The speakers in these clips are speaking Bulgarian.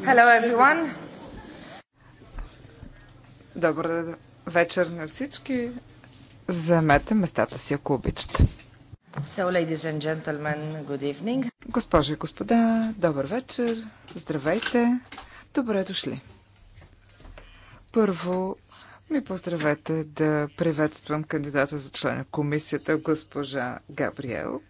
Hello everyone. Добър вечер на всички. Замете местата си, ако обичате. So, ladies and gentlemen, good evening. Госпожи и господа, добър вечер. Здравейте. Добре дошли. Първо ми поздравете да приветствам кандидата за член на комисията, госпожа Габриел.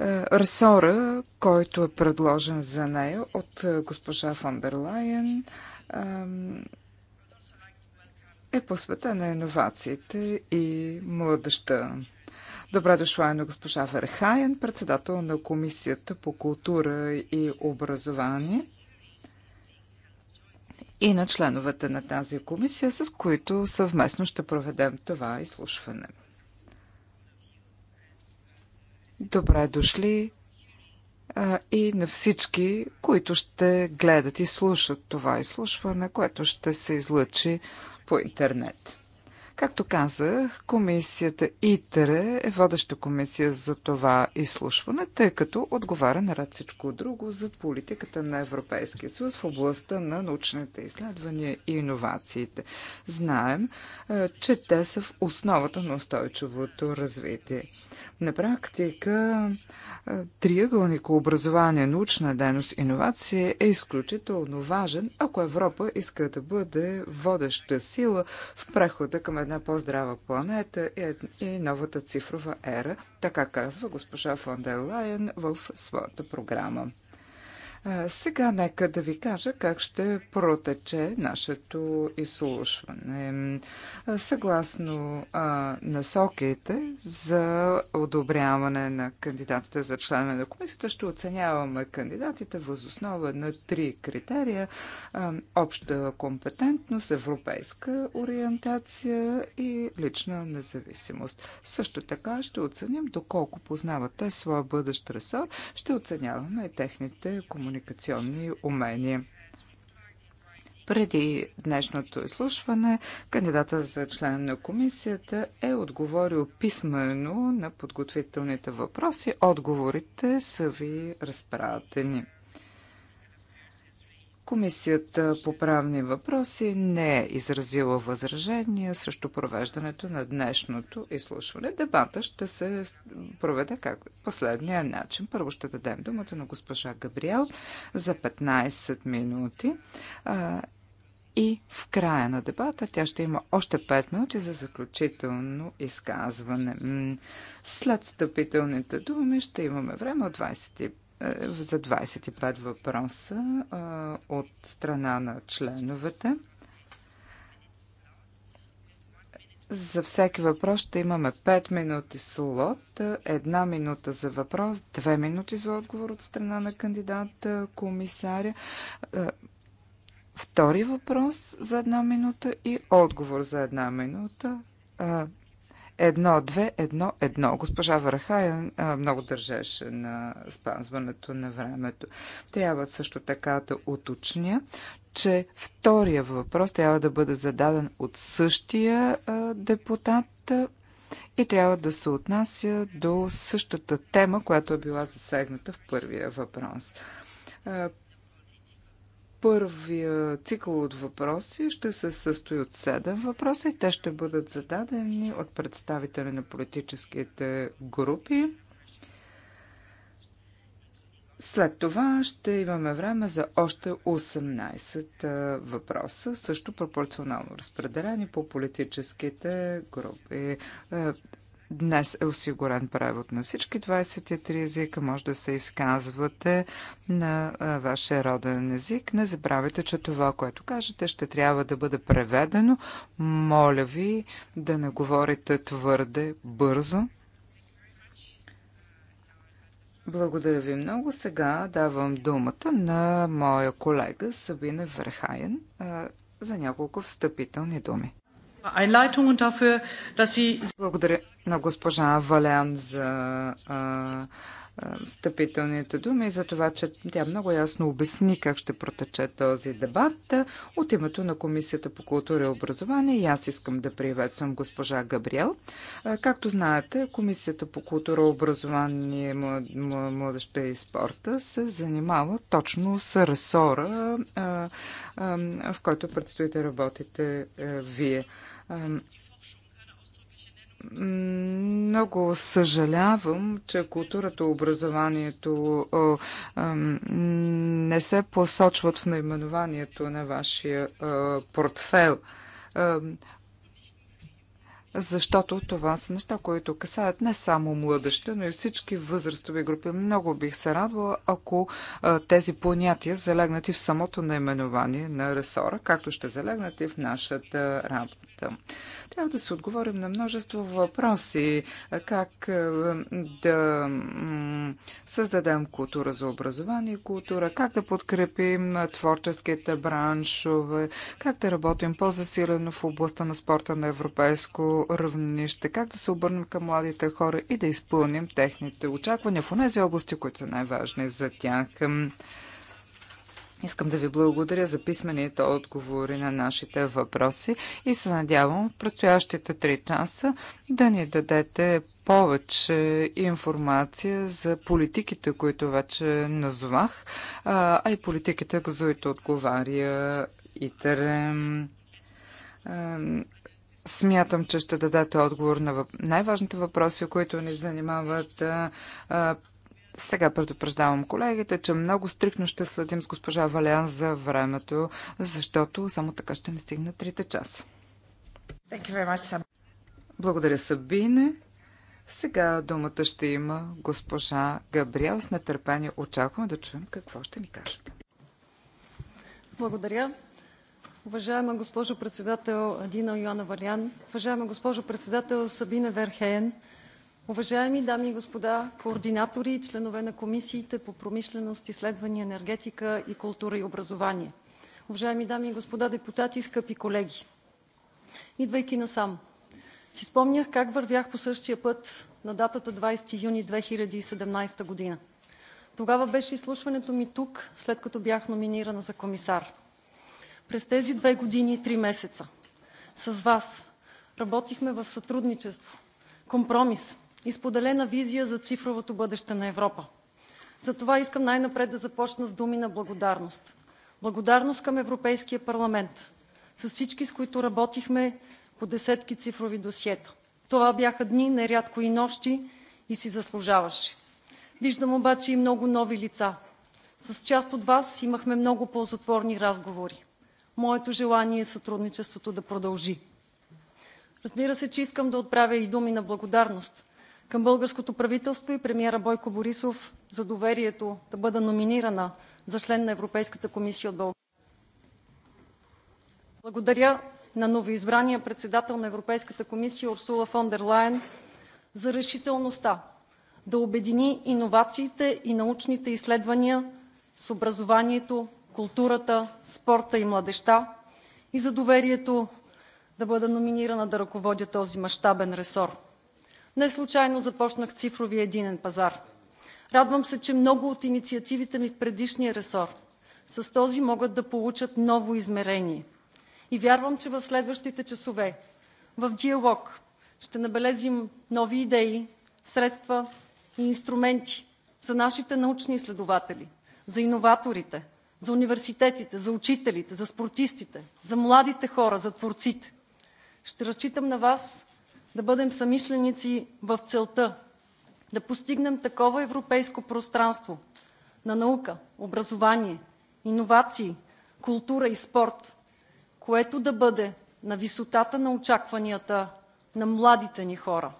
Е, ресора, който е предложен за нея от е, госпожа фон дер Лайен, е посветен на иновациите и младеща. Добре дошла е на госпожа Верхайен, председател на Комисията по култура и образование и на членовете на тази комисия, с които съвместно ще проведем това изслушване. Добре дошли а, и на всички, които ще гледат и слушат това изслушване, което ще се излъчи по интернет. Както казах, комисията ИТРЕ е водеща комисия за това изслушване, тъй като отговаря наред всичко друго за политиката на Европейския съюз в областта на научните изследвания и иновациите. Знаем, че те са в основата на устойчивото развитие. На практика е, триъгълника образование, научна дейност, иновация е изключително важен, ако Европа иска да бъде водеща сила в прехода към една по-здрава планета и новата цифрова ера, така казва госпожа фон дер Лайен в своята програма. Сега нека да ви кажа как ще протече нашето изслушване. Съгласно а, насоките за одобряване на кандидатите за членове на комисията, ще оценяваме кандидатите въз основа на три критерия а, обща компетентност, европейска ориентация и лична независимост. Също така ще оценим доколко познават те своя бъдещ ресор, ще оценяваме техните комуникации комуникационни умения. Преди днешното изслушване, кандидата за член на комисията е отговорил писменно на подготвителните въпроси. Отговорите са ви разпратени. Комисията по правни въпроси не е изразила възражения срещу провеждането на днешното изслушване. Дебата ще се проведе как последния начин. Първо ще дадем думата на госпожа Габриел за 15 минути а, и в края на дебата тя ще има още 5 минути за заключително изказване. След стъпителните думи ще имаме време от 25 е, за 25 въпроса от страна на членовете. За всеки въпрос ще имаме 5 минути слот, една минута за въпрос, 2 минути за отговор от страна на кандидата комисаря, е, втори въпрос за една минута и отговор за една минута. Е, едно, две, едно, едно. Госпожа Варахая много държеше на спазването на времето. Трябва също така да уточня, че втория въпрос трябва да бъде зададен от същия депутат и трябва да се отнася до същата тема, която е била засегната в първия въпрос. Първия цикъл от въпроси ще се състои от седем въпроса и те ще бъдат зададени от представители на политическите групи. След това ще имаме време за още 18 въпроса, също пропорционално разпределени по политическите групи. Днес е осигурен превод на всички 23 езика. Може да се изказвате на вашия роден език. Не забравяйте, че това, което кажете, ще трябва да бъде преведено. Моля ви да не говорите твърде бързо. Благодаря ви много. Сега давам думата на моя колега Сабина Верхаен за няколко встъпителни думи. Благодаря на госпожа Валян за а, стъпителните думи за това, че тя много ясно обясни как ще протече този дебат. От името на Комисията по култура и образование и аз искам да приветствам госпожа Габриел. Както знаете, Комисията по култура, образование, младеща и спорта се занимава точно с ресора, в който предстои да работите вие. Много съжалявам, че културата и образованието не се посочват в наименованието на вашия портфел защото това са неща, които касаят не само младеща, но и всички възрастови групи. Много бих се радвала, ако а, тези понятия залегнат и в самото наименование на ресора, както ще залегнат и в нашата работа сферата. Трябва да се отговорим на множество въпроси. Как е, да създадем култура за образование и култура, как да подкрепим творческите браншове, как да работим по-засилено в областта на спорта на европейско равнище, как да се обърнем към младите хора и да изпълним техните очаквания в тези области, които са най-важни за тях. Искам да ви благодаря за писмените отговори на нашите въпроси и се надявам в предстоящите три часа да ни дадете повече информация за политиките, които вече назовах, а и политиките, за които отговаря ИТР. Смятам, че ще дадете отговор на най-важните въпроси, които ни занимават сега предупреждавам колегите, че много стрикно ще следим с госпожа Валян за времето, защото само така ще не стигна трите часа. Благодаря, Сабине. Сега думата ще има госпожа Габриел. С нетърпение очакваме да чуем какво ще ни кажете. Благодаря. Уважаема госпожо председател Адина Йоана Валян, уважаема госпожо председател Сабина Верхеен, Уважаеми дами и господа координатори и членове на комисиите по промишленост, изследвания, енергетика, и култура и образование, уважаеми дами и господа депутати, скъпи колеги! Идвайки насам, си спомнях как вървях по същия път на датата 20 юни 2017 година. Тогава беше изслушването ми тук, след като бях номинирана за комисар. През тези две години и три месеца с Вас работихме в сътрудничество, компромис, и споделена визия за цифровото бъдеще на Европа. Затова искам най-напред да започна с думи на благодарност. Благодарност към Европейския парламент, с всички, с които работихме по десетки цифрови досиета. Това бяха дни, нерядко и нощи, и си заслужаваше. Виждам обаче и много нови лица. С част от вас имахме много ползотворни разговори. Моето желание е сътрудничеството да продължи. Разбира се, че искам да отправя и думи на благодарност към българското правителство и премиера Бойко Борисов за доверието да бъда номинирана за член на Европейската комисия от България. Благодаря на новоизбрания председател на Европейската комисия Урсула фон дер Лайен за решителността да обедини иновациите и научните изследвания с образованието, културата, спорта и младеща и за доверието да бъда номинирана да ръководя този мащабен ресор. Не случайно започнах цифровия единен пазар. Радвам се, че много от инициативите ми в предишния ресор с този могат да получат ново измерение. И вярвам, че в следващите часове в диалог ще набелезим нови идеи, средства и инструменти за нашите научни изследователи, за иноваторите, за университетите, за учителите, за спортистите, за младите хора, за творците. Ще разчитам на Вас да бъдем самишленици в целта да постигнем такова европейско пространство на наука, образование, иновации, култура и спорт, което да бъде на висотата на очакванията на младите ни хора,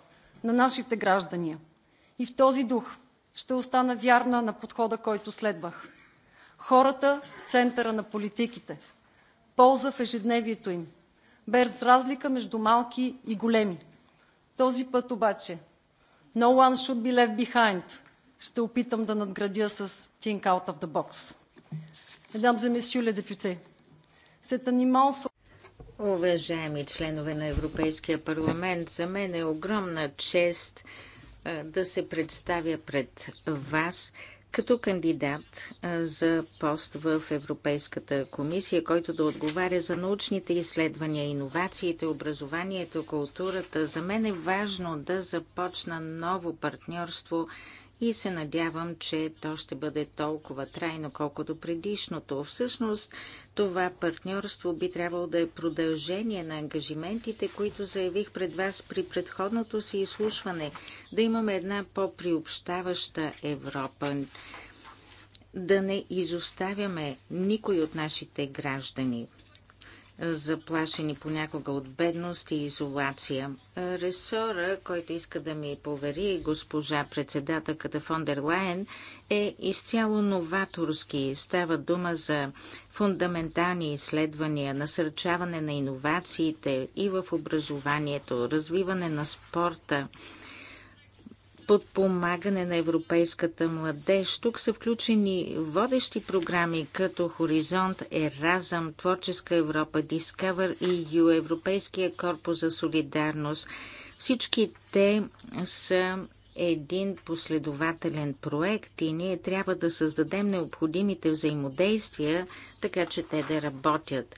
на нашите граждани. И в този дух ще остана вярна на подхода, който следвах. Хората в центъра на политиките. Полза в ежедневието им. Без разлика между малки и големи. Този път обаче no one should be left behind. Ще опитам да надградя с think out of the box. Mesdames et messieurs les députés, c'est un immense Уважаеми членове на Европейския парламент, за мен е огромна чест да се представя пред вас като кандидат за пост в Европейската комисия, който да отговаря за научните изследвания, иновациите, образованието, културата. За мен е важно да започна ново партньорство и се надявам, че то ще бъде толкова трайно, колкото предишното. Всъщност, това партньорство би трябвало да е продължение на ангажиментите, които заявих пред вас при предходното си изслушване, да имаме една по-приобщаваща Европа, да не изоставяме никой от нашите граждани – заплашени понякога от бедност и изолация. Ресора, който иска да ми повери госпожа председателката фон дер Лайен, е изцяло новаторски. Става дума за фундаментални изследвания, насърчаване на иновациите и в образованието, развиване на спорта – подпомагане на европейската младеж. Тук са включени водещи програми като Хоризонт, Еразъм, Творческа Европа, Discover EU, Европейския корпус за солидарност. Всички те са един последователен проект и ние трябва да създадем необходимите взаимодействия, така че те да работят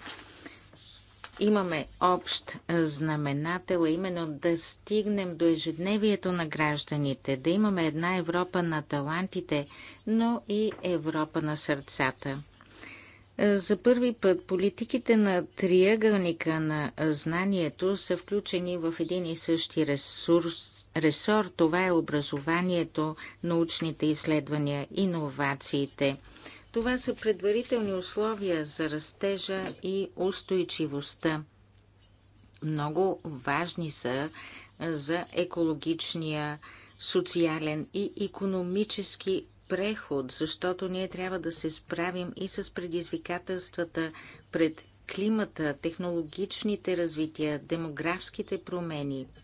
имаме общ знаменател, именно да стигнем до ежедневието на гражданите, да имаме една Европа на талантите, но и Европа на сърцата. За първи път политиките на триъгълника на знанието са включени в един и същи ресурс, ресор. Това е образованието, научните изследвания, иновациите – това са предварителни условия за растежа и устойчивостта. Много важни са за екологичния, социален и економически преход, защото ние трябва да се справим и с предизвикателствата пред климата, технологичните развития, демографските промени –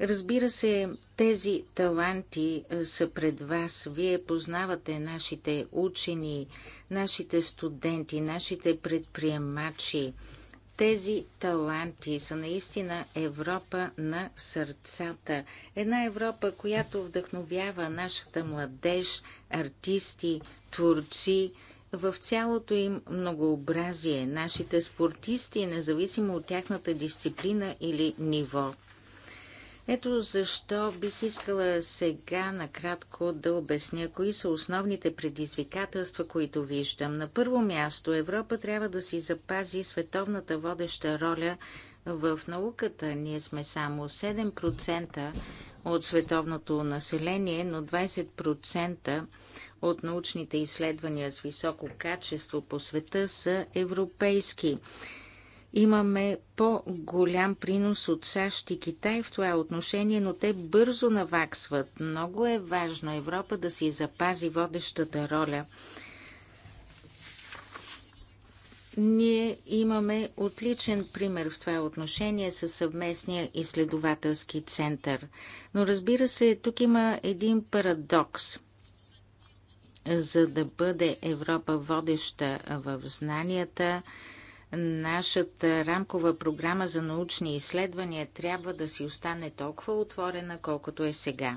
Разбира се, тези таланти е, са пред вас. Вие познавате нашите учени, нашите студенти, нашите предприемачи. Тези таланти са наистина Европа на сърцата. Една Европа, която вдъхновява нашата младеж, артисти, творци, в цялото им многообразие, нашите спортисти, независимо от тяхната дисциплина или ниво. Ето защо бих искала сега накратко да обясня кои са основните предизвикателства, които виждам. На първо място Европа трябва да си запази световната водеща роля в науката. Ние сме само 7% от световното население, но 20% от научните изследвания с високо качество по света са европейски. Имаме по-голям принос от САЩ и Китай в това отношение, но те бързо наваксват. Много е важно Европа да си запази водещата роля. Ние имаме отличен пример в това отношение със съвместния изследователски център. Но разбира се, тук има един парадокс. За да бъде Европа водеща в знанията, Нашата рамкова програма за научни изследвания трябва да си остане толкова отворена, колкото е сега.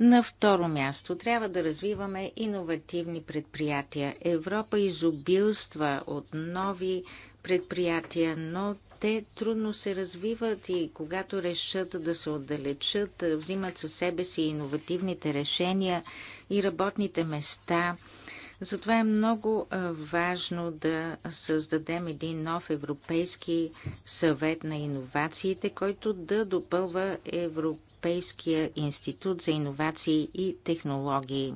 На второ място трябва да развиваме иновативни предприятия. Европа изобилства от нови предприятия, но те трудно се развиват и когато решат да се отдалечат, взимат със себе си иновативните решения и работните места – затова е много важно да създадем един нов Европейски съвет на иновациите, който да допълва Европейския институт за иновации и технологии.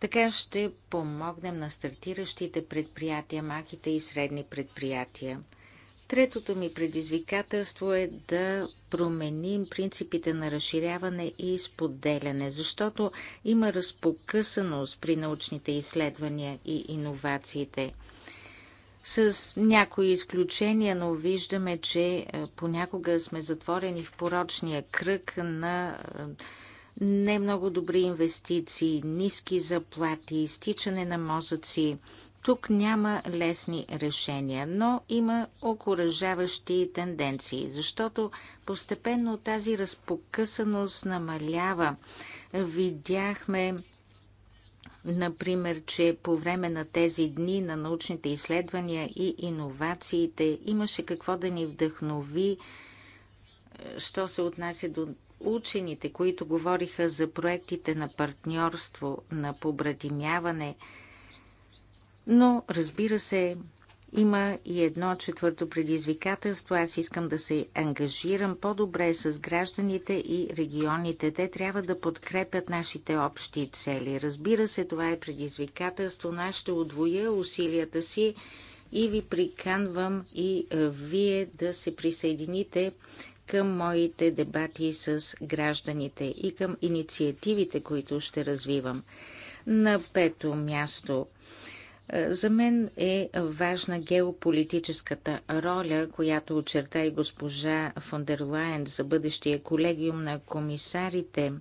Така ще помогнем на стартиращите предприятия, малките и средни предприятия. Третото ми предизвикателство е да променим принципите на разширяване и споделяне, защото има разпокъсаност при научните изследвания и иновациите. С някои изключения, но виждаме, че понякога сме затворени в порочния кръг на не много добри инвестиции, ниски заплати, изтичане на мозъци – тук няма лесни решения, но има окоръжаващи тенденции, защото постепенно тази разпокъсаност намалява. Видяхме Например, че по време на тези дни на научните изследвания и иновациите имаше какво да ни вдъхнови, е, що се отнася до учените, които говориха за проектите на партньорство, на побратимяване – но, разбира се, има и едно четвърто предизвикателство. Аз искам да се ангажирам по-добре с гражданите и регионите. Те трябва да подкрепят нашите общи цели. Разбира се, това е предизвикателство. Аз ще удвоя усилията си и ви приканвам и вие да се присъедините към моите дебати с гражданите и към инициативите, които ще развивам. На пето място за мен е важна геополитическата роля, която очерта и госпожа Фондерлайн за бъдещия колегиум на комисарите.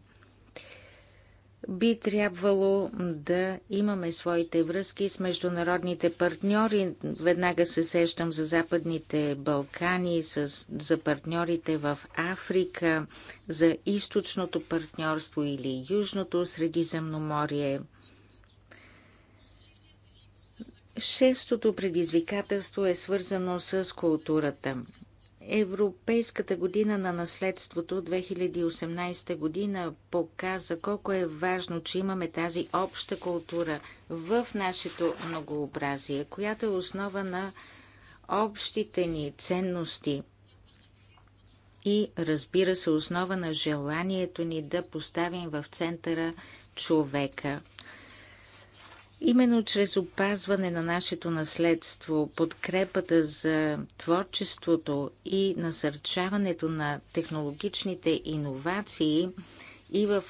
Би трябвало да имаме своите връзки с международните партньори. Веднага се сещам за Западните Балкани, за партньорите в Африка, за източното партньорство или южното Средиземноморие – Шестото предизвикателство е свързано с културата. Европейската година на наследството 2018 година показа колко е важно, че имаме тази обща култура в нашето многообразие, която е основа на общите ни ценности и разбира се основа на желанието ни да поставим в центъра човека – Именно чрез опазване на нашето наследство, подкрепата за творчеството и насърчаването на технологичните иновации и в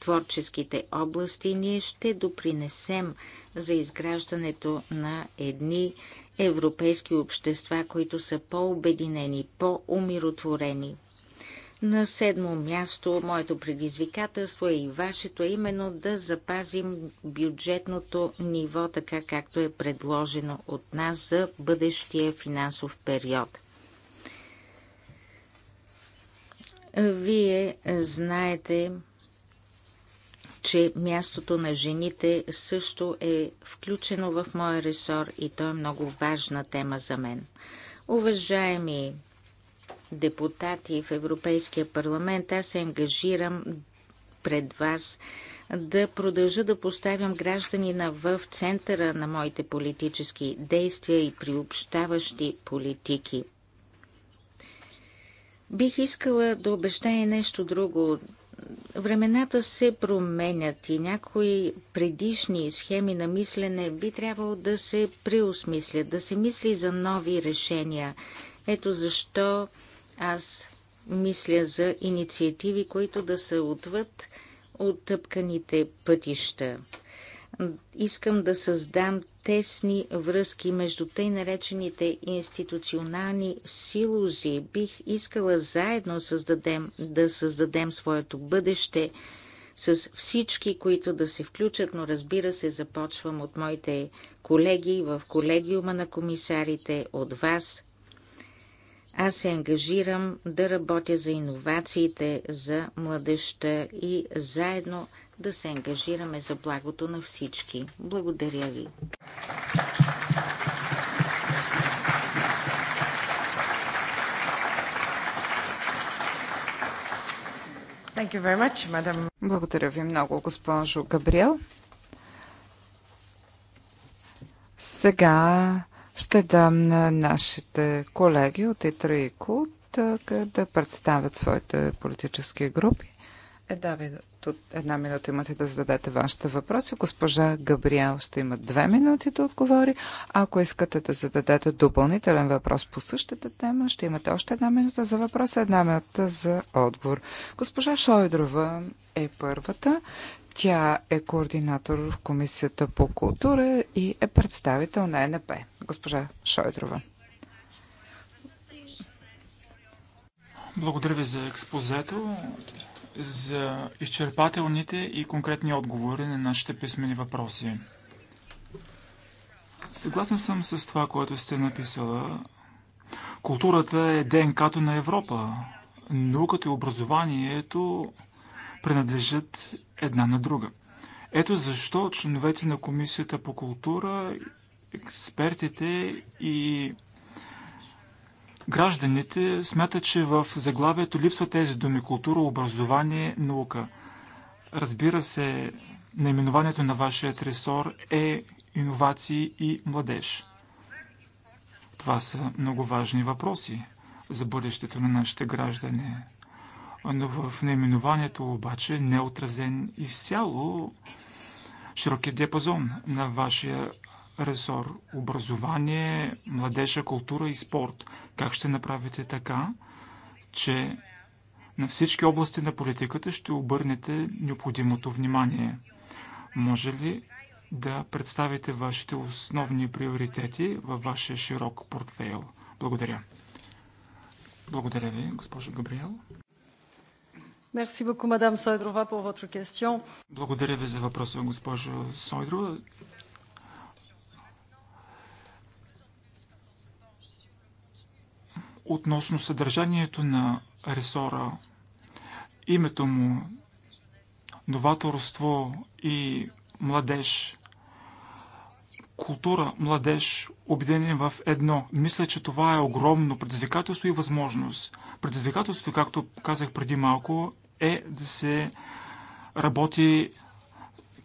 творческите области, ние ще допринесем за изграждането на едни европейски общества, които са по-обединени, по-умиротворени. На седмо място, моето предизвикателство е и вашето, е именно да запазим бюджетното ниво, така както е предложено от нас за бъдещия финансов период. Вие знаете, че мястото на жените също е включено в моя ресор и то е много важна тема за мен. Уважаеми депутати в Европейския парламент, аз се ангажирам пред вас да продължа да поставям гражданина в центъра на моите политически действия и приобщаващи политики. Бих искала да обещая нещо друго. Времената се променят и някои предишни схеми на мислене би трябвало да се преосмислят, да се мисли за нови решения. Ето защо аз мисля за инициативи, които да са отвъд от тъпканите пътища. Искам да създам тесни връзки между тъй наречените институционални силузи. Бих искала заедно създадем, да създадем своето бъдеще с всички, които да се включат, но разбира се, започвам от моите колеги в колегиума на комисарите, от вас, аз се ангажирам да работя за иновациите, за младеща и заедно да се ангажираме за благото на всички. Благодаря ви. Much, Благодаря ви много, госпожо Габриел. Сега ще дам на нашите колеги от ИТРА и КУЛТ да представят своите политически групи. Е, да, ви, тут една минута имате да зададете вашите въпроси. Госпожа Габриел ще има две минути да отговори. Ако искате да зададете допълнителен въпрос по същата тема, ще имате още една минута за въпрос, една минута за отговор. Госпожа Шойдрова е първата. Тя е координатор в Комисията по култура и е представител на НП госпожа Шойдрова. Благодаря ви за експозето, за изчерпателните и конкретни отговори на нашите писмени въпроси. Съгласен съм с това, което сте написала. Културата е ДНК-то на Европа. Науката и образованието принадлежат една на друга. Ето защо членовете на Комисията по култура експертите и гражданите смятат, че в заглавието липсват тези думи култура, образование, наука. Разбира се, наименованието на вашия ресор е иновации и младеж. Това са много важни въпроси за бъдещето на нашите граждани. Но в наименованието обаче не е отразен изцяло широкият диапазон на вашия ресор – образование, младежа, култура и спорт. Как ще направите така, че на всички области на политиката ще обърнете необходимото внимание? Може ли да представите вашите основни приоритети във вашия широк портфейл? Благодаря. Благодаря ви, госпожо Габриел. Благодаря ви за въпроса, госпожо Сойдрова. Относно съдържанието на ресора, името му, новаторство и младеж, култура, младеж, обединени в едно. Мисля, че това е огромно предизвикателство и възможност. Предизвикателството, както казах преди малко, е да се работи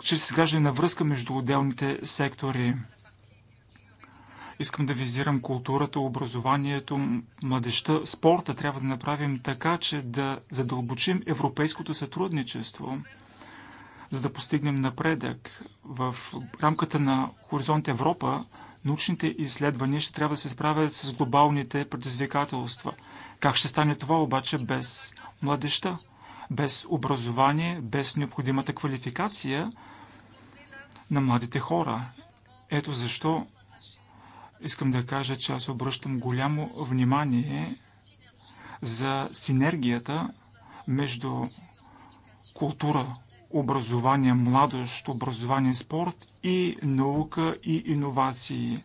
чрез изграждане на връзка между отделните сектори. Искам да визирам културата, образованието, младеща, спорта. Трябва да направим така, че да задълбочим европейското сътрудничество, за да постигнем напредък. В рамката на Хоризонт Европа научните изследвания ще трябва да се справят с глобалните предизвикателства. Как ще стане това обаче без младеща? Без образование, без необходимата квалификация – на младите хора. Ето защо Искам да кажа, че аз обръщам голямо внимание за синергията между култура, образование, младост, образование, спорт и наука и иновации.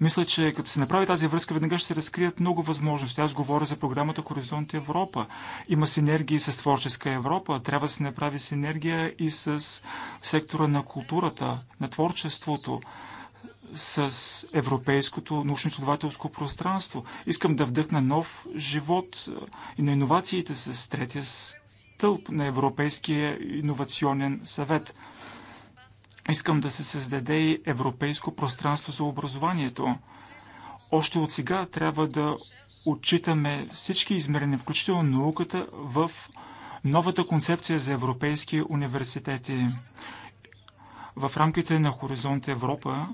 Мисля, че като се направи тази връзка, веднага ще се разкрият много възможности. Аз говоря за програмата Хоризонт Европа. Има синергии с Творческа Европа. Трябва да се направи синергия и с сектора на културата, на творчеството с европейското научно-изследователско пространство. Искам да вдъхна нов живот и на иновациите с третия стълб на Европейския иновационен съвет. Искам да се създаде и европейско пространство за образованието. Още от сега трябва да отчитаме всички измерения, включително науката, в новата концепция за европейски университети. В рамките на Хоризонт Европа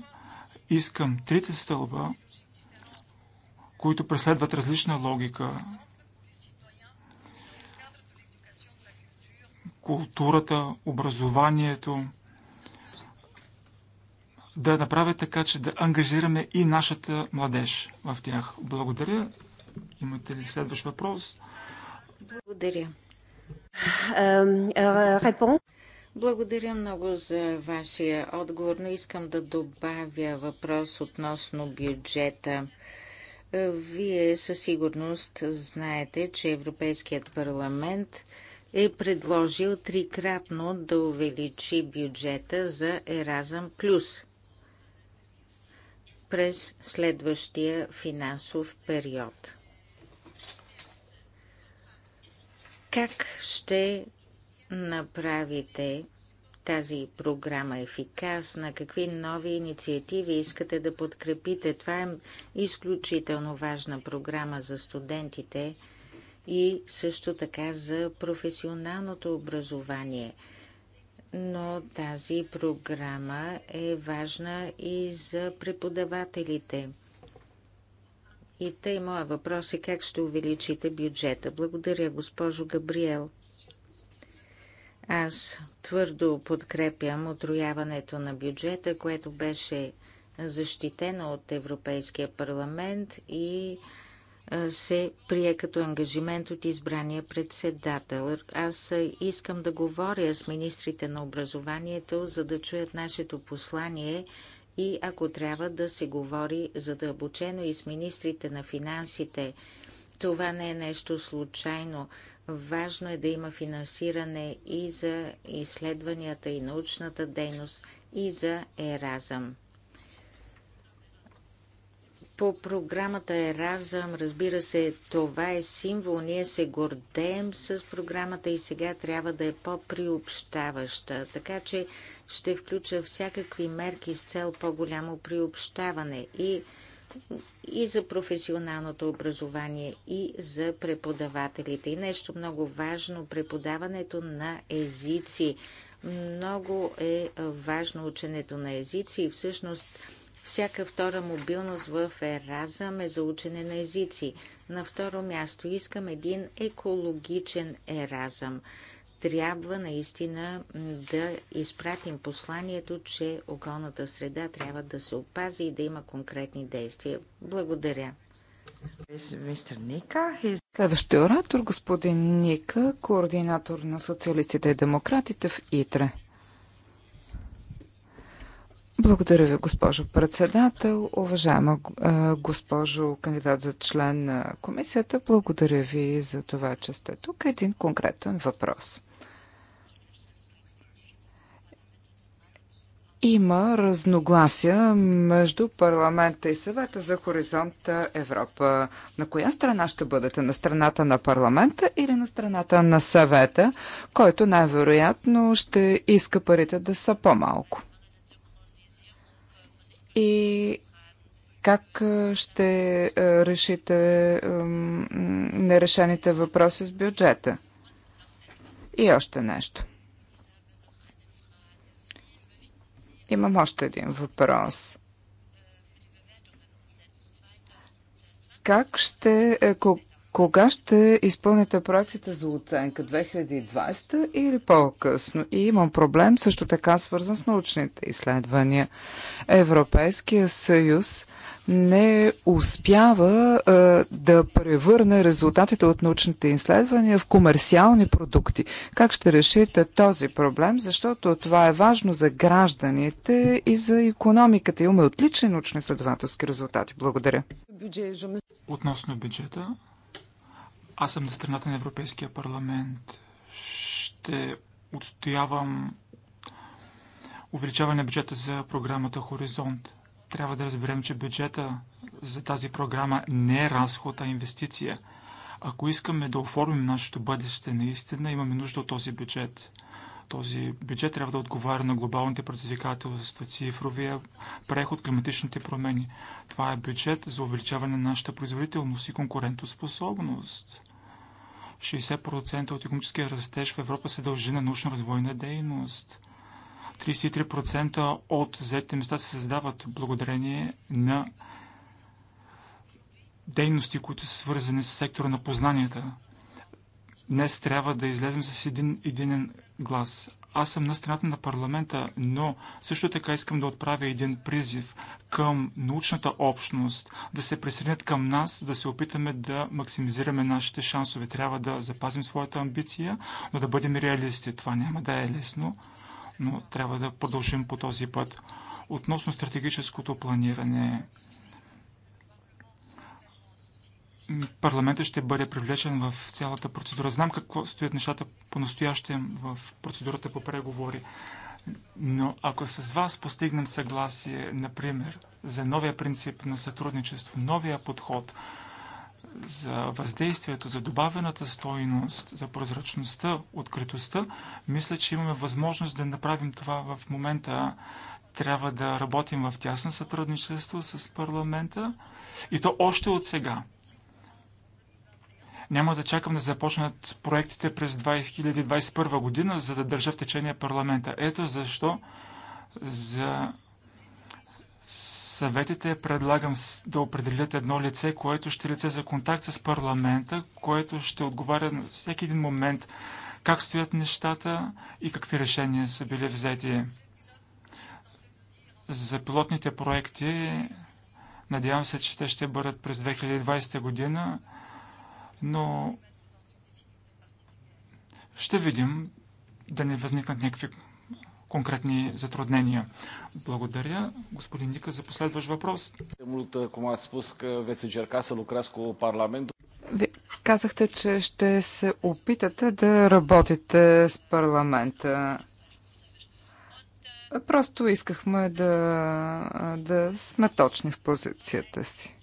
Искам трите стълба, които преследват различна логика, културата, образованието, да направят така, че да ангажираме и нашата младеж в тях. Благодаря. Имате ли следващ въпрос? Благодаря. Репонс. Благодаря много за вашия отговор, но искам да добавя въпрос относно бюджета. Вие със сигурност знаете, че Европейският парламент е предложил трикратно да увеличи бюджета за Еразъм Плюс през следващия финансов период. Как ще направите тази програма ефикасна, какви нови инициативи искате да подкрепите. Това е изключително важна програма за студентите и също така за професионалното образование. Но тази програма е важна и за преподавателите. И тъй моя въпрос е как ще увеличите бюджета. Благодаря, госпожо Габриел. Аз твърдо подкрепям отрояването на бюджета, което беше защитено от Европейския парламент и се прие като ангажимент от избрания председател. Аз искам да говоря с министрите на образованието, за да чуят нашето послание и ако трябва да се говори задълбочено и с министрите на финансите. Това не е нещо случайно. Важно е да има финансиране и за изследванията и научната дейност, и за Еразъм. По програмата Еразъм, разбира се, това е символ. Ние се гордеем с програмата и сега трябва да е по-приобщаваща. Така че ще включа всякакви мерки с цел по-голямо приобщаване и приобщаване и за професионалното образование, и за преподавателите. И нещо много важно преподаването на езици. Много е важно ученето на езици и всъщност всяка втора мобилност в Еразъм е за учене на езици. На второ място искам един екологичен Еразъм трябва наистина да изпратим посланието, че околната среда трябва да се опази и да има конкретни действия. Благодаря. Следващия оратор, господин Ника, координатор на социалистите и демократите в ИТРЕ. Благодаря ви, госпожо председател. Уважаема госпожо кандидат за член на комисията, благодаря ви за това, че сте тук. Един конкретен въпрос. има разногласия между парламента и съвета за Хоризонт Европа. На коя страна ще бъдете? На страната на парламента или на страната на съвета, който най-вероятно ще иска парите да са по-малко? И как ще решите нерешените въпроси с бюджета? И още нещо – Имам още един въпрос. Как ще е, кога ще изпълните проектите за оценка? 2020 или по-късно? И имам проблем също така свързан с научните изследвания. Европейския съюз не успява а, е, да превърне резултатите от научните изследвания в комерциални продукти. Как ще решите този проблем? Защото това е важно за гражданите и за економиката. Имаме отлични научно-изследователски резултати. Благодаря. Относно бюджета, аз съм на страната на Европейския парламент. Ще отстоявам увеличаване на бюджета за програмата Хоризонт. Трябва да разберем, че бюджета за тази програма не е разход, а инвестиция. Ако искаме да оформим нашето бъдеще, наистина имаме нужда от този бюджет. Този бюджет трябва да отговаря на глобалните предизвикателства, цифровия преход, климатичните промени. Това е бюджет за увеличаване на нашата производителност и конкурентоспособност. 60% от економическия растеж в Европа се дължи на научно-развойна дейност. 33% от заедите места се създават благодарение на дейности, които са свързани с сектора на познанията. Днес трябва да излезем с един единен глас. Аз съм на страната на парламента, но също така искам да отправя един призив към научната общност, да се присъединят към нас, да се опитаме да максимизираме нашите шансове. Трябва да запазим своята амбиция, но да бъдем реалисти. Това няма да е лесно, но трябва да продължим по този път. Относно стратегическото планиране, парламентът ще бъде привлечен в цялата процедура. Знам какво стоят нещата по настояще в процедурата по преговори. Но ако с вас постигнем съгласие, например, за новия принцип на сътрудничество, новия подход, за въздействието, за добавената стойност, за прозрачността, откритостта, мисля, че имаме възможност да направим това в момента. Трябва да работим в тясно сътрудничество с парламента и то още от сега. Няма да чакам да започнат проектите през 2021 година, за да държа в течение парламента. Ето защо за съветите предлагам да определят едно лице, което ще лице за контакт с парламента, което ще отговаря на всеки един момент как стоят нещата и какви решения са били взети. За пилотните проекти, надявам се, че те ще бъдат през 2020 година но ще видим да не възникнат някакви конкретни затруднения. Благодаря. Господин Дика, за последващ въпрос. Вие казахте, че ще се опитате да работите с парламента. Просто искахме да, да сме точни в позицията си.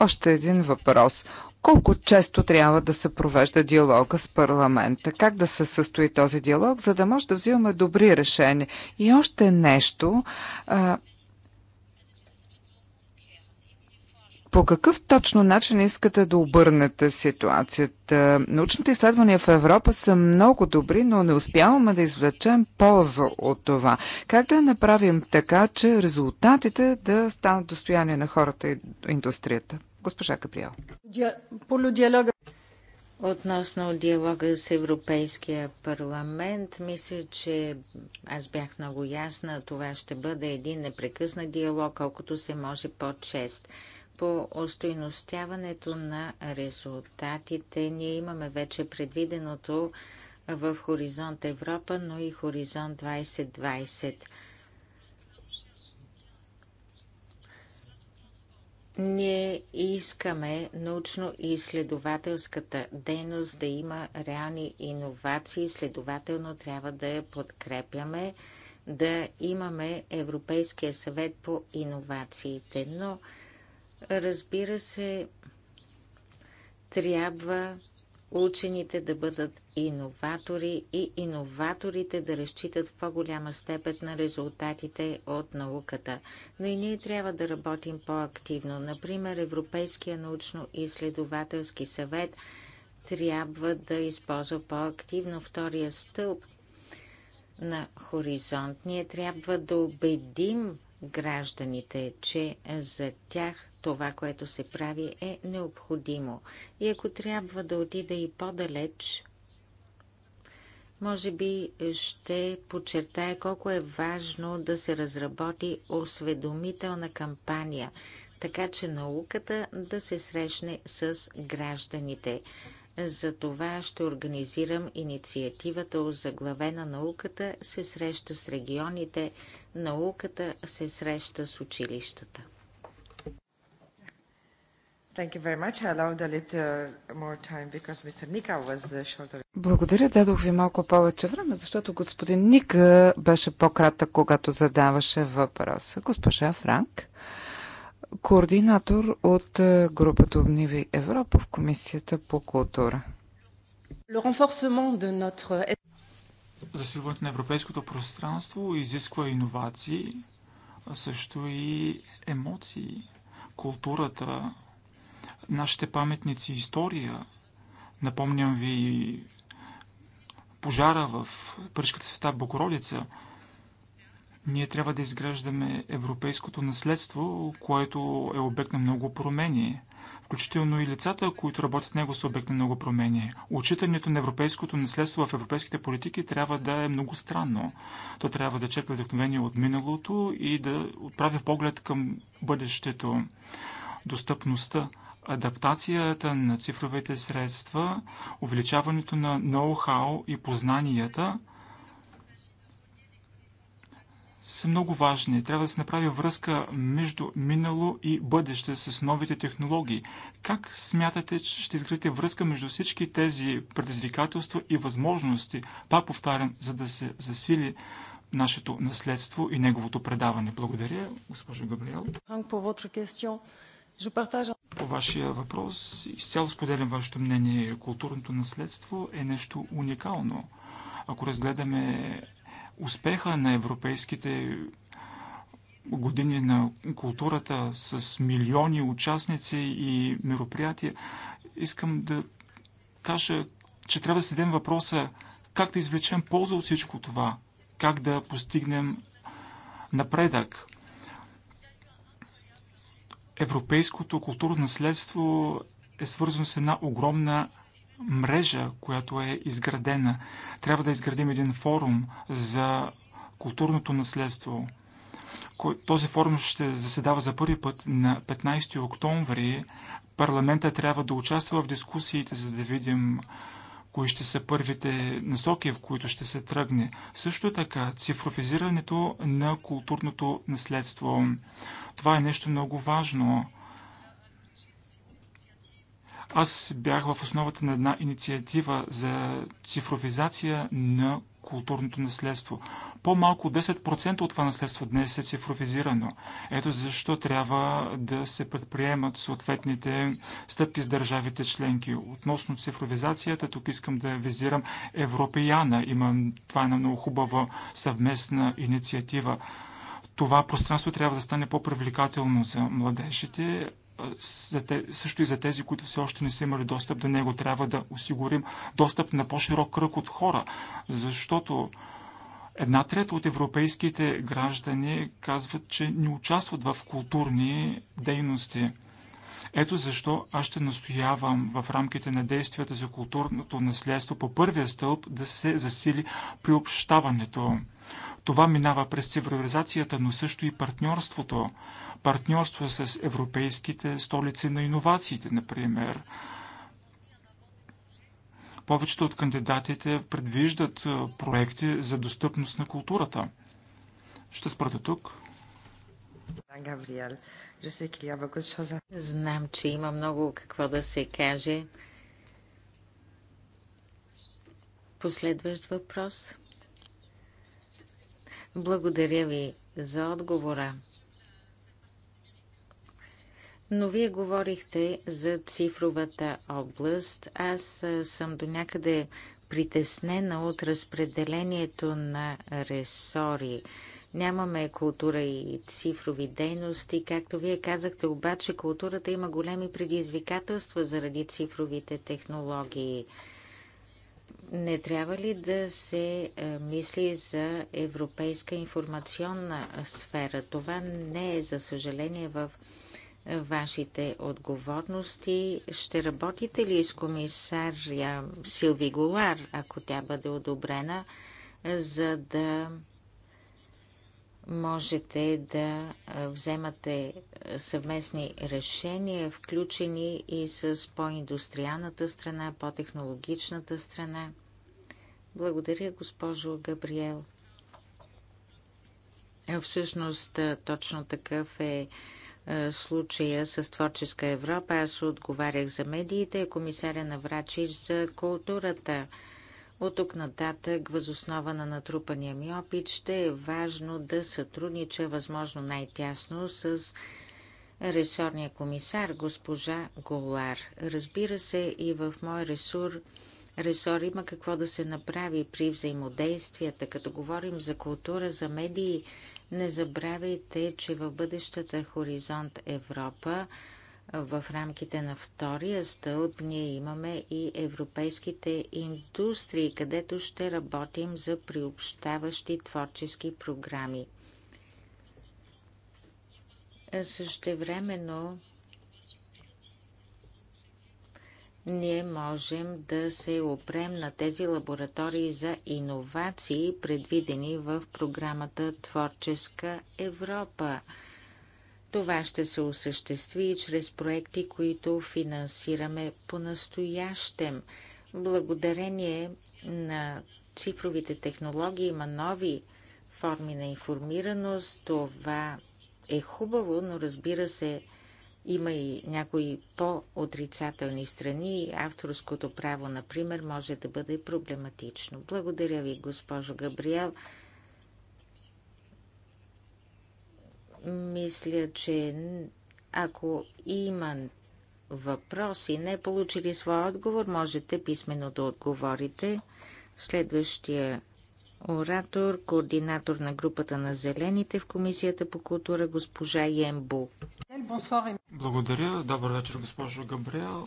Още един въпрос. Колко често трябва да се провежда диалога с парламента? Как да се състои този диалог, за да може да взимаме добри решения? И още нещо. А, по какъв точно начин искате да обърнете ситуацията? Научните изследвания в Европа са много добри, но не успяваме да извлечем полза от това. Как да направим така, че резултатите да станат достояние на хората и индустрията? Госпожа Каприел. Относно диалога с Европейския парламент, мисля, че аз бях много ясна. Това ще бъде един непрекъснат диалог, колкото се може по-чест. По остойностяването на резултатите, ние имаме вече предвиденото в Хоризонт Европа, но и Хоризонт 2020. Ние искаме научно-изследователската дейност да има реални иновации, следователно трябва да я подкрепяме, да имаме Европейския съвет по иновациите. Но, разбира се, трябва учените да бъдат иноватори и иноваторите да разчитат в по-голяма степен на резултатите от науката. Но и ние трябва да работим по-активно. Например, Европейския научно-изследователски съвет трябва да използва по-активно втория стълб на хоризонт. Ние трябва да убедим гражданите, че за тях това, което се прави, е необходимо. И ако трябва да отида и по-далеч, може би ще подчертая колко е важно да се разработи осведомителна кампания, така че науката да се срещне с гражданите. За това ще организирам инициативата на науката се среща с регионите, науката се среща с училищата. Uh, uh, Благодаря, дадох ви малко повече време, защото господин Ника беше по-кратък, когато задаваше въпроса. Госпожа Франк, координатор от е, групата Обниви Европа в Комисията по култура. Е- Засилването на европейското пространство изисква иновации, също и емоции. Културата нашите паметници история. Напомням ви пожара в Пършката света Богородица. Ние трябва да изграждаме европейското наследство, което е обект на много промени. Включително и лицата, които работят в него, са обект на много промени. Учитането на европейското наследство в европейските политики трябва да е много странно. То трябва да черпи вдъхновение от миналото и да отправя поглед към бъдещето. Достъпността адаптацията на цифровите средства, увеличаването на ноу-хау и познанията са много важни. Трябва да се направи връзка между минало и бъдеще с новите технологии. Как смятате, че ще изградите връзка между всички тези предизвикателства и възможности, пак повтарям, за да се засили нашето наследство и неговото предаване? Благодаря, госпожо Габриел. По вашия въпрос изцяло споделям вашето мнение. Културното наследство е нещо уникално. Ако разгледаме успеха на европейските години на културата с милиони участници и мероприятия, искам да кажа, че трябва да седем въпроса как да извлечем полза от всичко това, как да постигнем напредък – европейското културно наследство е свързано с една огромна мрежа, която е изградена. Трябва да изградим един форум за културното наследство. Този форум ще заседава за първи път на 15 октомври. Парламента трябва да участва в дискусиите, за да видим кои ще са първите насоки, в които ще се тръгне. Също така, цифровизирането на културното наследство. Това е нещо много важно. Аз бях в основата на една инициатива за цифровизация на културното наследство. По-малко 10% от това наследство днес е цифровизирано. Ето защо трябва да се предприемат съответните стъпки с държавите членки. Относно цифровизацията, тук искам да визирам Европеяна. Имам, това е една много хубава съвместна инициатива това пространство трябва да стане по-привлекателно за младежите, за те, също и за тези, които все още не са имали достъп до него. Трябва да осигурим достъп на по-широк кръг от хора, защото една трета от европейските граждани казват, че не участват в културни дейности. Ето защо аз ще настоявам в рамките на действията за културното наследство по първия стълб да се засили приобщаването. Това минава през цифровизацията, но също и партньорството. Партньорство с европейските столици на иновациите, например. Повечето от кандидатите предвиждат проекти за достъпност на културата. Ще спрата тук. Знам, че има много какво да се каже. Последващ въпрос. Благодаря ви за отговора. Но вие говорихте за цифровата област. Аз съм до някъде притеснена от разпределението на ресори. Нямаме култура и цифрови дейности. Както вие казахте, обаче културата има големи предизвикателства заради цифровите технологии. Не трябва ли да се е, мисли за европейска информационна сфера? Това не е, за съжаление, в вашите отговорности. Ще работите ли с комисаря Силви Голар, ако тя бъде одобрена, за да можете да вземате съвместни решения, включени и с по-индустриалната страна, по-технологичната страна. Благодаря, госпожо Габриел. Всъщност, точно такъв е случая с Творческа Европа. Аз отговарях за медиите, комисаря на врачи за културата. От тук нататък, възоснова на натрупания ми опит, ще е важно да сътруднича възможно най-тясно с ресорния комисар госпожа Голар. Разбира се, и в мой ресур, ресор има какво да се направи при взаимодействията. Като говорим за култура, за медии, не забравяйте, че в бъдещата Хоризонт Европа в рамките на втория стълб ние имаме и европейските индустрии, където ще работим за приобщаващи творчески програми. Същевременно ние можем да се опрем на тези лаборатории за иновации, предвидени в програмата Творческа Европа. Това ще се осъществи и чрез проекти, които финансираме по-настоящем. Благодарение на цифровите технологии има нови форми на информираност. Това е хубаво, но разбира се, има и някои по-отрицателни страни. Авторското право, например, може да бъде проблематично. Благодаря ви, госпожо Габриел. Мисля, че ако има въпроси, не получили своя отговор, можете писменно да отговорите. Следващия оратор, координатор на групата на Зелените в Комисията по култура, госпожа Ембу. Благодаря. Добър вечер, госпожо Габриел.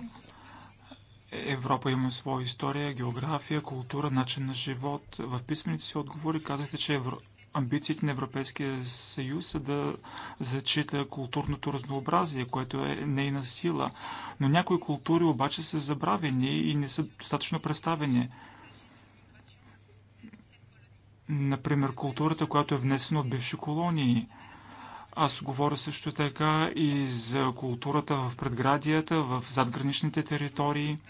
Европа има своя история, география, култура, начин на живот. В писмените си отговори казахте, че Евро амбициите на Европейския съюз е да зачита културното разнообразие, което е нейна сила. Но някои култури обаче са забравени и не са достатъчно представени. Например, културата, която е внесена от бивши колонии. Аз говоря също така и за културата в предградията, в задграничните територии –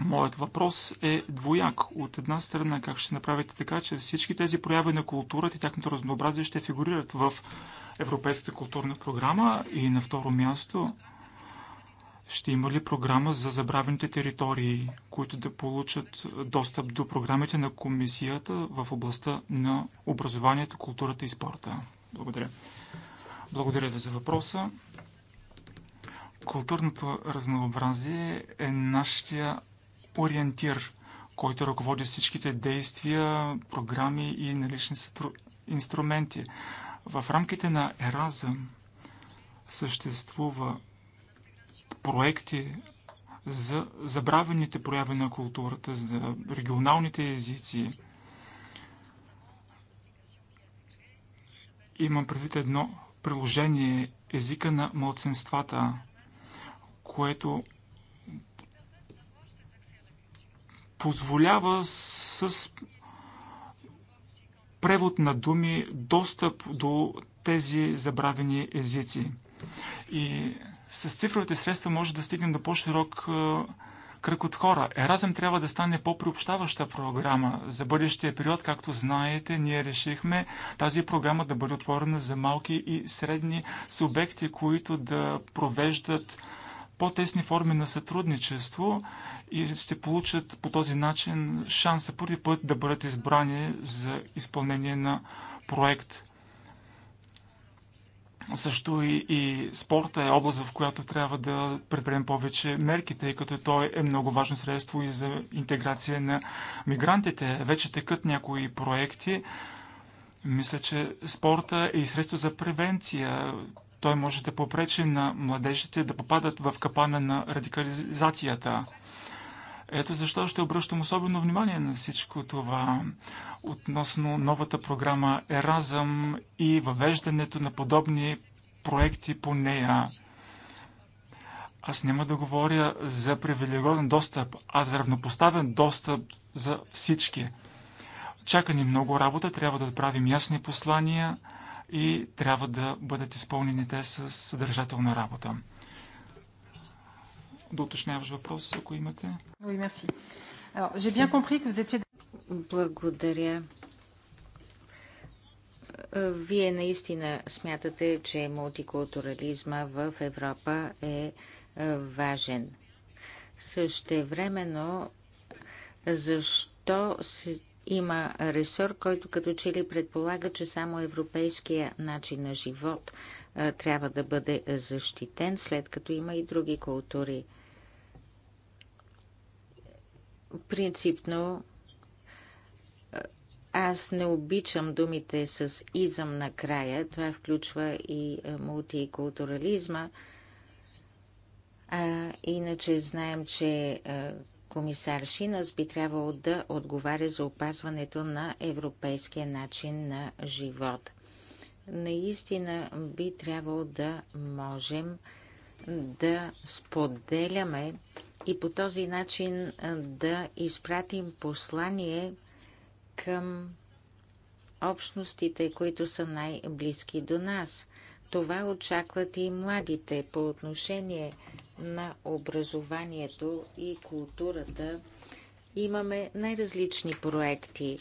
Моят въпрос е двояк. От една страна, как ще направите така, че всички тези прояви на културата и тяхното разнообразие ще фигурират в Европейската културна програма? И на второ място, ще има ли програма за забравените територии, които да получат достъп до програмите на комисията в областта на образованието, културата и спорта? Благодаря. Благодаря ви за въпроса. Културното разнообразие е нашия ориентир, който ръководи всичките действия, програми и налични инструменти. В рамките на Еразъм съществува проекти за забравените прояви на културата, за регионалните езици. Имам предвид едно приложение езика на младсенствата, което позволява с превод на думи достъп до тези забравени езици. И с цифровите средства може да стигнем до по-широк кръг от хора. Еразъм трябва да стане по-приобщаваща програма за бъдещия период. Както знаете, ние решихме тази програма да бъде отворена за малки и средни субекти, които да провеждат по-тесни форми на сътрудничество и ще получат по този начин шанса първи път да бъдат избрани за изпълнение на проект. Също и, и спорта е област, в която трябва да предприемем повече мерки, тъй като той е много важно средство и за интеграция на мигрантите. Вече текат някои проекти. Мисля, че спорта е и средство за превенция. Той може да попречи на младежите да попадат в капана на радикализацията. Ето защо ще обръщам особено внимание на всичко това относно новата програма Еразъм и въвеждането на подобни проекти по нея. Аз няма да говоря за привилегирован достъп, а за равнопоставен достъп за всички. Чака ни много работа, трябва да правим ясни послания и трябва да бъдат изпълнени те с съдържателна работа доточняваш въпрос, ако имате. Благодаря. Вие наистина смятате, че мултикултурализма в Европа е, е важен. времено, защо има ресор, който като че ли предполага, че само европейския начин на живот е, трябва да бъде защитен, след като има и други култури – Принципно аз не обичам думите с изъм на края. Това включва и мултикултурализма. А, иначе знаем, че комисар Шинас би трябвало да отговаря за опазването на европейския начин на живот. Наистина би трябвало да можем да споделяме и по този начин да изпратим послание към общностите, които са най-близки до нас. Това очакват и младите по отношение на образованието и културата. Имаме най-различни проекти.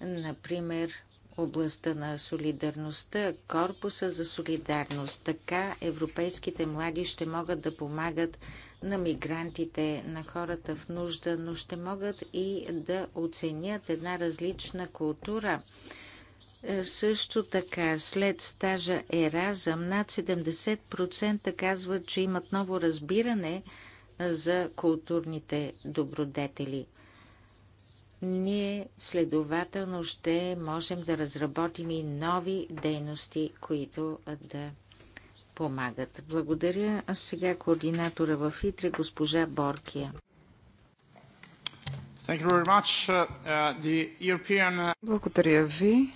Например, областта на солидарността, корпуса за солидарност. Така европейските млади ще могат да помагат на мигрантите, на хората в нужда, но ще могат и да оценят една различна култура. Е, също така, след стажа Еразъм, над 70% казват, че имат ново разбиране за културните добродетели – ние следователно ще можем да разработим и нови дейности, които да помагат. Благодаря. А сега координатора в ИТРЕ, госпожа Боркия. Uh, uh, uh, Благодаря ви.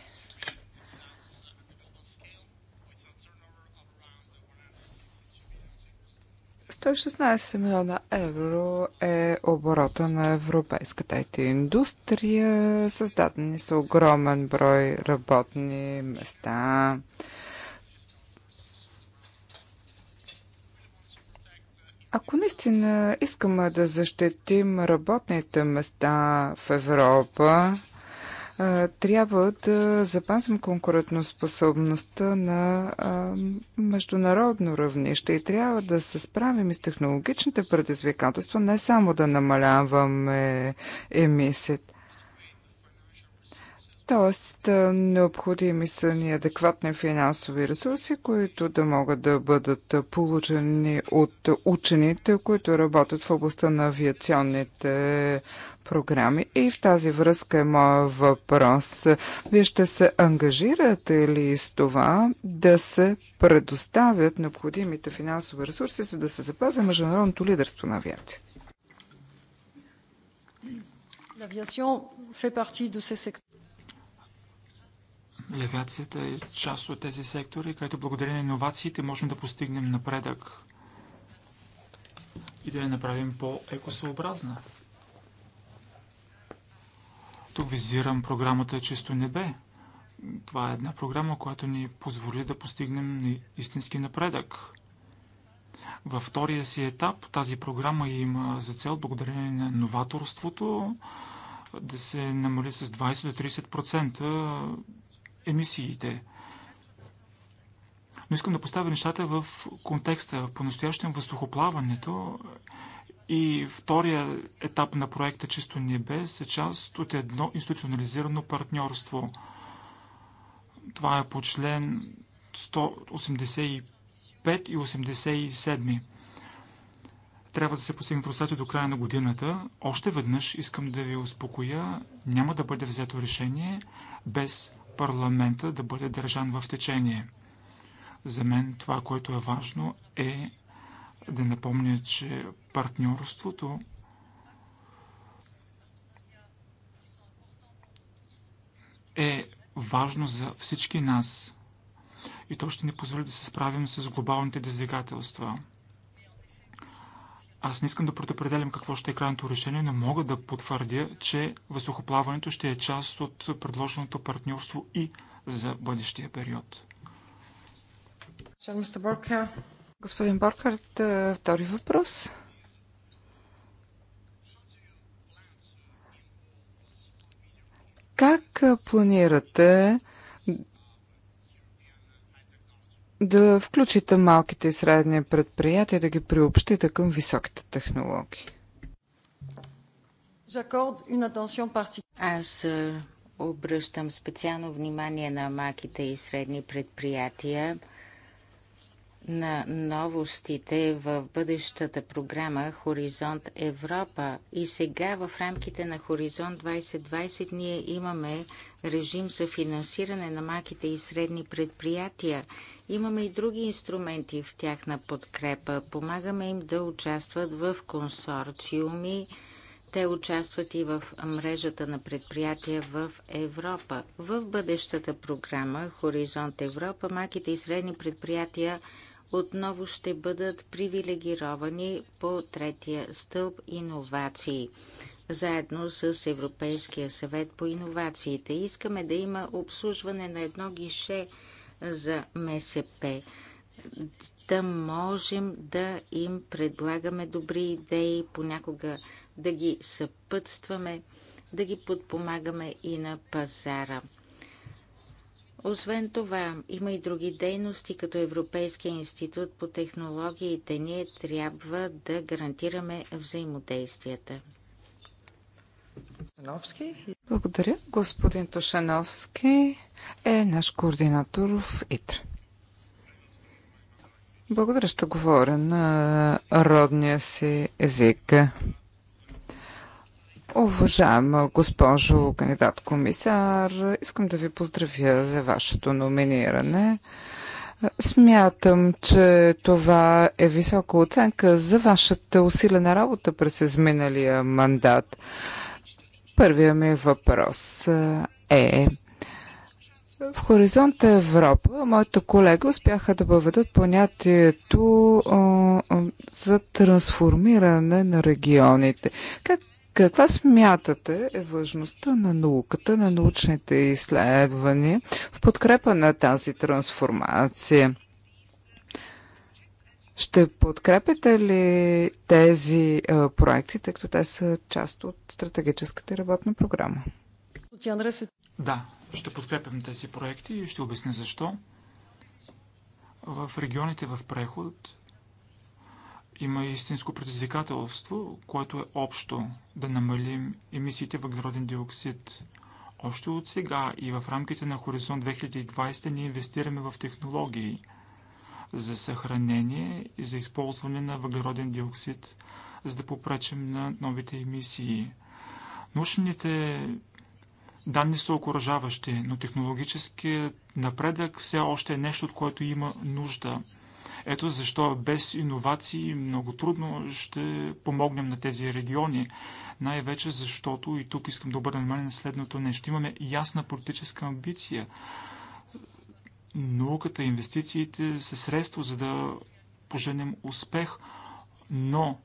116 милиона евро е оборота на европейската IT индустрия. Създадени са огромен брой работни места. Ако наистина искаме да защитим работните места в Европа, трябва да запазим конкурентоспособността на международно равнище и трябва да се справим и с технологичните предизвикателства, не само да намаляваме емисиите. Тоест, необходими са ни адекватни финансови ресурси, които да могат да бъдат получени от учените, които работят в областта на авиационните програми. И в тази връзка е моят въпрос. Вие ще се ангажирате ли с това да се предоставят необходимите финансови ресурси, за да се запази международното лидерство на авиация? Авиацията е част от тези сектори, където благодарение на иновациите можем да постигнем напредък и да я направим по-екосъобразна. Тук визирам програмата е Чисто небе. Това е една програма, която ни позволи да постигнем истински напредък. Във втория си етап тази програма има за цел, благодарение на новаторството, да се намали с 20 30% емисиите. Но искам да поставя нещата в контекста. По-настоящем въздухоплаването и втория етап на проекта Чисто небе е част от едно институционализирано партньорство. Това е по член 185 и 87. Трябва да се в резултати до края на годината. Още веднъж искам да ви успокоя, няма да бъде взето решение без парламента да бъде държан в течение. За мен това, което е важно, е да напомня, че партньорството е важно за всички нас и то ще ни позволи да се справим с глобалните дезвигателства. Аз не искам да предопределям какво ще е крайното решение, но мога да потвърдя, че въздухоплаването ще е част от предложеното партньорство и за бъдещия период. Господин Боркарт, втори въпрос. Как планирате да включите малките и средни предприятия, да ги приобщите към високите технологии? Аз обръщам специално внимание на малките и средни предприятия на новостите в бъдещата програма Хоризонт Европа. И сега в рамките на Хоризонт 2020 ние имаме режим за финансиране на малките и средни предприятия. Имаме и други инструменти в тяхна подкрепа. Помагаме им да участват в консорциуми. Те участват и в мрежата на предприятия в Европа. В бъдещата програма Хоризонт Европа малките и средни предприятия – отново ще бъдат привилегировани по третия стълб иновации. Заедно с Европейския съвет по иновациите искаме да има обслужване на едно гише за МСП, да можем да им предлагаме добри идеи, понякога да ги съпътстваме, да ги подпомагаме и на пазара. Освен това, има и други дейности, като Европейския институт по технологиите. Ние трябва да гарантираме взаимодействията. Благодаря. Господин Тошановски е наш координатор в ИТР. Благодаря, ще говоря на родния си език. Уважаема госпожо кандидат-комисар, искам да ви поздравя за вашето номиниране. Смятам, че това е висока оценка за вашата усилена работа през изминалия мандат. Първия ми въпрос е в хоризонта Европа моите колеги успяха да въведат понятието за трансформиране на регионите. Как каква смятате е важността на науката, на научните изследвания в подкрепа на тази трансформация? Ще подкрепите ли тези а, проекти, тъй като те са част от стратегическата работна програма? Да, ще подкрепям тези проекти и ще обясня защо. В регионите в преход има истинско предизвикателство, което е общо да намалим емисиите въглероден диоксид. Още от сега и в рамките на Хоризонт 2020 ние инвестираме в технологии за съхранение и за използване на въглероден диоксид, за да попречим на новите емисии. Научните данни са окоръжаващи, но технологическият напредък все още е нещо, от което има нужда. Ето защо без иновации много трудно ще помогнем на тези региони. Най-вече защото, и тук искам да обърна внимание на следното нещо, имаме ясна политическа амбиция. Науката, инвестициите са средство, за да поженем успех, но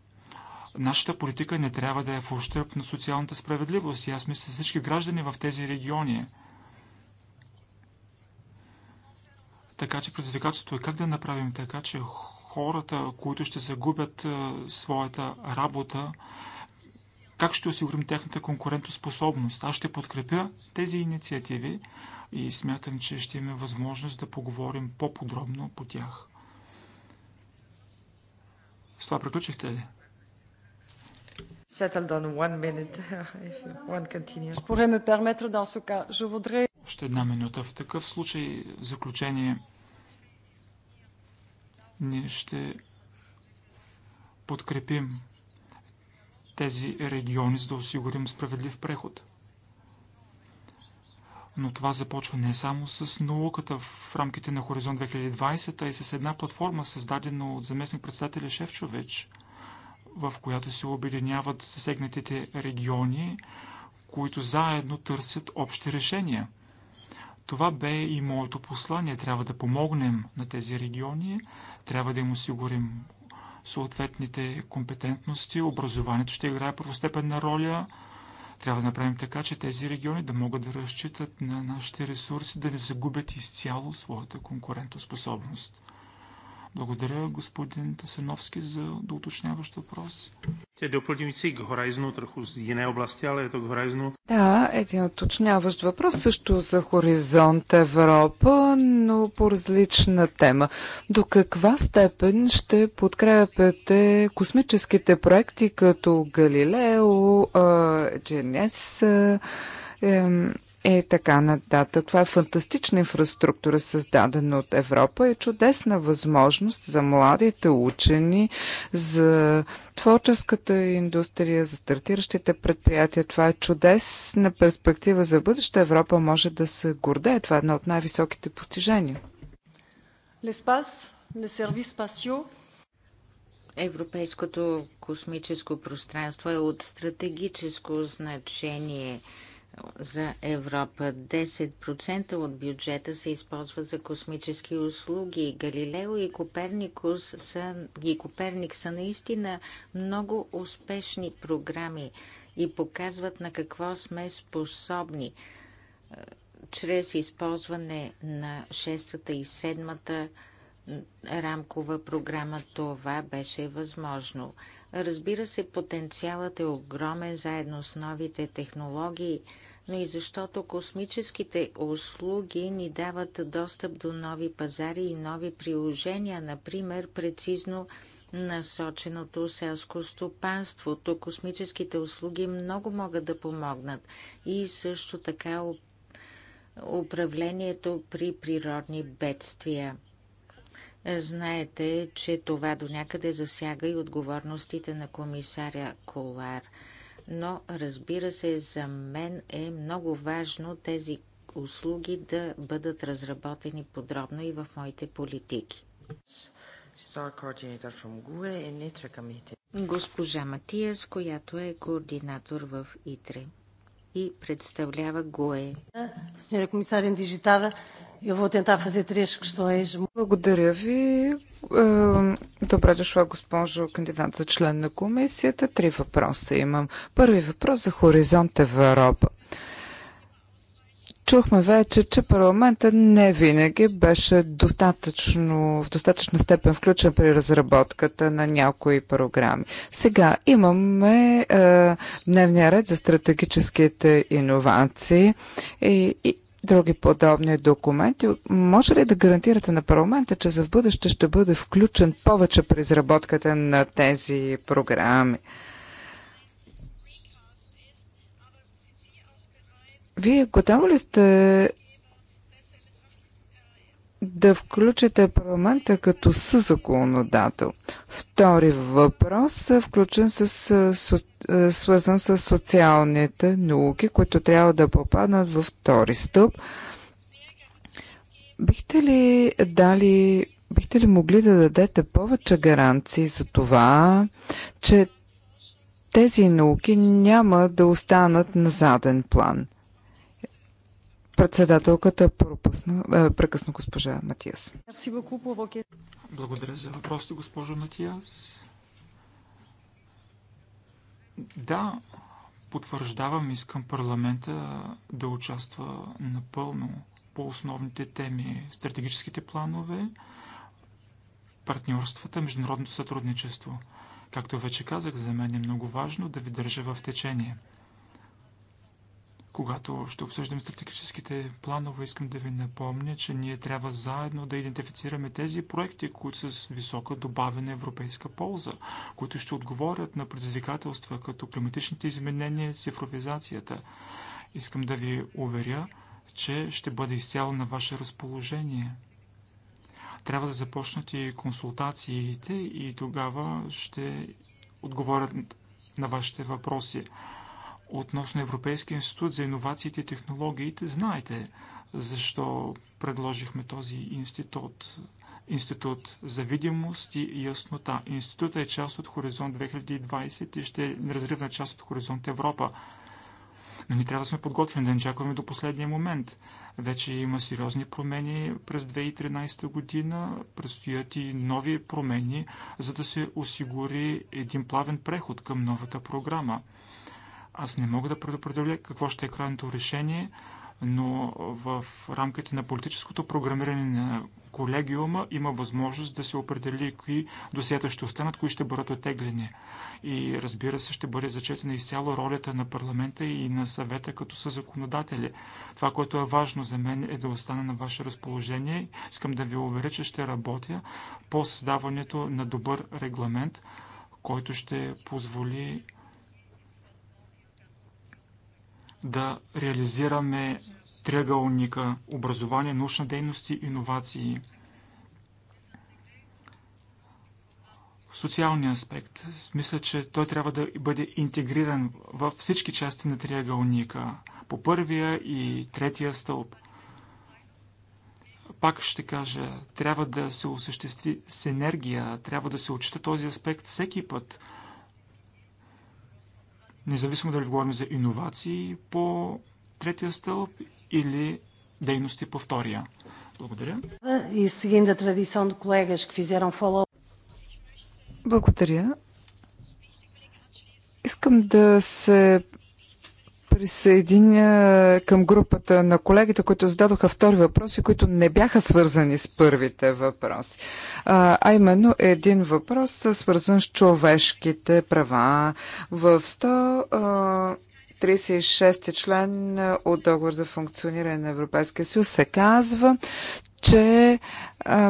нашата политика не трябва да е в ущърп на социалната справедливост. И аз мисля всички граждани в тези региони. Така че предизвикателството е как да направим така, че хората, които ще загубят своята работа, как ще осигурим тяхната конкурентоспособност. Аз ще подкрепя тези инициативи и смятам, че ще имаме възможност да поговорим по-подробно по тях. С това приключихте ли? Още една минута. В такъв случай, в заключение, ние ще подкрепим тези региони, за да осигурим справедлив преход. Но това започва не само с науката в рамките на Хоризонт 2020, а и с една платформа, създадена от заместник председателя Шевчович, в която се обединяват съсегнатите региони, които заедно търсят общи решения. Това бе и моето послание. Трябва да помогнем на тези региони, трябва да им осигурим съответните компетентности. Образованието ще играе първостепенна роля. Трябва да направим така, че тези региони да могат да разчитат на нашите ресурси, да не загубят изцяло своята конкурентоспособност. Благодаря, господин Тасеновски, за доуточняващ въпрос. Те ето Да, един уточняващ въпрос също за Хоризонт Европа, но по различна тема. До каква степен ще подкрепяте космическите проекти като Галилео, Дженес, е така нататък. Това е фантастична инфраструктура, създадена от Европа и е чудесна възможност за младите учени, за творческата индустрия, за стартиращите предприятия. Това е чудесна перспектива за бъдеще. Европа може да се гордее. Това е едно от най-високите постижения. Леспас, не service спасио. Европейското космическо пространство е от стратегическо значение за Европа. 10% от бюджета се използва за космически услуги. Галилео и, Коперникус са, и Коперник са наистина много успешни програми и показват на какво сме способни е, чрез използване на 6-та и 7-та рамкова програма това беше възможно. Разбира се, потенциалът е огромен заедно с новите технологии – но и защото космическите услуги ни дават достъп до нови пазари и нови приложения, например прецизно насоченото селско стопанство. Тук космическите услуги много могат да помогнат и също така управлението при природни бедствия. Знаете, че това до някъде засяга и отговорностите на комисаря Колар – но разбира се, за мен е много важно тези услуги да бъдат разработени подробно и в моите политики. Госпожа Матиас, която е координатор в ИТРЕ и представлява ГОЕ. Благодаря ви, е, добре дошла, госпожо кандидат за член на комисията. Три въпроса имам. Първи въпрос за Хоризонт Европа. Чухме вече, че парламентът не винаги беше достатъчно, в достатъчна степен включен при разработката на някои програми. Сега имаме е, дневния ред за стратегическите иновации и, и други подобни документи. Може ли да гарантирате на парламента, че за в бъдеще ще бъде включен повече при изработката на тези програми? Вие готови ли сте да включите парламента като съзаконодател? Втори въпрос е включен с, свързан с социалните науки, които трябва да попаднат във втори стъп. Бихте ли дали бихте ли могли да дадете повече гаранции за това, че тези науки няма да останат на заден план? Председателката пропусна, е, прекъсна госпожа Матиас. Благодаря за въпросите, госпожо Матиас. Да, потвърждавам, искам парламента да участва напълно по основните теми стратегическите планове, партньорствата, международното сътрудничество. Както вече казах, за мен е много важно да ви държа в течение – когато ще обсъждам стратегическите планове, искам да ви напомня, че ние трябва заедно да идентифицираме тези проекти, които са с висока добавена европейска полза, които ще отговорят на предизвикателства като климатичните изменения, цифровизацията. Искам да ви уверя, че ще бъде изцяло на ваше разположение. Трябва да започнат и консултациите и тогава ще отговорят на вашите въпроси. Относно Европейския институт за иновациите и технологиите, знаете защо предложихме този институт. Институт за видимост и яснота. Института е част от Хоризонт 2020 и ще е неразривна част от Хоризонт Европа. Но ни трябва да сме подготвени, да не чакваме до последния момент. Вече има сериозни промени през 2013 година, предстоят и нови промени, за да се осигури един плавен преход към новата програма. Аз не мога да предопределя какво ще е крайното решение, но в рамките на политическото програмиране на колегиума има възможност да се определи кои досията ще останат, кои ще бъдат отеглени. И разбира се, ще бъде зачетена изцяло ролята на парламента и на съвета като са законодатели. Това, което е важно за мен е да остана на ваше разположение. Искам да ви уверя, че ще работя по създаването на добър регламент, който ще позволи да реализираме триъгълника образование, научна дейност и иновации. Социалния аспект. Мисля, че той трябва да бъде интегриран във всички части на триъгълника. По първия и третия стълб. Пак ще кажа, трябва да се осъществи синергия, трябва да се отчита този аспект всеки път – независимо дали говорим за иновации по третия стълб или дейности по втория. Благодаря. И сегинда традицион tradição de colegas фоло. Благодаря. Искам да се присъединя към групата на колегите, които зададоха втори въпроси, които не бяха свързани с първите въпроси. А, а именно един въпрос свързан с човешките права. В 100 36 член от договор за функциониране на Европейския съюз се казва, че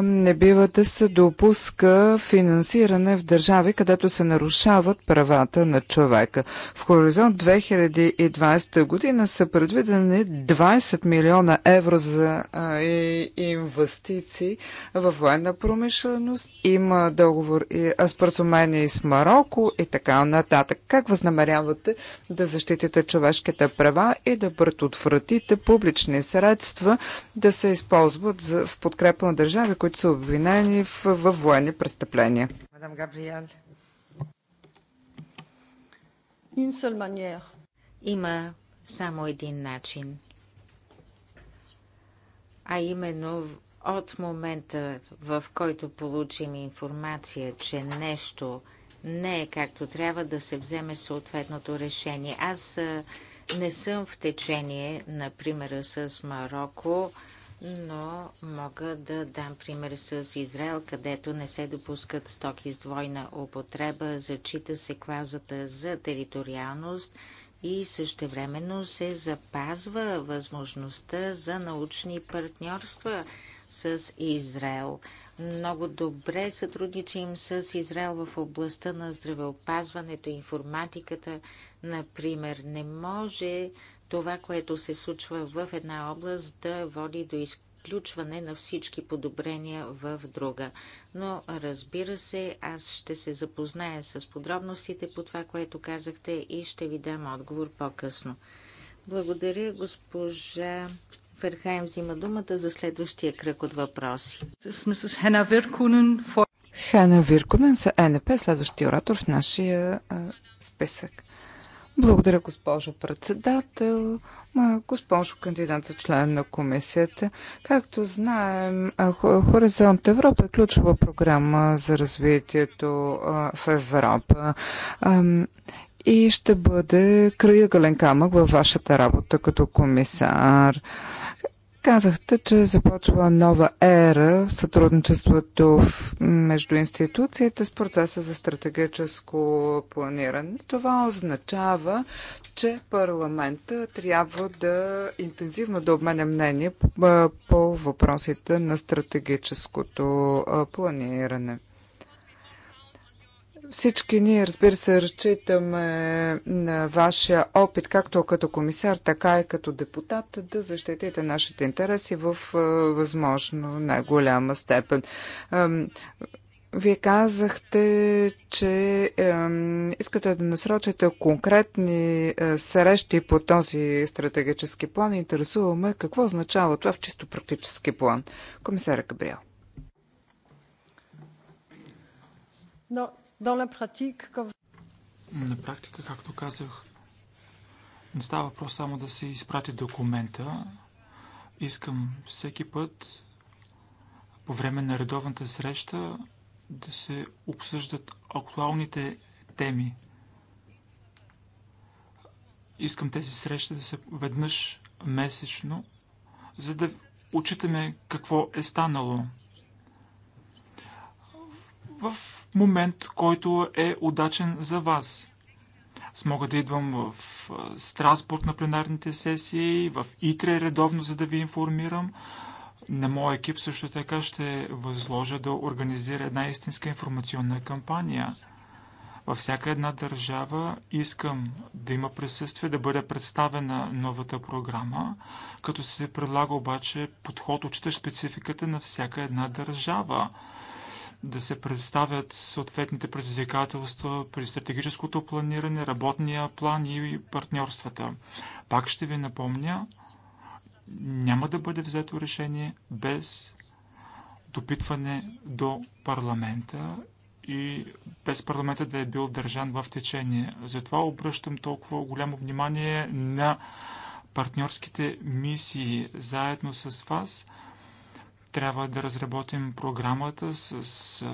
не бива да се допуска финансиране в държави, където се нарушават правата на човека. В Хоризонт 2020 година са предвидени 20 милиона евро за а, и, инвестиции в военна промишленост. Има договор и споразумение с Марокко и така нататък. Как възнамерявате да защитите човешките права и да предотвратите публични средства да се използват за, в подкрепа на държава? държави, които са обвинени в, в военни престъпления. Мадам Габриел. Има само един начин. А именно от момента, в който получим информация, че нещо не е както трябва да се вземе съответното решение. Аз не съм в течение, например, с Марокко но мога да дам пример с Израел, където не се допускат стоки с двойна употреба, зачита се клаузата за териториалност и същевременно се запазва възможността за научни партньорства с Израел. Много добре сътрудничим с Израел в областта на здравеопазването, информатиката. Например, не може това, което се случва в една област, да води до изключване на всички подобрения в друга. Но разбира се, аз ще се запозная с подробностите по това, което казахте и ще ви дам отговор по-късно. Благодаря, госпожа Ферхайм взима думата за следващия кръг от въпроси. Хана Виркунен за НП, следващия оратор в нашия а, списък. Благодаря, госпожо председател. Госпожо кандидат за член на комисията, както знаем, Хоризонт Европа е ключова програма за развитието в Европа и ще бъде краягален камък във вашата работа като комисар. Казахте, че започва нова ера в сътрудничеството между институциите с процеса за стратегическо планиране. Това означава, че парламента трябва да интензивно да обменя мнение по въпросите на стратегическото планиране. Всички ние, разбира се, разчитаме на вашия опит, както като комисар, така и като депутат, да защитите нашите интереси в е, възможно най-голяма степен. Вие казахте, че искате да насрочите конкретни е, срещи по този стратегически план. Интересуваме какво означава това в чисто практически план. Комисаря Габриел. На практика, както казах, не става въпрос само да се изпрати документа. Искам всеки път по време на редовната среща да се обсъждат актуалните теми. Искам тези срещи да се веднъж месечно, за да отчитаме какво е станало в момент, който е удачен за вас. Аз мога да идвам в Страсбург на пленарните сесии, в Итре редовно, за да ви информирам. На моя екип също така ще възложа да организира една истинска информационна кампания. Във всяка една държава искам да има присъствие, да бъде представена новата програма, като се предлага обаче подход, отчитащ спецификата на всяка една държава да се представят съответните предизвикателства при стратегическото планиране, работния план и партньорствата. Пак ще ви напомня, няма да бъде взето решение без допитване до парламента и без парламента да е бил държан в течение. Затова обръщам толкова голямо внимание на партньорските мисии заедно с вас – трябва да разработим програмата с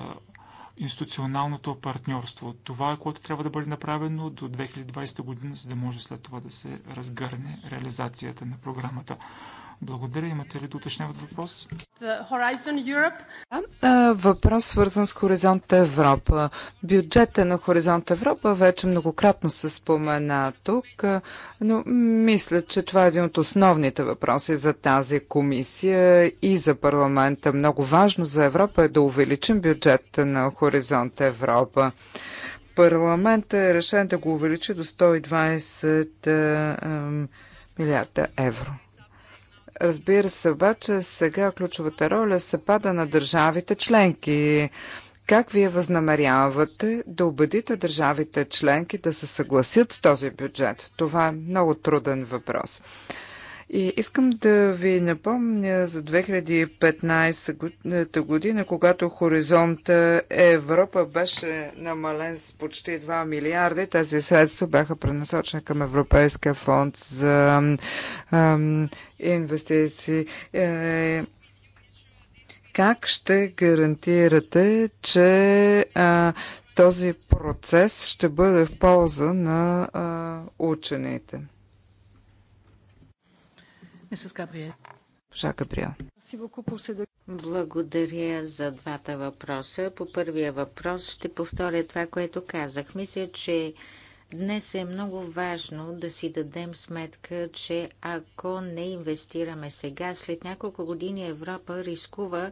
институционалното партньорство. Това е което трябва да бъде направено до 2020 година, за да може след това да се разгърне реализацията на програмата. Благодаря. Имате ли да уточняват въпрос? Е, е, въпрос свързан с Хоризонт Европа. Бюджета на Хоризонт Европа вече многократно се спомена тук, е, но мисля, че това е един от основните въпроси за тази комисия и за парламента. Много важно за Европа е да увеличим бюджета на Хоризонт Европа. Парламентът е решен да го увеличи до 120 милиарда евро. Разбира се, обаче сега ключовата роля се пада на държавите членки. Как вие възнамерявате да убедите държавите членки да се съгласят с този бюджет? Това е много труден въпрос. И искам да ви напомня за 2015 година, когато хоризонта Европа беше намален с почти 2 милиарда, тези средства бяха пренасочени към Европейския фонд за ам, инвестиции. Е, как ще гарантирате, че а, този процес ще бъде в полза на а, учените? Габриел. Благодаря за двата въпроса. По първия въпрос ще повторя това, което казах. Мисля, че Днес е много важно да си дадем сметка, че ако не инвестираме сега, след няколко години Европа рискува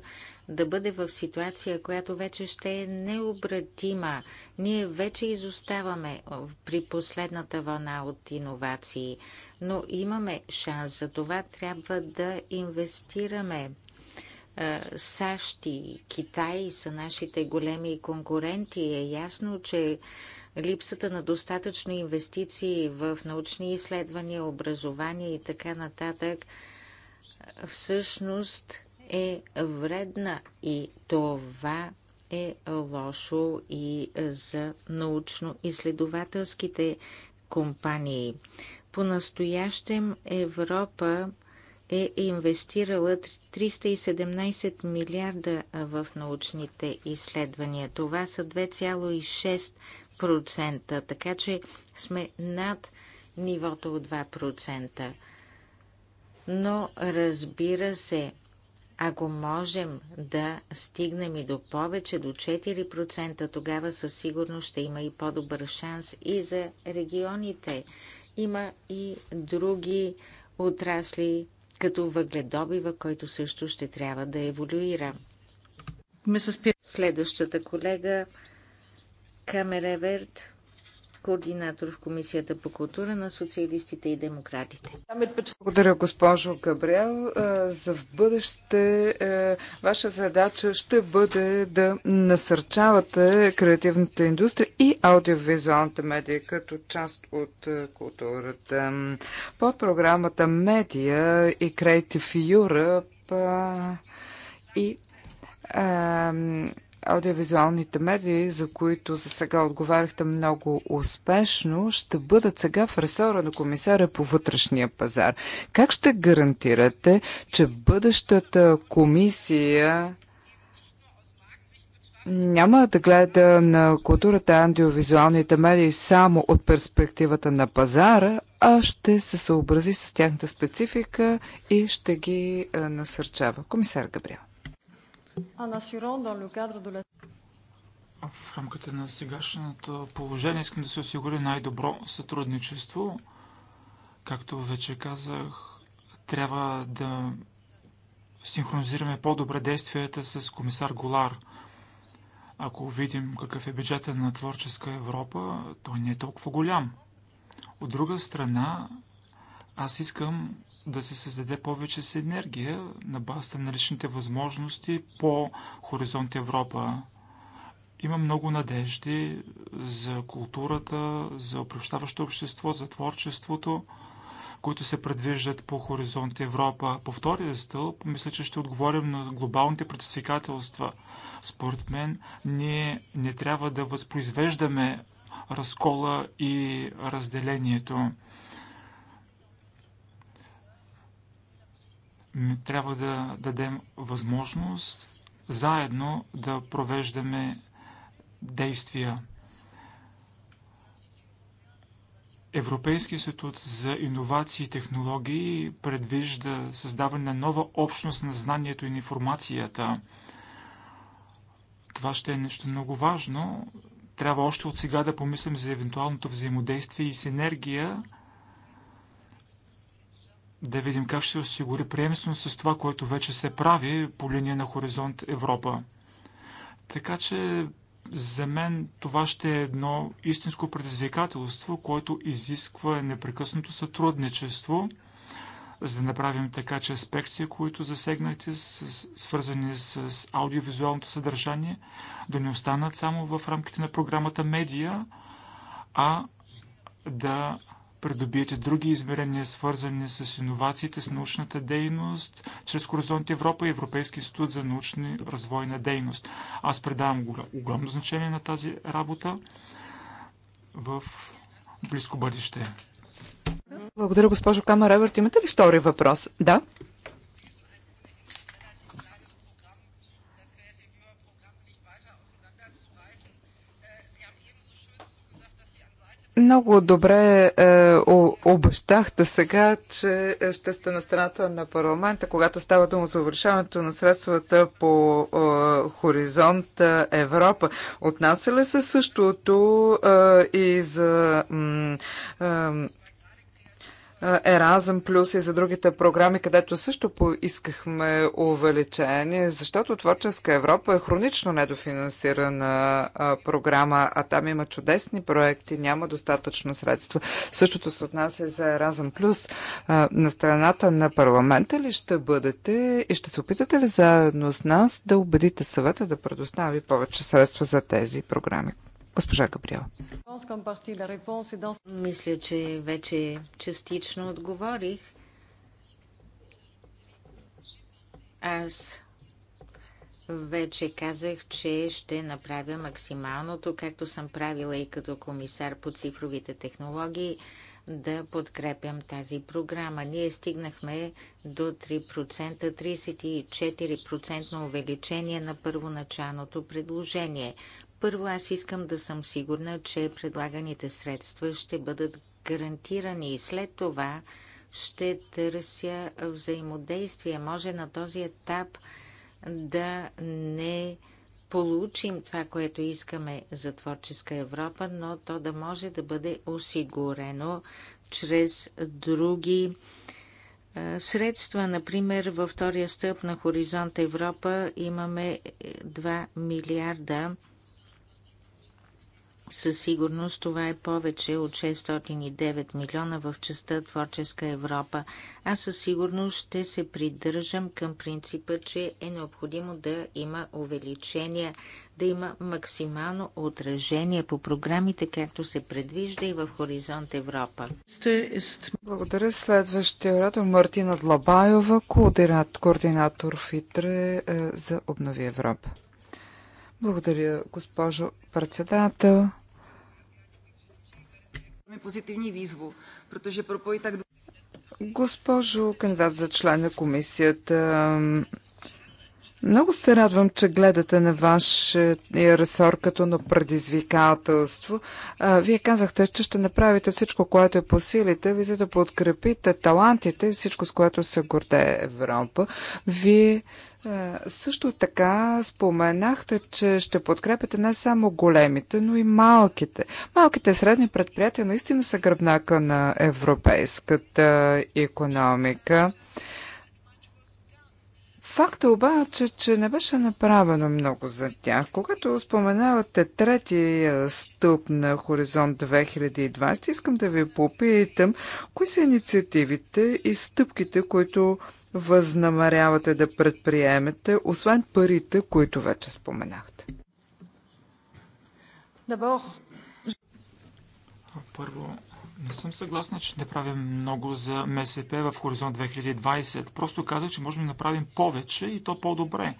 да бъде в ситуация, която вече ще е необратима. Ние вече изоставаме при последната вълна от иновации, но имаме шанс. За това трябва да инвестираме. Е, САЩ и Китай са нашите големи конкуренти. Е ясно, че липсата на достатъчно инвестиции в научни изследвания, образование и така нататък всъщност е вредна и това е лошо и за научно-изследователските компании. По-настоящем Европа е инвестирала 317 милиарда в научните изследвания. Това са 2,6%, така че сме над нивото от 2%. Но разбира се, ако можем да стигнем и до повече, до 4%, тогава със сигурност ще има и по-добър шанс и за регионите. Има и други отрасли, като въгледобива, който също ще трябва да еволюира. Следващата колега Камереверт координатор в Комисията по култура на социалистите и демократите. Благодаря, госпожо Габриел. Е, за в бъдеще е, ваша задача ще бъде да насърчавате креативната индустрия и аудиовизуалната медия като част от е, културата. По програмата Медия и Creative Europe и аудиовизуалните медии, за които за сега отговаряхте много успешно, ще бъдат сега в ресора на комисаря по вътрешния пазар. Как ще гарантирате, че бъдещата комисия няма да гледа на културата аудиовизуалните медии само от перспективата на пазара, а ще се съобрази с тяхната специфика и ще ги е, насърчава. Комисар Габриел. В рамките на сегашното положение искам да се осигури най-добро сътрудничество. Както вече казах, трябва да синхронизираме по-добре действията с комисар Голар. Ако видим какъв е бюджета на Творческа Европа, той не е толкова голям. От друга страна, аз искам да се създаде повече синергия на базата на личните възможности по Хоризонт Европа. Има много надежди за културата, за общаващо общество, за творчеството, които се предвиждат по Хоризонт Европа. По втория стълб, мисля, че ще отговорим на глобалните предизвикателства. Според мен, ние не трябва да възпроизвеждаме разкола и разделението. трябва да дадем възможност заедно да провеждаме действия. Европейския институт за иновации и технологии предвижда създаване на нова общност на знанието и на информацията. Това ще е нещо много важно. Трябва още от сега да помислим за евентуалното взаимодействие и синергия да видим как ще се осигури приемственост с това, което вече се прави по линия на Хоризонт Европа. Така че за мен това ще е едно истинско предизвикателство, което изисква непрекъснато сътрудничество, за да направим така, че аспекти, които засегнахте, свързани с аудиовизуалното съдържание, да не останат само в рамките на програмата Медия, а да придобиете други измерения, свързани с иновациите, с научната дейност, чрез Хоризонт Европа и Европейски институт за научни развой развойна дейност. Аз предавам огромно значение на тази работа в близко бъдеще. Благодаря, госпожо Камера Еверт. Имате ли втори въпрос? Да. Много добре е, обещахте сега, че ще сте на страната на парламента, когато става дума за увеличаването на средствата по е, Хоризонт е, Европа. Отнася ли се същото е, и за е, Еразъм Плюс и за другите програми, където също поискахме увеличение, защото Творческа Европа е хронично недофинансирана програма, а там има чудесни проекти, няма достатъчно средства. Същото се отнася за Еразъм Плюс. На страната на парламента ли ще бъдете и ще се опитате ли заедно с нас да убедите съвета да предостави повече средства за тези програми? Госпожа Габриел. Мисля, че вече частично отговорих. Аз вече казах, че ще направя максималното, както съм правила и като комисар по цифровите технологии, да подкрепям тази програма. Ние стигнахме до 3%, 34% увеличение на първоначалното предложение. Първо аз искам да съм сигурна, че предлаганите средства ще бъдат гарантирани и след това ще търся взаимодействие. Може на този етап да не получим това, което искаме за творческа Европа, но то да може да бъде осигурено чрез други средства. Например, във втория стъп на Хоризонт Европа имаме 2 е, милиарда със сигурност това е повече от 609 милиона в частта Творческа Европа. Аз със сигурност ще се придържам към принципа, че е необходимо да има увеличение, да има максимално отражение по програмите, както се предвижда и в Хоризонт Европа. Благодаря. Следващия оратор Мартина Длабаева, координатор в ИТРЕ е, за Обнови Европа. Благодаря, госпожо председател. Позитивни визво, protože пропои так. Госпожо кандидат за член на комисията, много се радвам, че гледате на вашия ресор като на предизвикателство. Вие казахте, че ще направите всичко, което е по силите ви, за да подкрепите талантите и всичко, с което се гордее Европа. Вие също така споменахте, че ще подкрепите не само големите, но и малките. Малките средни предприятия наистина са гръбнака на европейската економика. Факт е обаче, че не беше направено много за тях. Когато споменавате третия стълб на Хоризонт 2020, искам да ви попитам, кои са инициативите и стъпките, които възнамерявате да предприемете, освен парите, които вече споменахте? Първо, не съм съгласна, че не правим много за МСП в Хоризонт 2020. Просто казах, че можем да направим повече и то по-добре.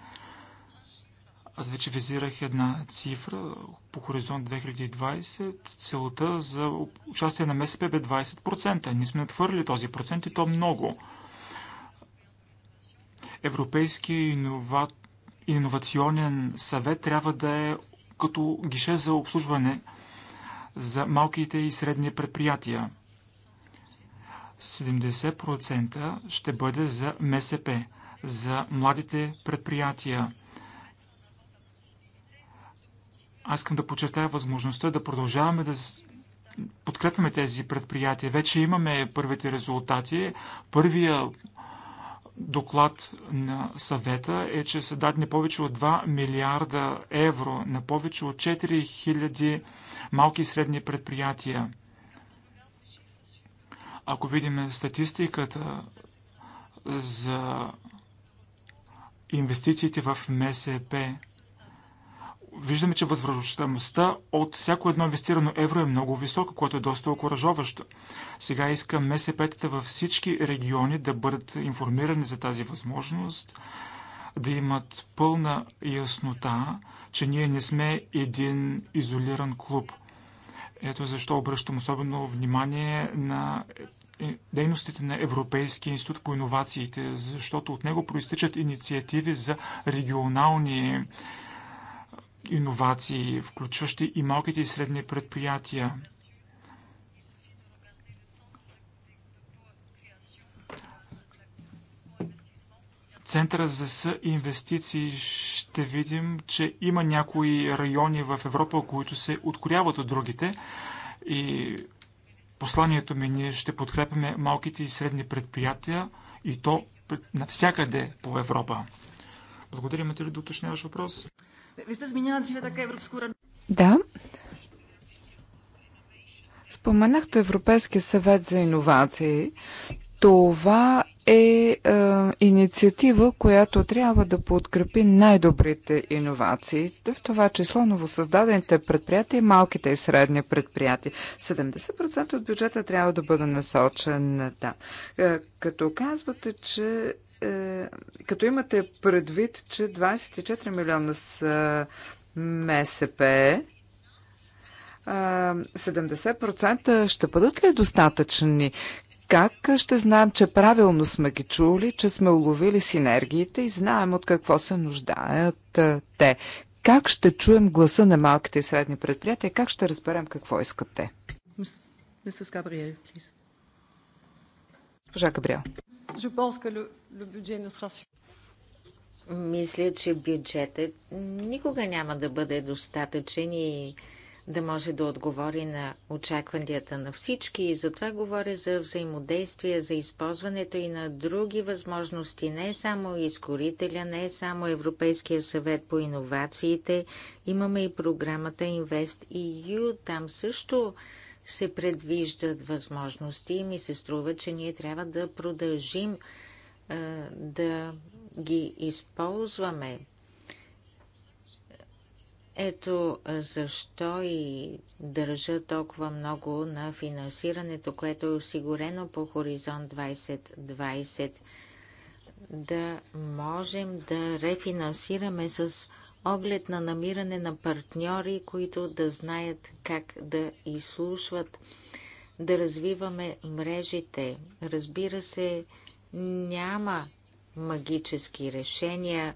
Аз вече визирах една цифра по Хоризонт 2020. Целта за участие на МСП бе 20%. Ние сме отвърли този процент и то много. Европейски инова... иновационен съвет трябва да е като гише за обслужване – за малките и средни предприятия. 70% ще бъде за МСП, за младите предприятия. Аз искам да подчертая възможността да продължаваме да подкрепяме тези предприятия. Вече имаме първите резултати. Първия доклад на съвета е, че са дадени повече от 2 милиарда евро на повече от 4000 малки и средни предприятия. Ако видим статистиката за инвестициите в МСП, виждаме, че възвръщаемостта от всяко едно инвестирано евро е много висока, което е доста окоръжоващо. Сега искам МСП-тата във всички региони да бъдат информирани за тази възможност, да имат пълна яснота, че ние не сме един изолиран клуб – ето защо обръщам особено внимание на е, дейностите на Европейския институт по иновациите, защото от него проистичат инициативи за регионални е, иновации, включващи и малките и средни предприятия. Центъра за инвестиции ще видим, че има някои райони в Европа, които се откоряват от другите и посланието ми ние ще подкрепяме малките и средни предприятия и то навсякъде по Европа. Благодаря, имате ли да уточняваш въпрос? Ви сте сменила, че е така Европско Да. Споменахте Европейския съвет за иновации. Това е, е инициатива, която трябва да подкрепи най-добрите иновации, в това число новосъздадените предприятия и малките и средни предприятия. 70% от бюджета трябва да бъде насочен там. Да. Е, като казвате, че е, като имате предвид, че 24 милиона са МСП, 70% е, ще бъдат ли достатъчни? Как ще знаем, че правилно сме ги чули, че сме уловили синергиите и знаем от какво се нуждаят те? Как ще чуем гласа на малките и средни предприятия? Как ще разберем какво искат те? Мисс Габриел, Госпожа Габриел. Мисля, че бюджетът никога няма да бъде достатъчен и да може да отговори на очакванията на всички и затова говоря за взаимодействие, за използването и на други възможности, не само изкорителя, не само Европейския съвет по иновациите. Имаме и програмата Invest EU. Там също се предвиждат възможности и ми се струва, че ние трябва да продължим да ги използваме. Ето защо и държа толкова много на финансирането, което е осигурено по Хоризонт 2020, да можем да рефинансираме с оглед на намиране на партньори, които да знаят как да изслушват, да развиваме мрежите. Разбира се, няма магически решения,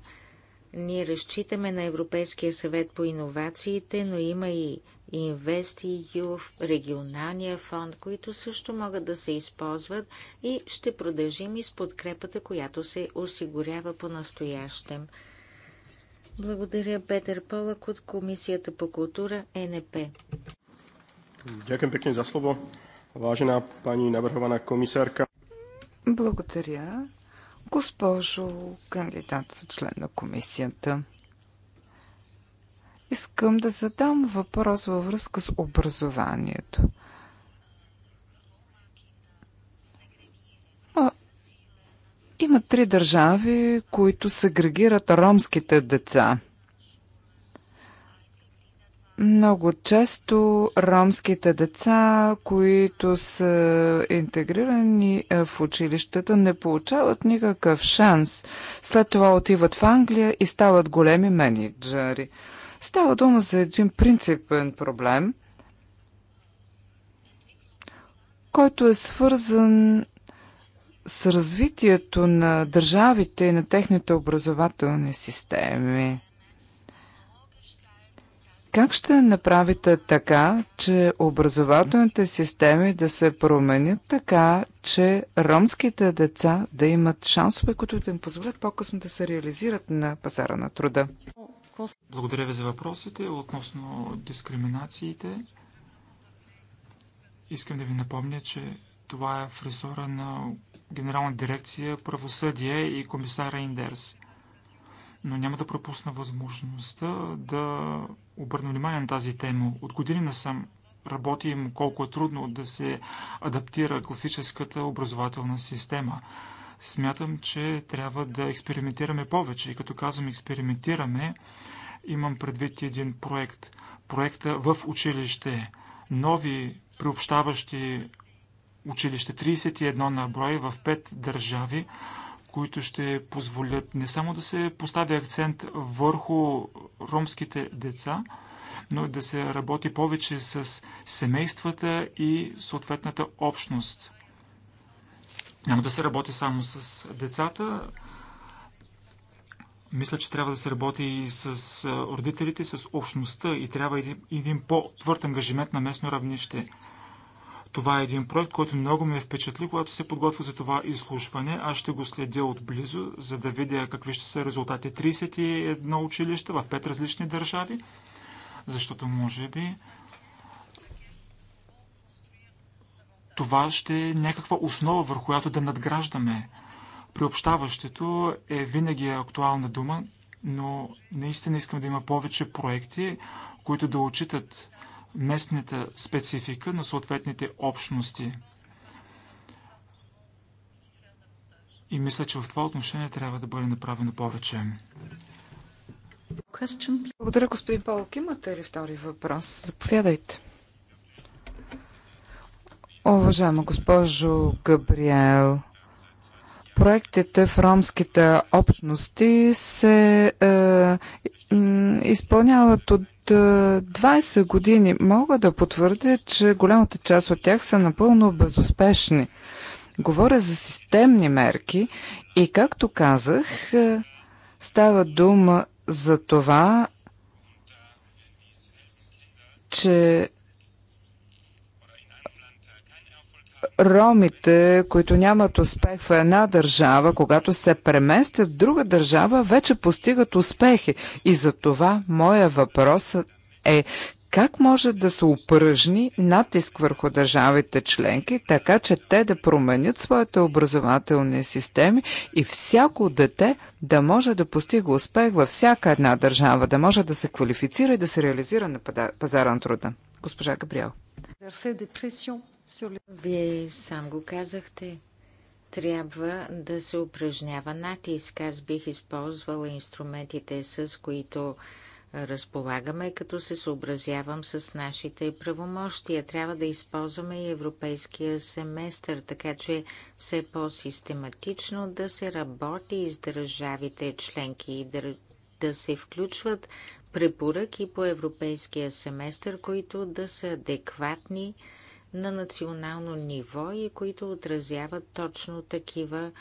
ние разчитаме на Европейския съвет по иновациите, но има и InvestEU, регионалния фонд, които също могат да се използват и ще продължим и с подкрепата, която се осигурява по настоящем. Благодаря Петър Пълък от Комисията по култура НП. Дякам за слово. Важена пани навърхована комисарка. Благодаря. Госпожо кандидат за член на комисията, искам да задам въпрос във връзка с образованието. Има три държави, които сегрегират ромските деца. Много често ромските деца, които са интегрирани е, в училищата, не получават никакъв шанс. След това отиват в Англия и стават големи менеджери. Става дума за един принципен проблем, който е свързан с развитието на държавите и на техните образователни системи. Как ще направите така, че образователните системи да се променят така, че ромските деца да имат шансове, които да им позволят по-късно да се реализират на пазара на труда? Благодаря ви за въпросите относно дискриминациите. Искам да ви напомня, че това е в на Генерална дирекция правосъдие и комисара Индерс. Но няма да пропусна възможността да обърна внимание на тази тема. От години насам работим колко е трудно да се адаптира класическата образователна система. Смятам, че трябва да експериментираме повече. И като казвам експериментираме, имам предвид един проект. Проекта в училище. Нови приобщаващи училище. 31 на брой в 5 държави които ще позволят не само да се постави акцент върху ромските деца, но и да се работи повече с семействата и съответната общност. Няма да се работи само с децата. Мисля, че трябва да се работи и с родителите, с общността и трябва един, един по-твърд ангажимент на местно равнище – това е един проект, който много ме впечатли, когато се подготвя за това изслушване. Аз ще го следя отблизо, за да видя какви ще са резултати. 31 училища в 5 различни държави, защото може би това ще е някаква основа, върху която да надграждаме. Приобщаващето е винаги актуална дума, но наистина искам да има повече проекти, които да отчитат местната специфика на съответните общности. И мисля, че в това отношение трябва да бъде направено повече. Благодаря, господин Полк. Имате ли втори въпрос? Заповядайте. Уважаема госпожо Габриел, проектите в ромските общности се е, изпълняват от 20 години мога да потвърдя, че голямата част от тях са напълно безуспешни. Говоря за системни мерки и, както казах, става дума за това, че ромите, които нямат успех в една държава, когато се преместят в друга държава, вече постигат успехи. И за това моя въпрос е как може да се упражни натиск върху държавите членки, така че те да променят своите образователни системи и всяко дете да може да постига успех във всяка една държава, да може да се квалифицира и да се реализира на пазара на труда. Госпожа Габриел. Вие сам го казахте. Трябва да се упражнява натиск. Аз бих използвала инструментите, с които разполагаме, като се съобразявам с нашите правомощия. Трябва да използваме и европейския семестър, така че все по-систематично да се работи с държавите членки и да, да се включват препоръки по европейския семестър, които да са адекватни на национално ниво и които отразяват точно такива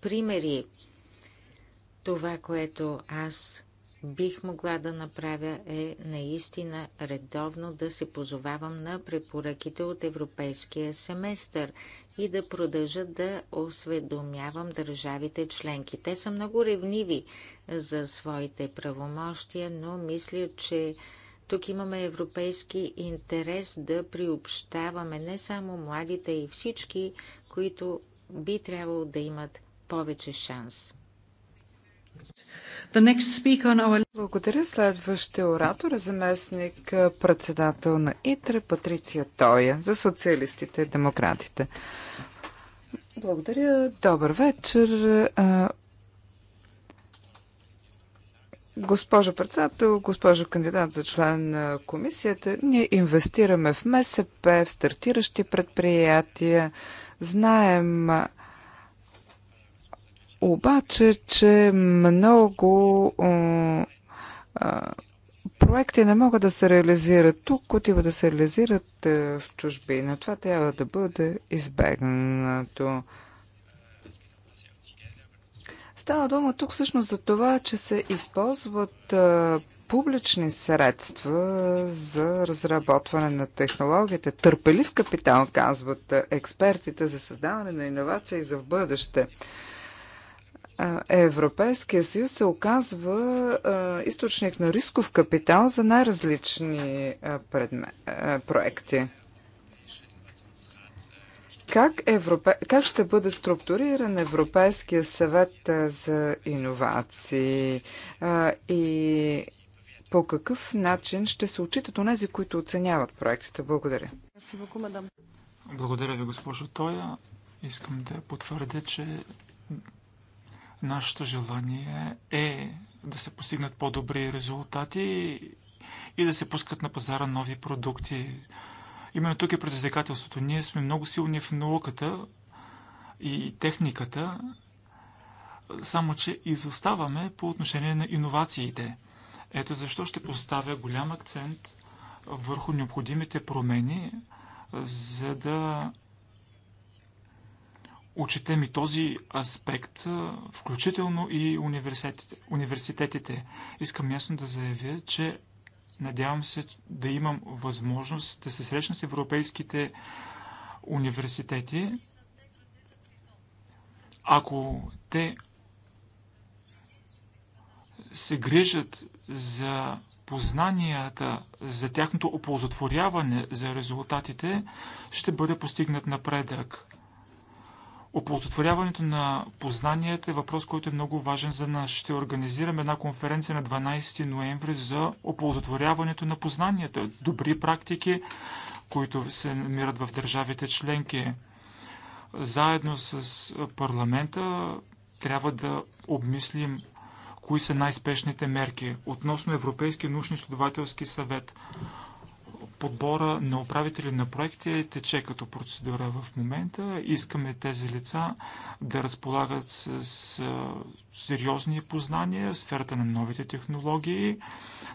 примери. Това, което аз бих могла да направя е наистина редовно да се позовавам на препоръките от европейския семестър и да продължа да осведомявам държавите членки. Те са много ревниви за своите правомощия, но мисля, че тук имаме европейски интерес да приобщаваме не само младите и всички, които би трябвало да имат повече шанс. Our... Благодаря. Следващия оратор е заместник председател на ИТРА Патриция Тоя за социалистите и демократите. Благодаря. Добър вечер, Госпожо председател, госпожо кандидат за член на комисията, ние инвестираме в МСП, в стартиращи предприятия. Знаем обаче, че много проекти не могат да се реализират тук, отива да се реализират в чужбина. Това трябва да бъде избегнато. Става дума тук всъщност за това, че се използват публични средства за разработване на технологията. Търпелив капитал, казват експертите, за създаване на иновации за в бъдеще. Европейския съюз се оказва източник на рисков капитал за най-различни проекти. Как, европе... как ще бъде структуриран Европейския съвет за иновации и по какъв начин ще се отчитат онези, които оценяват проектите? Благодаря. Благодаря ви, госпожо Тоя. Искам да потвърдя, че нашето желание е да се постигнат по-добри резултати и да се пускат на пазара нови продукти. Именно тук е предизвикателството. Ние сме много силни в науката и техниката, само че изоставаме по отношение на иновациите. Ето защо ще поставя голям акцент върху необходимите промени, за да Учетем и този аспект, включително и университетите. университетите. Искам ясно да заявя, че Надявам се да имам възможност да се срещна с европейските университети. Ако те се грижат за познанията, за тяхното оползотворяване, за резултатите, ще бъде постигнат напредък. Оползотворяването на познанията е въпрос, който е много важен за нас. Ще организираме една конференция на 12 ноември за оползотворяването на познанията. Добри практики, които се намират в държавите членки. Заедно с парламента трябва да обмислим кои са най-спешните мерки относно Европейския научно следователски съвет – подбора на управители на проекти тече като процедура в момента. Искаме тези лица да разполагат с, сериозни познания в сферата на новите технологии,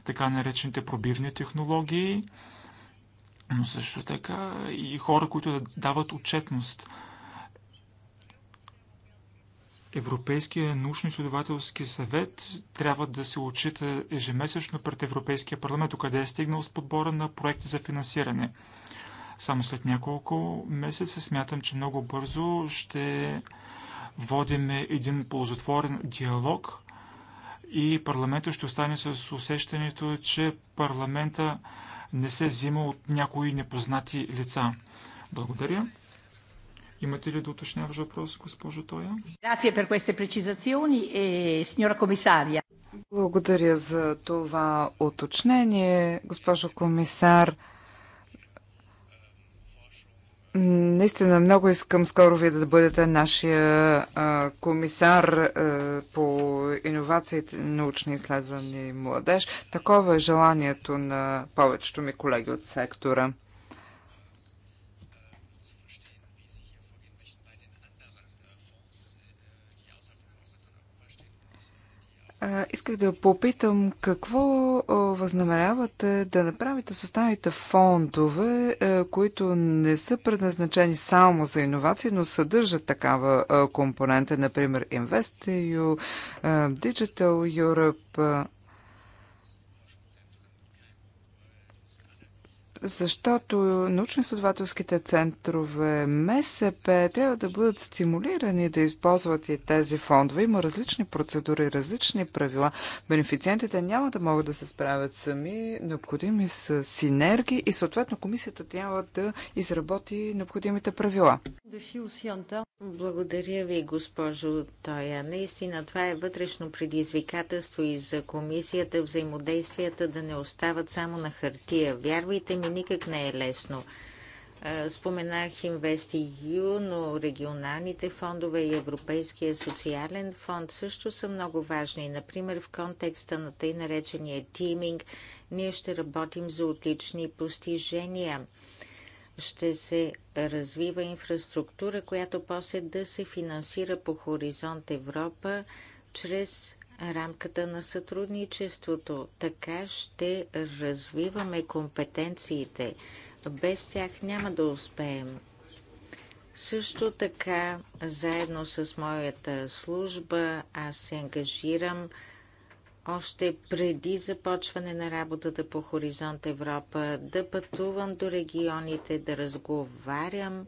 така наречените пробивни технологии, но също така и хора, които дават отчетност Европейския научно-изследователски съвет трябва да се отчита ежемесечно пред Европейския парламент, къде е стигнал с подбора на проекти за финансиране. Само след няколко месеца смятам, че много бързо ще водим един ползотворен диалог и парламента ще остане с усещането, че парламента не се взима от някои непознати лица. Благодаря. Имате ли да уточняваш въпрос, госпожо Тоя? E, Благодаря за това уточнение, госпожо комисар. Наистина много искам скоро ви да бъдете нашия а, комисар а, по иновациите, научни изследвания и младеж. Такова е желанието на повечето ми колеги от сектора. Исках да попитам какво възнамерявате да направите с останалите фондове, които не са предназначени само за иновации, но съдържат такава компонента, например InvestEU, Digital Europe. защото научно-изследователските центрове МСП трябва да бъдат стимулирани да използват и тези фондове. Има различни процедури, различни правила. Бенефициентите няма да могат да се справят сами. Необходими са синергии и съответно комисията трябва да изработи необходимите правила. Благодаря ви, госпожо Тоя. Наистина това е вътрешно предизвикателство и за комисията взаимодействията да не остават само на хартия. Вярвайте ми, никак не е лесно. Споменах InvestEU, но регионалните фондове и Европейския социален фонд също са много важни. Например, в контекста на тъй наречения тиминг, ние ще работим за отлични постижения. Ще се развива инфраструктура, която после да се финансира по Хоризонт Европа чрез рамката на сътрудничеството. Така ще развиваме компетенциите. Без тях няма да успеем. Също така, заедно с моята служба, аз се ангажирам още преди започване на работата по Хоризонт Европа, да пътувам до регионите, да разговарям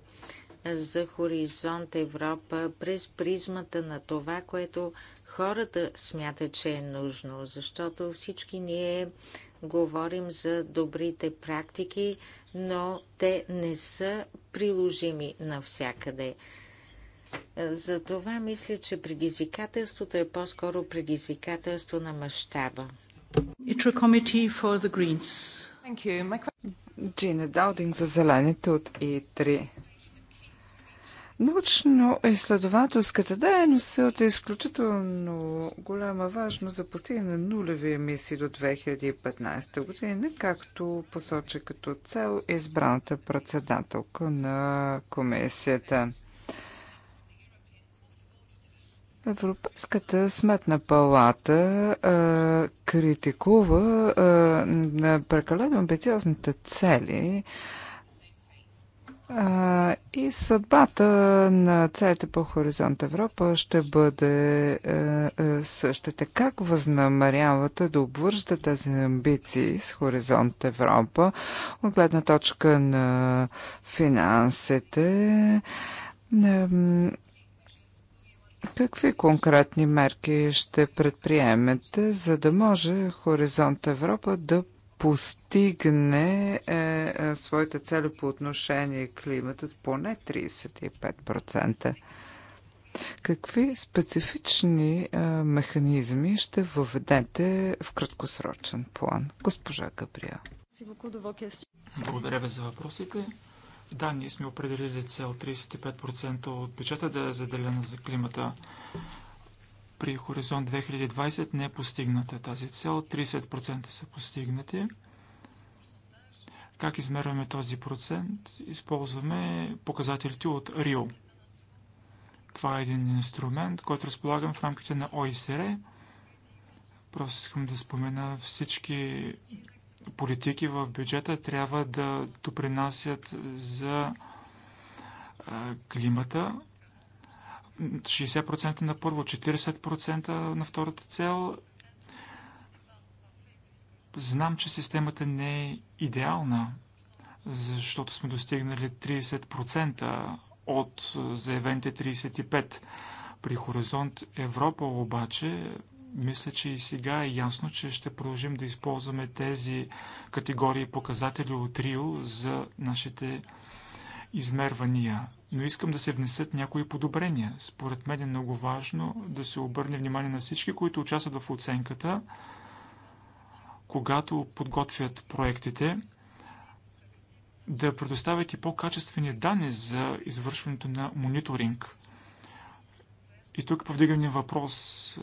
за Хоризонт Европа през призмата на това, което хората смятат, че е нужно, защото всички ние говорим за добрите практики, но те не са приложими навсякъде. Затова мисля, че предизвикателството е по-скоро предизвикателство на мащаба. Джина Даудинг за зелените от И3. Научно-изследователската дейност е от изключително голяма важност за постигане на нулеви емисии до 2015 година, както посочи като цел избраната председателка на комисията. Европейската сметна палата а, критикува а, прекалено амбициозните цели и съдбата на целите по Хоризонт Европа ще бъде е, е, същата. Как възнамерявате да обвържете тези амбиции с Хоризонт Европа от гледна точка на финансите? Какви конкретни мерки ще предприемете, за да може Хоризонт Европа да постигне е, е, своите цели по отношение климата поне 35%. Какви специфични е, механизми ще въведете в краткосрочен план, госпожа Габриел? Благодаря ви за въпросите. Да, ние сме определили цел 35% от бюджета да е заделена за климата при Хоризонт 2020 не е постигната тази цел. 30% са постигнати. Как измерваме този процент? Използваме показателите от Рио. Това е един инструмент, който разполагам в рамките на ОИСР. Просто искам да спомена всички политики в бюджета трябва да допринасят за климата, 60% на първо, 40% на втората цел. Знам, че системата не е идеална, защото сме достигнали 30% от заявените 35%. При Хоризонт Европа обаче, мисля, че и сега е ясно, че ще продължим да използваме тези категории показатели от Рио за нашите измервания но искам да се внесат някои подобрения. Според мен е много важно да се обърне внимание на всички, които участват в оценката, когато подготвят проектите, да предоставят и по-качествени данни за извършването на мониторинг. И тук повдигам въпрос, е,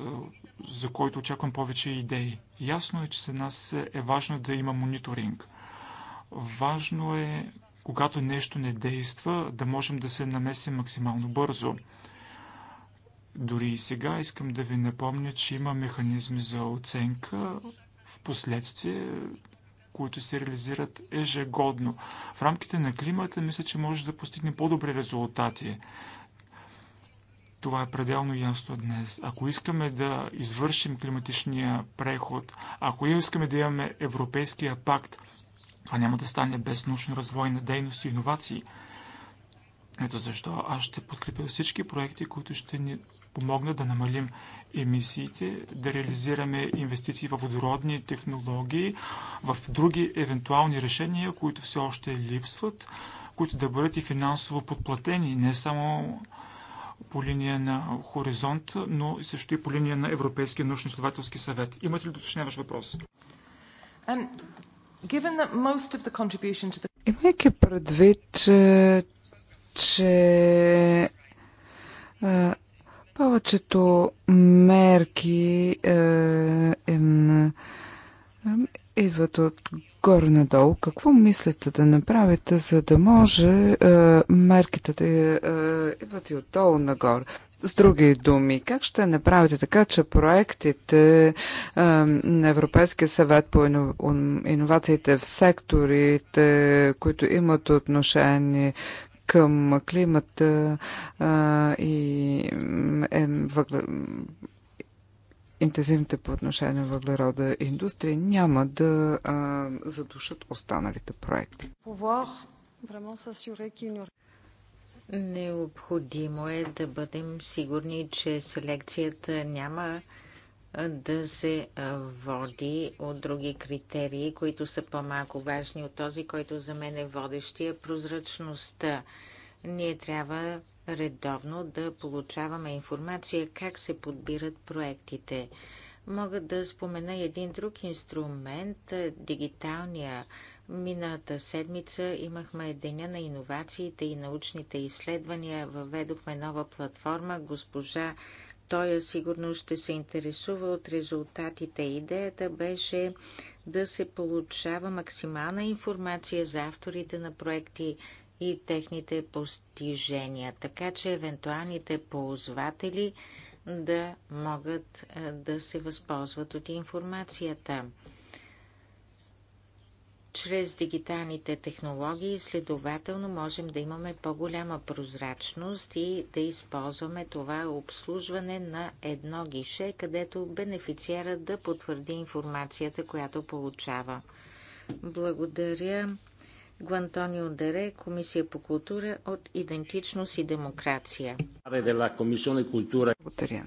за който очаквам повече идеи. Ясно е, че за нас е важно да има мониторинг. Важно е когато нещо не действа, да можем да се намесим максимално бързо. Дори и сега искам да ви напомня, че има механизми за оценка в последствие, които се реализират ежегодно. В рамките на климата мисля, че може да постигне по-добри резултати. Това е пределно ясно днес. Ако искаме да извършим климатичния преход, ако искаме да имаме Европейския пакт, това няма да стане без научно на дейност и иновации. Ето защо аз ще подкрепя всички проекти, които ще ни помогнат да намалим емисиите, да реализираме инвестиции в водородни технологии, в други евентуални решения, които все още липсват, които да бъдат и финансово подплатени, не само по линия на Хоризонт, но и също и по линия на Европейския научно-изследователски съвет. Имате ли доточняваш въпрос? Имайки предвид, че, че а, е, повечето мерки е, а, е, е, идват от горе надолу. Какво мислите да направите, за да може а, мерките да а, идват и отдолу нагоре? С други думи, как ще направите така, че проектите на Европейския съвет по иновациите в секторите, които имат отношение към климата и е, интензивните по отношение на въглерода индустрия, няма да задушат останалите проекти? Необходимо е да бъдем сигурни, че селекцията няма да се води от други критерии, които са по-малко важни от този, който за мен е водещия прозрачността. Ние трябва редовно да получаваме информация как се подбират проектите. Мога да спомена един друг инструмент дигиталния Миналата седмица имахме Деня на иновациите и научните изследвания. Въведохме нова платформа. Госпожа Тоя сигурно ще се интересува от резултатите. Идеята беше да се получава максимална информация за авторите на проекти и техните постижения, така че евентуалните ползватели да могат е, да се възползват от информацията чрез дигиталните технологии, следователно можем да имаме по-голяма прозрачност и да използваме това обслужване на едно гише, където бенефициера да потвърди информацията, която получава. Благодаря. Гуантонио Дере, Комисия по култура от идентичност и демокрация. Благодаря.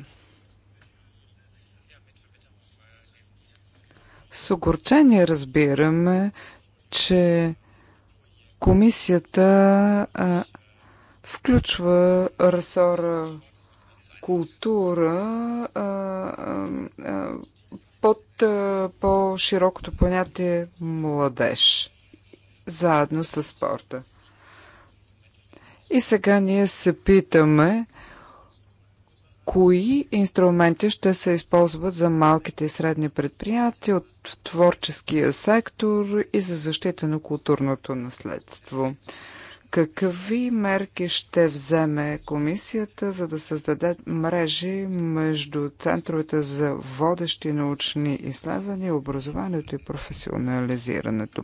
С огорчение разбираме, че комисията а, включва ресора култура а, а, под по-широкото понятие младеж, заедно с спорта. И сега ние се питаме кои инструменти ще се използват за малките и средни предприятия от творческия сектор и за защита на културното наследство? Какви мерки ще вземе комисията, за да създаде мрежи между центровете за водещи научни изследвания, образованието и професионализирането?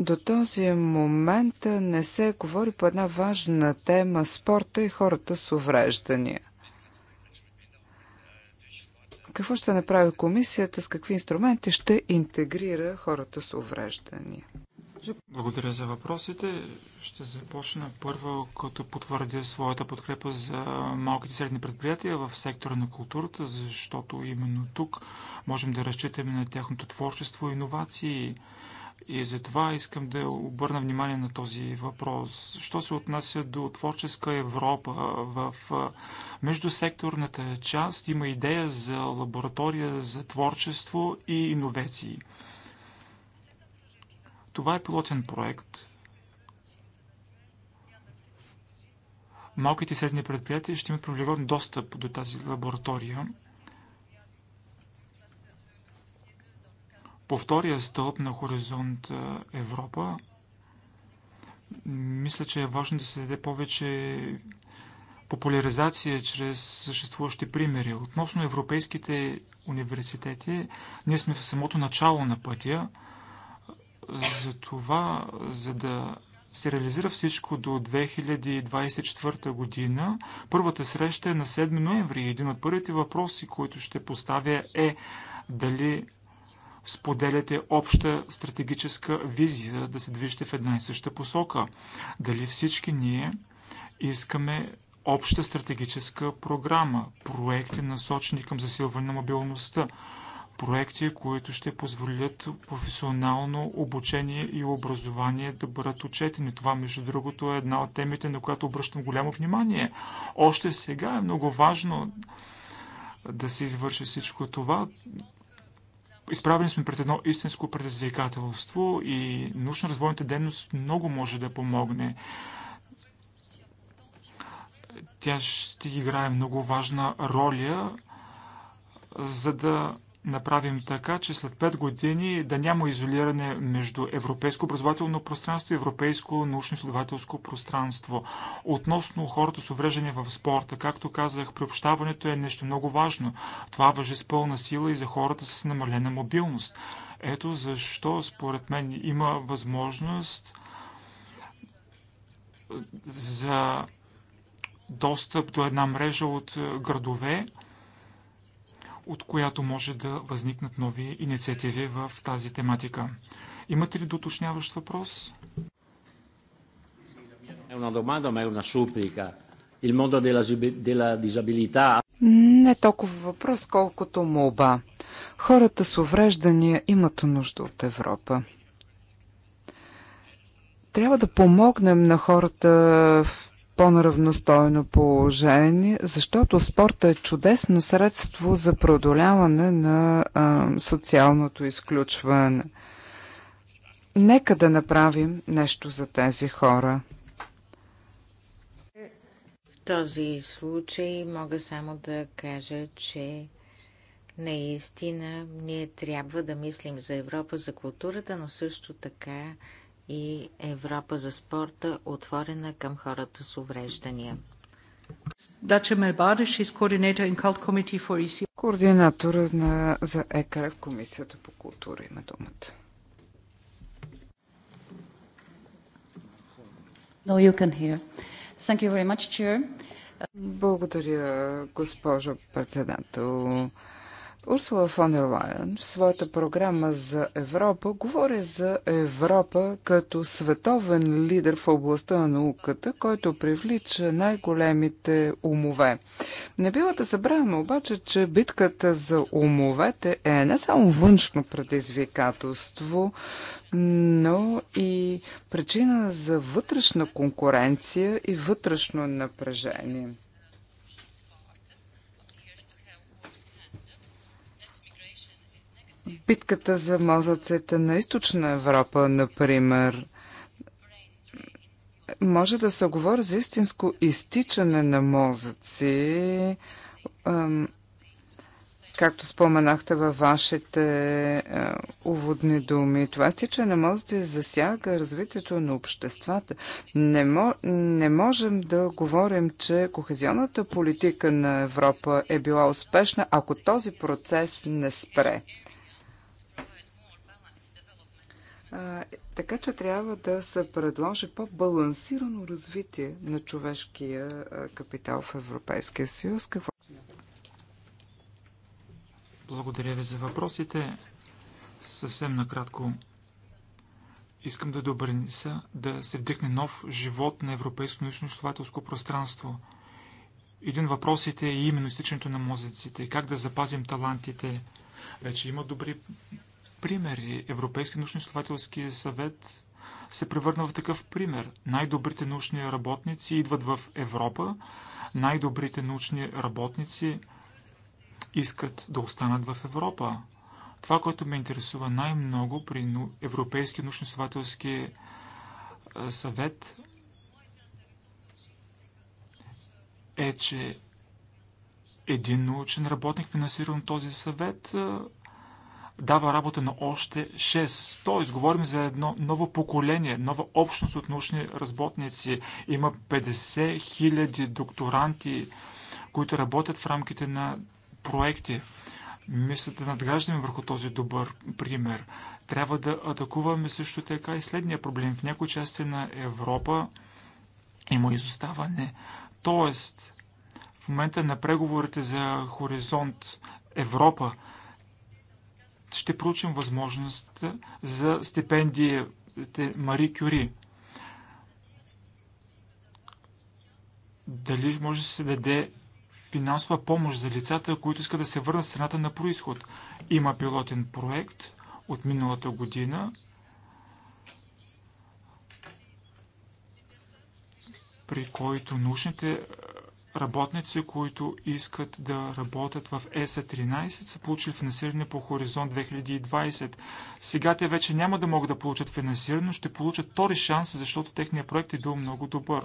До този момент не се говори по една важна тема спорта и хората с увреждания. Какво ще направи комисията, с какви инструменти ще интегрира хората с увреждания? Благодаря за въпросите. Ще започна първо, като потвърдя своята подкрепа за малките и средни предприятия в сектора на културата, защото именно тук можем да разчитаме на тяхното творчество и иновации. И затова искам да обърна внимание на този въпрос. Що се отнася до творческа Европа, в междусекторната част има идея за лаборатория за творчество и иновеции. Това е пилотен проект. Малките и средни предприятия ще имат привилегирован достъп до тази лаборатория – По втория стълб на Хоризонт Европа, мисля, че е важно да се даде повече популяризация чрез съществуващи примери. Относно европейските университети, ние сме в самото начало на пътя. За това, за да се реализира всичко до 2024 година, първата среща е на 7 ноември. Един от първите въпроси, които ще поставя е дали споделяте обща стратегическа визия да се движите в една и съща посока? Дали всички ние искаме обща стратегическа програма, проекти насочени към засилване на мобилността, проекти, които ще позволят професионално обучение и образование да бъдат отчетени. Това, между другото, е една от темите, на която обръщам голямо внимание. Още сега е много важно да се извърши всичко това. Изправени сме пред едно истинско предизвикателство и научно-развойната дейност много може да помогне. Тя ще играе много важна роля, за да направим така, че след 5 години да няма изолиране между европейско образователно пространство и европейско научно-изследователско пространство. Относно хората с увреждане в спорта, както казах, приобщаването е нещо много важно. Това въжи с пълна сила и за хората с намалена мобилност. Ето защо, според мен, има възможност за достъп до една мрежа от градове, от която може да възникнат нови инициативи в тази тематика. Имате ли доточняващ въпрос? Не толкова въпрос, колкото молба. Хората с увреждания имат нужда от Европа. Трябва да помогнем на хората в по-наравностойно положение, защото спорта е чудесно средство за продоляване на а, социалното изключване. Нека да направим нещо за тези хора. В този случай мога само да кажа, че наистина ние трябва да мислим за Европа, за културата, но също така и Европа за спорта, отворена към хората с увреждания. E Координатора на, за ЕКР в Комисията по култура има думата. No, you can hear. Thank you very much, Chair. Благодаря, госпожо председател. Урсула фон дер Лайен в своята програма за Европа говори за Европа като световен лидер в областта на науката, който привлича най-големите умове. Не бива да забравяме обаче, че битката за умовете е не само външно предизвикателство, но и причина за вътрешна конкуренция и вътрешно напрежение. битката за мозъците на източна Европа, например, може да се говори за истинско изтичане на мозъци, както споменахте във вашите уводни думи. Това изтичане на мозъци засяга развитието на обществата. Не, мо, не можем да говорим, че кохезионната политика на Европа е била успешна, ако този процес не спре така че трябва да се предложи по-балансирано развитие на човешкия капитал в Европейския съюз. Какво? Благодаря ви за въпросите. Съвсем накратко искам да добренеса да се вдъхне нов живот на европейско научно-изследователско пространство. Един въпросите е именно изтичането на мозъците. Как да запазим талантите? Вече има добри примери. Европейски научно-изследователски съвет се превърна в такъв пример. Най-добрите научни работници идват в Европа, най-добрите научни работници искат да останат в Европа. Това, което ме интересува най-много при Европейския научно-изследователски е, съвет е, че един научен работник, финансиран от този съвет, е, дава работа на още 6. Тоест, говорим за едно ново поколение, нова общност от научни разботници. Има 50 000 докторанти, които работят в рамките на проекти. Мисля да надграждаме върху този добър пример. Трябва да атакуваме също така и следния проблем. В някои части на Европа има изоставане. Тоест, в момента на преговорите за хоризонт Европа ще проучим възможността за стипендиите Мари Кюри. Дали може да се даде финансова помощ за лицата, които искат да се върнат в страната на происход. Има пилотен проект от миналата година, при който научните работници, които искат да работят в ЕСА-13, са получили финансиране по Хоризонт 2020. Сега те вече няма да могат да получат финансиране, но ще получат втори шанс, защото техният проект е бил много добър.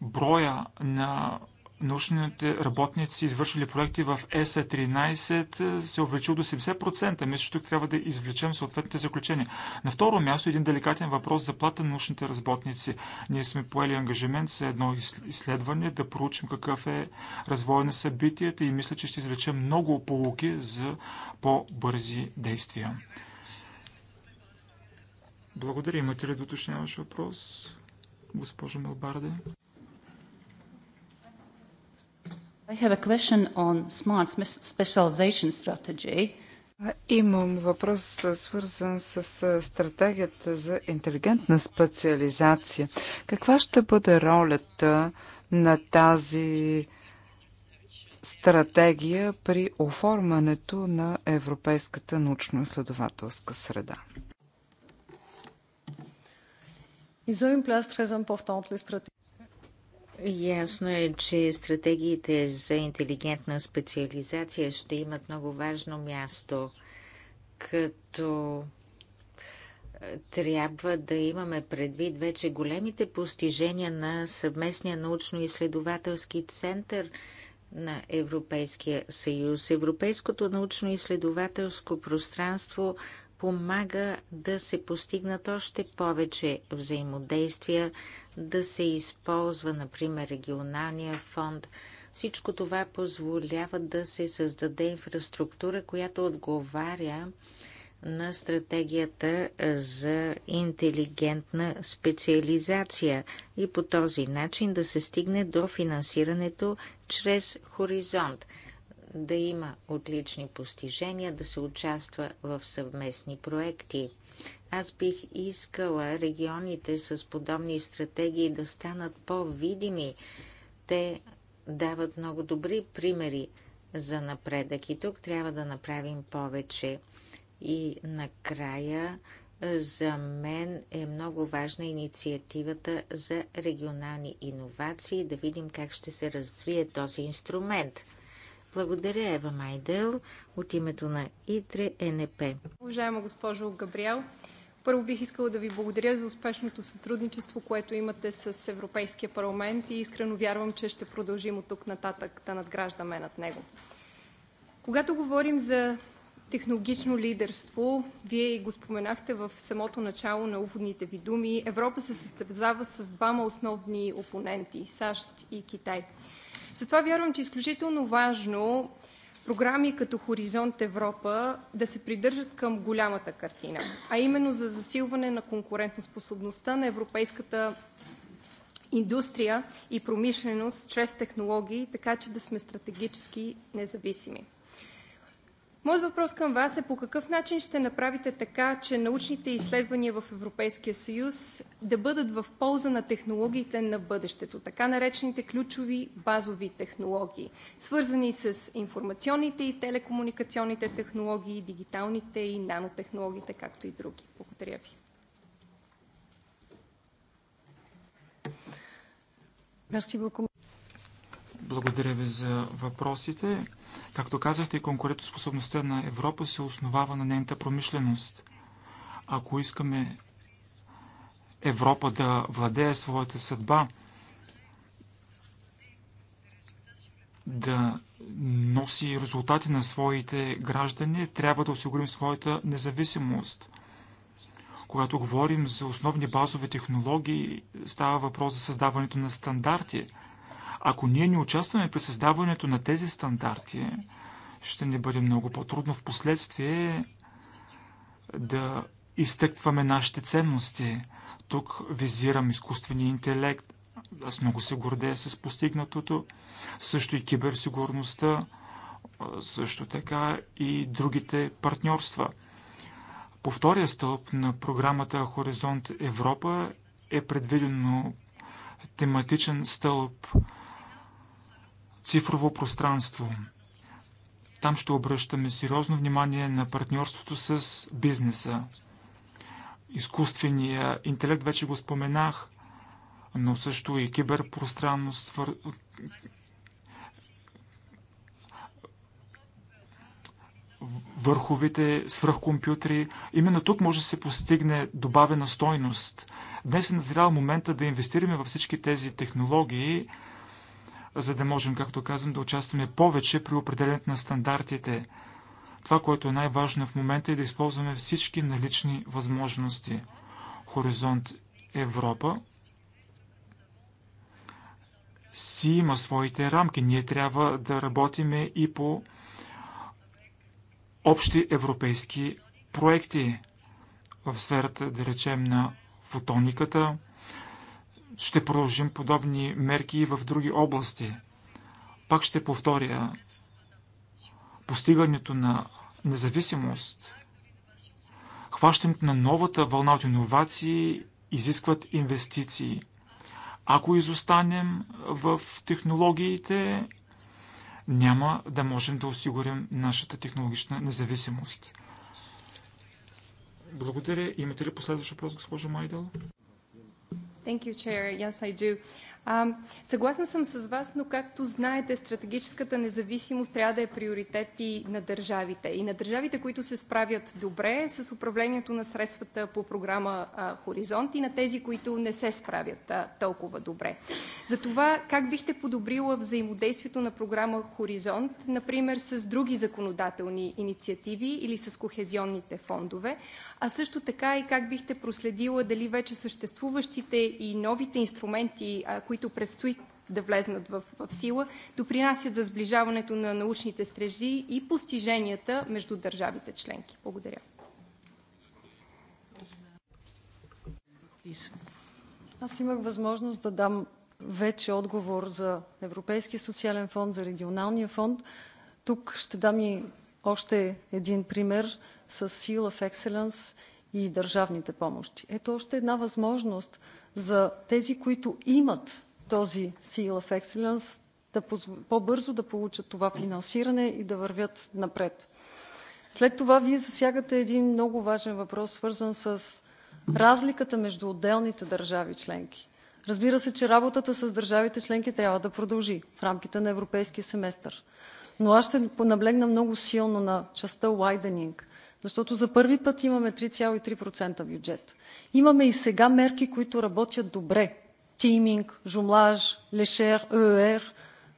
Броя на научните работници, извършили проекти в ЕСА-13, е, се е увеличил до 70%. Мисля, че тук трябва да извлечем съответните заключения. На второ място, един деликатен въпрос за плата на научните работници. Ние сме поели ангажимент за едно изследване, да проучим какъв е развой на събитията и мисля, че ще извлечем много полуки за по-бързи действия. Благодаря. Имате ли уточняваш въпрос, госпожо Мелбарде? I have a question on smart specialization strategy. Имам въпрос свързан с стратегията за интелигентна специализация. Каква ще бъде ролята на тази стратегия при оформането на европейската научно-изследователска среда? Ils ont une place Ясно е, че стратегиите за интелигентна специализация ще имат много важно място, като е, трябва да имаме предвид вече големите постижения на съвместния научно-изследователски център на Европейския съюз. Европейското научно-изследователско пространство помага да се постигнат още повече взаимодействия да се използва, например, регионалния фонд. Всичко това позволява да се създаде инфраструктура, която отговаря на стратегията за интелигентна специализация и по този начин да се стигне до финансирането чрез хоризонт. Да има отлични постижения, да се участва в съвместни проекти. Аз бих искала регионите с подобни стратегии да станат по-видими. Те дават много добри примери за напредък и тук трябва да направим повече. И накрая за мен е много важна инициативата за регионални иновации, да видим как ще се развие този инструмент. Благодаря, Ева Майдел, от името на ИТРЕ НП. Уважаема госпожо Габриел, първо, бих искала да Ви благодаря за успешното сътрудничество, което имате с Европейския парламент, и искрено вярвам, че ще продължим от тук нататък да надграждаме над него. Когато говорим за технологично лидерство, Вие го споменахте в самото начало на уводните Ви думи, Европа се състезава с двама основни опоненти – САЩ и Китай. Затова вярвам, че е изключително важно програми като Хоризонт Европа да се придържат към голямата картина, а именно за засилване на конкурентоспособността на европейската индустрия и промишленост чрез технологии, така че да сме стратегически независими. Моят въпрос към Вас е по какъв начин ще направите така, че научните изследвания в Европейския съюз да бъдат в полза на технологиите на бъдещето, така наречените ключови базови технологии, свързани с информационните и телекомуникационните технологии, дигиталните и нанотехнологиите, както и други? Благодаря Ви. Благодаря ви за въпросите. Както казахте, конкурентоспособността на Европа се основава на нейната промишленост. Ако искаме Европа да владее своята съдба, да носи резултати на своите граждани, трябва да осигурим своята независимост. Когато говорим за основни базови технологии, става въпрос за създаването на стандарти – ако ние не участваме при създаването на тези стандарти, ще ни бъде много по-трудно в последствие да изтъкваме нашите ценности. Тук визирам изкуствения интелект. Аз много се гордея с постигнатото. Също и киберсигурността, също така и другите партньорства. По втория стълб на програмата Хоризонт Европа е предвидено тематичен стълб цифрово пространство. Там ще обръщаме сериозно внимание на партньорството с бизнеса. Изкуствения интелект вече го споменах, но също и киберпространно свър... върховите свръхкомпютри. Именно тук може да се постигне добавена стойност. Днес е назрял момента да инвестираме във всички тези технологии, за да можем, както казвам, да участваме повече при определенето на стандартите. Това, което е най-важно в момента е да използваме всички налични възможности. Хоризонт Европа си има своите рамки. Ние трябва да работиме и по общи европейски проекти в сферата, да речем, на фотониката – ще продължим подобни мерки и в други области. Пак ще повторя, постигането на независимост, хващането на новата вълна от иновации изискват инвестиции. Ако изостанем в технологиите, няма да можем да осигурим нашата технологична независимост. Благодаря. Имате ли последващ въпрос, госпожо Майдел? Thank you, Chair. Yes, I do. съгласна съм с вас, но както знаете, стратегическата независимост трябва да е приоритет и на държавите. И на държавите, които се справят добре с управлението на средствата по програма а, Хоризонт и на тези, които не се справят а, толкова добре. За това как бихте подобрила взаимодействието на програма Хоризонт, например с други законодателни инициативи или с кохезионните фондове, а също така и как бихте проследила дали вече съществуващите и новите инструменти, които предстои да влезнат в сила, допринасят за сближаването на научните стрежи и постиженията между държавите членки? Благодаря. Аз имах възможност да дам вече отговор за Европейския социален фонд, за регионалния фонд. Тук ще дам и още един пример с Seal of Excellence и държавните помощи. Ето още една възможност за тези, които имат този Seal of Excellence, да по-бързо да получат това финансиране и да вървят напред. След това вие засягате един много важен въпрос, свързан с разликата между отделните държави членки. Разбира се, че работата с държавите членки трябва да продължи в рамките на европейския семестър. Но аз ще понаблегна много силно на частта widening, защото за първи път имаме 3,3% бюджет. Имаме и сега мерки, които работят добре. Тиминг, жумлаж, лешер, ОР,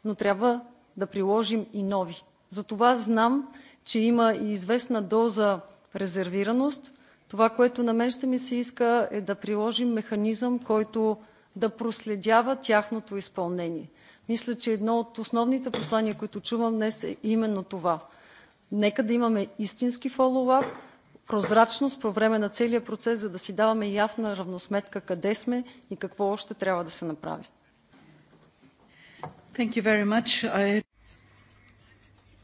но трябва да приложим и нови. Затова знам, че има и известна доза резервираност. Това, което на мен ще ми се иска е да приложим механизъм, който да проследява тяхното изпълнение. Мисля, че едно от основните послания, които чувам днес, е именно това. Нека да имаме истински фоллоуап, прозрачност по време на целия процес, за да си даваме явна равносметка къде сме и какво още трябва да се направи. Thank you very much. I...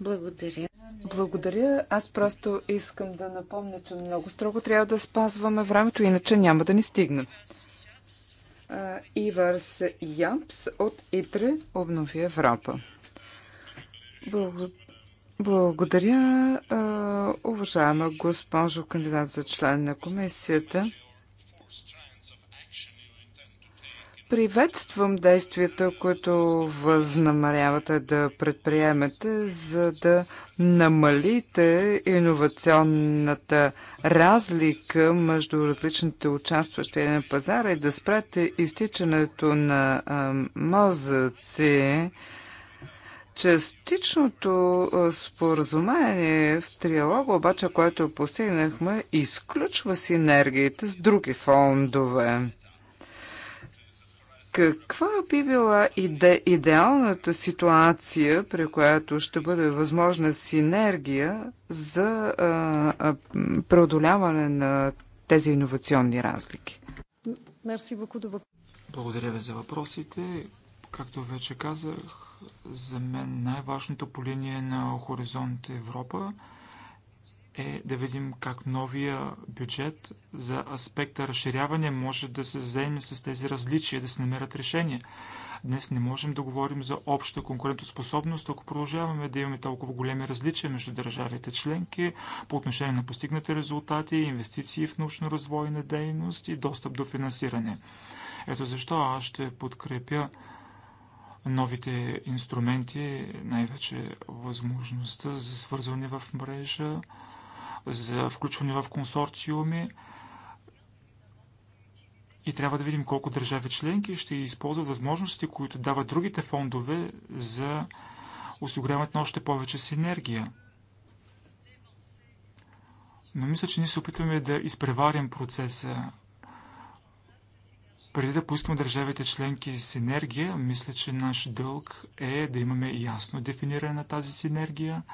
Благодаря. Благодаря. Аз просто искам да напомня, че много строго трябва да спазваме времето, иначе няма да ни стигне. Иварс Япс от ИТРЕ Обнови Европа. Благодаря. Благодаря, уважаема госпожо кандидат за член на комисията. Приветствам действията, които възнамерявате да предприемете, за да намалите иновационната разлика между различните участващи на пазара и да спрете изтичането на мозъци. Частичното споразумение в триалога, обаче, което постигнахме, изключва синергията с други фондове. Каква би била иде, идеалната ситуация, при която ще бъде възможна синергия за а, а, преодоляване на тези иновационни разлики? Мерси Благодаря ви за въпросите. Както вече казах, за мен най-важното по линия на Хоризонт Европа – е да видим как новия бюджет за аспекта разширяване може да се заеме с тези различия, да се намерят решения. Днес не можем да говорим за обща конкурентоспособност, ако продължаваме да имаме толкова големи различия между държавите членки по отношение на постигнати резултати, инвестиции в научно-развойна дейност и достъп до финансиране. Ето защо аз ще подкрепя новите инструменти, най-вече възможността за свързване в мрежа, за включване в консорциуми и трябва да видим колко държави членки ще използват възможности, които дават другите фондове за осигуряват на още повече синергия. Но мисля, че ние се опитваме да изпреварим процеса. Преди да поискаме държавите членки синергия, мисля, че наш дълг е да имаме ясно дефиниране на тази синергия –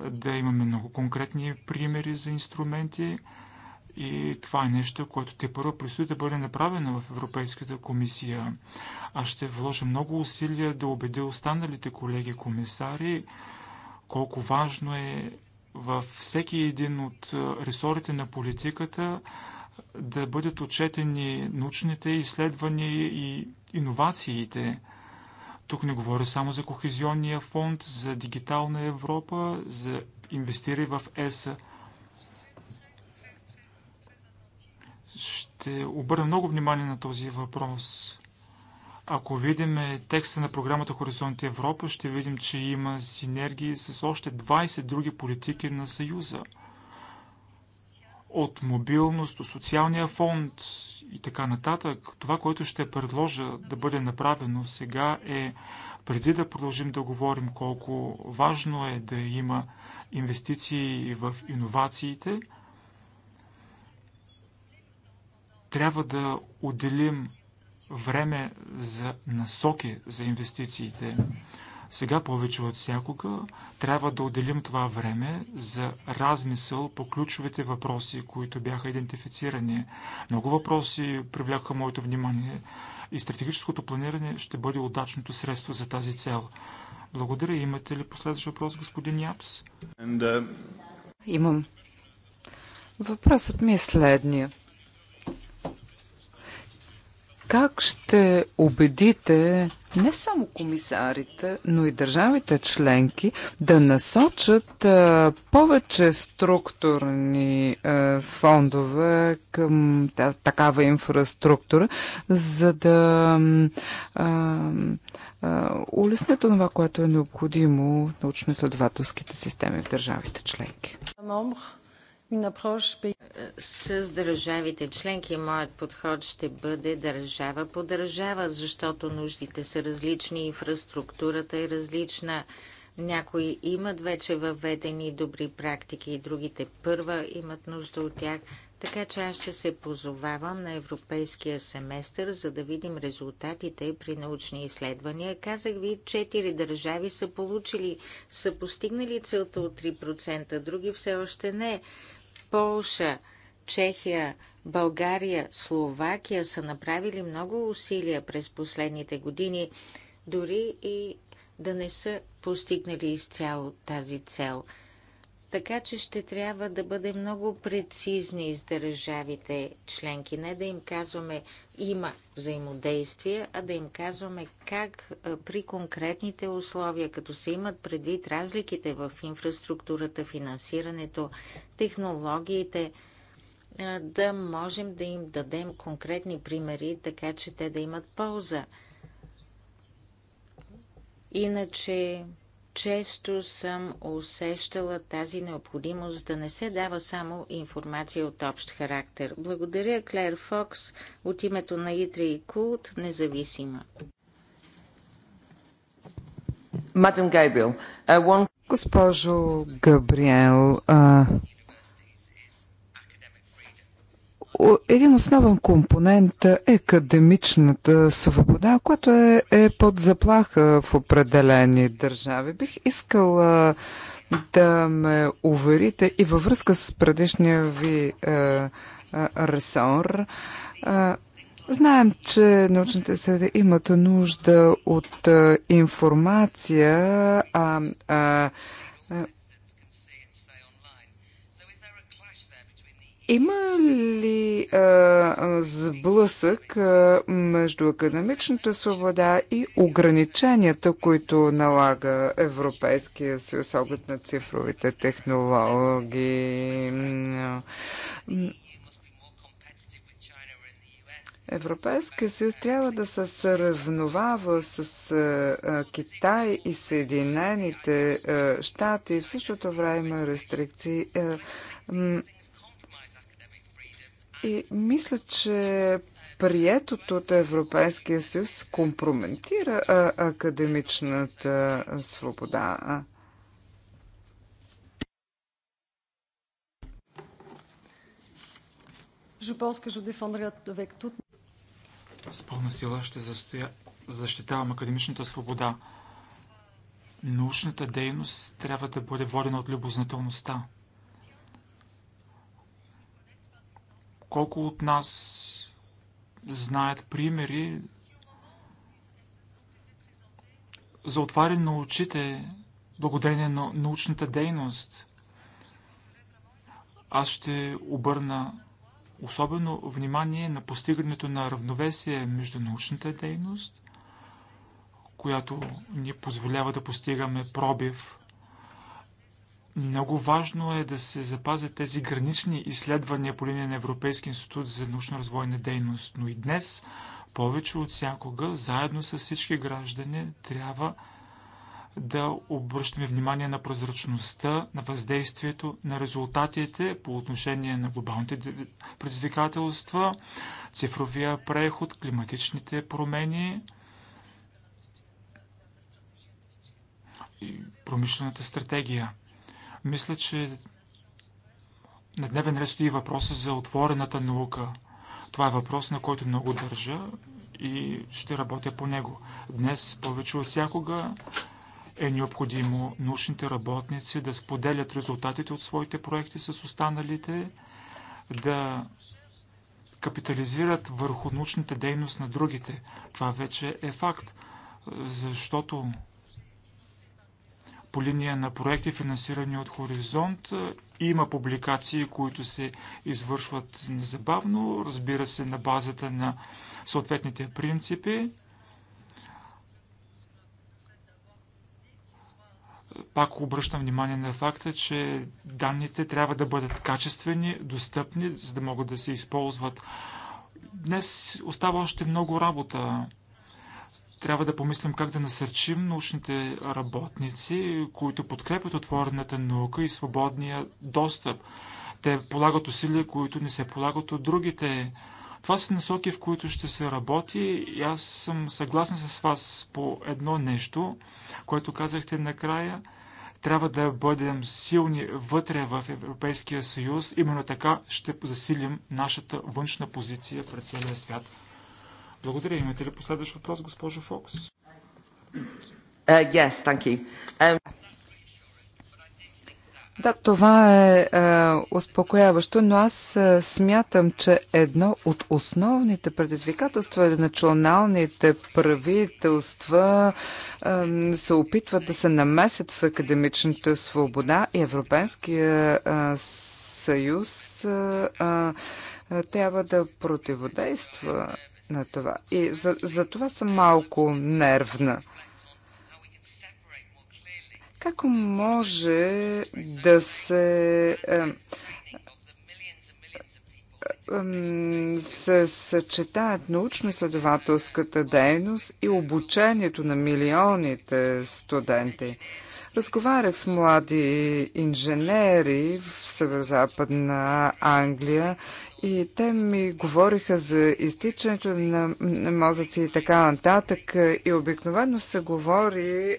да имаме много конкретни примери за инструменти и това е нещо, което те първо предстои да бъде направено в Европейската комисия. Аз ще вложа много усилия да убедя останалите колеги комисари колко важно е във всеки един от ресорите на политиката да бъдат отчетени научните изследвания и иновациите. Тук не говоря само за Кохезионния фонд, за Дигитална Европа, за инвестири в ЕСА. Ще обърна много внимание на този въпрос. Ако видим текста на програмата Хоризонт Европа, ще видим, че има синергии с още 20 други политики на Съюза – от мобилност, от социалния фонд и така нататък. Това, което ще предложа да бъде направено сега е, преди да продължим да говорим колко важно е да има инвестиции в иновациите, трябва да отделим време за насоки за инвестициите. Сега повече от всякога трябва да отделим това време за размисъл по ключовите въпроси, които бяха идентифицирани. Много въпроси привлякаха моето внимание и стратегическото планиране ще бъде удачното средство за тази цел. Благодаря. Имате ли последващ въпрос, господин Япс? And, uh... Имам. Въпросът ми е следния. Как ще убедите не само комисарите, но и държавите членки да насочат а, повече структурни а, фондове към та, такава инфраструктура, за да а, а, улеснят това, което е необходимо в научно-изследователските системи в държавите членки? С държавите членки моят подход ще бъде държава по държава, защото нуждите са различни, инфраструктурата е различна. Някои имат вече въведени добри практики и другите първа имат нужда от тях. Така че аз ще се позовавам на европейския семестър, за да видим резултатите при научни изследвания. Казах ви, четири държави са получили, са постигнали целта от 3%, други все още не. Полша, Чехия, България, Словакия са направили много усилия през последните години, дори и да не са постигнали изцяло тази цел – така че ще трябва да бъдем много прецизни с държавите членки. Не да им казваме има взаимодействие, а да им казваме как при конкретните условия, като се имат предвид разликите в инфраструктурата, финансирането, технологиите, да можем да им дадем конкретни примери, така че те да имат полза. Иначе често съм усещала тази необходимост да не се дава само информация от общ характер. Благодаря, Клер Фокс, от името на Итри и Култ, независима. Госпожо Габриел, един основен компонент е академичната свобода, която е, е под заплаха в определени държави. Бих искала да ме уверите и във връзка с предишния ви е, е, ресор. Е, Знаем, че научните среди имат нужда от е, информация, а, а, Има ли а, сблъсък а, между академичната свобода и ограниченията, които налага Европейския съюз оглед на цифровите технологии? Европейския съюз трябва да се съревновава с а, Китай и Съединените а, щати и в същото време рестрикции. А, и мисля, че приетото от Европейския съюз компрометира а, академичната свобода. С пълна сила ще застоя, защитавам академичната свобода. Научната дейност трябва да бъде водена от любознателността. Колко от нас знаят примери за отваряне на очите благодарение на научната дейност. Аз ще обърна особено внимание на постигането на равновесие между научната дейност, която ни позволява да постигаме пробив много важно е да се запазят тези гранични изследвания по линия на Европейски институт за научно-развойна дейност. Но и днес, повече от всякога, заедно с всички граждани, трябва да обръщаме внимание на прозрачността, на въздействието, на резултатите по отношение на глобалните предизвикателства, цифровия преход, климатичните промени и промишлената стратегия. Мисля, че на дневен ред стои въпроса за отворената наука. Това е въпрос, на който много държа и ще работя по него. Днес повече от всякога е необходимо научните работници да споделят резултатите от своите проекти с останалите, да капитализират върху научната дейност на другите. Това вече е факт, защото по линия на проекти, финансирани от Хоризонт. Е, има публикации, които се извършват незабавно, разбира се, на базата на съответните принципи. Е, пак обръщам внимание на факта, че данните трябва да бъдат качествени, достъпни, за да могат да се използват. Днес остава още много работа. Трябва да помислим как да насърчим научните работници, които подкрепят отворената наука и свободния достъп. Те полагат усилия, които не се полагат от другите. Това са насоки, в които ще се работи и аз съм съгласен с вас по едно нещо, което казахте накрая – трябва да бъдем силни вътре в Европейския съюз. Именно така ще засилим нашата външна позиция пред целия свят. Благодаря. Имате ли последващ въпрос, госпожо Фокс? Uh, yes, thank you. Um... Да, това е, е успокояващо, но аз е, смятам, че едно от основните предизвикателства е националните правителства е, се опитват да се намесят в академичната свобода и Европейския е, съюз е, е, трябва да противодейства на това. И за, за това съм малко нервна. Как може да се е, е, се съчетаят научно-изследователската дейност и обучението на милионите студенти? Разговарях с млади инженери в северо-западна Англия и те ми говориха за изтичането на, мозъци и така нататък. И обикновено се говори,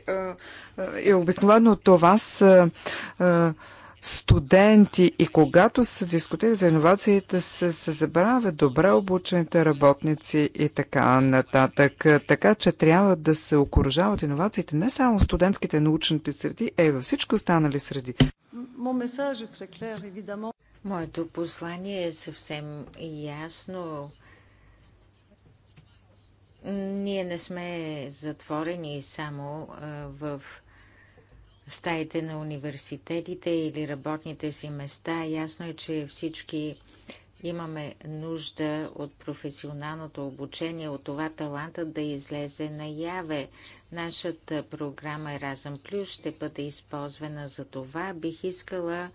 и обикновено това са студенти. И когато се дискутира за иновациите, се, се забравят добре обучените работници и така нататък. Така че трябва да се окоръжават иновациите не само в студентските научните среди, а и във всички останали среди. Моето послание е съвсем ясно. Ние не сме затворени само в стаите на университетите или работните си места. Ясно е, че всички имаме нужда от професионалното обучение, от това талантът да излезе наяве. Нашата програма Еразъм Плюс ще бъде използвана за това. Бих искала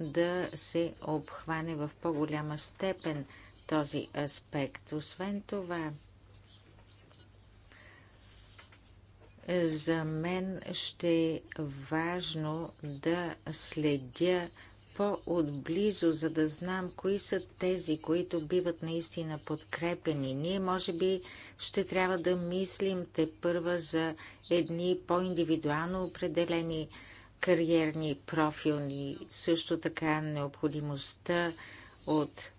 да се обхване в по-голяма степен този аспект. Освен това, за мен ще е важно да следя по-отблизо, за да знам кои са тези, които биват наистина подкрепени. Ние може би ще трябва да мислим те първа за едни по-индивидуално определени кариерни профилни, също така необходимостта от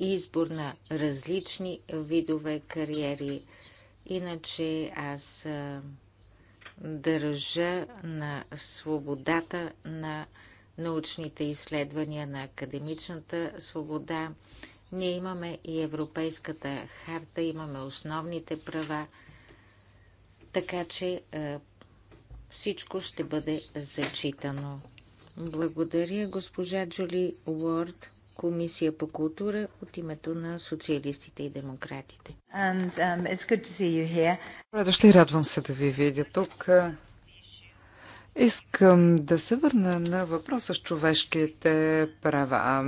избор на различни видове кариери. Иначе аз държа на свободата на научните изследвания, на академичната свобода. Ние имаме и Европейската харта, имаме основните права, така че всичко ще бъде зачитано. Благодаря госпожа Джули Уорд, Комисия по култура от името на социалистите и демократите. And, um, Радошли, радвам се да ви видя тук. Искам да се върна на въпроса с човешките права.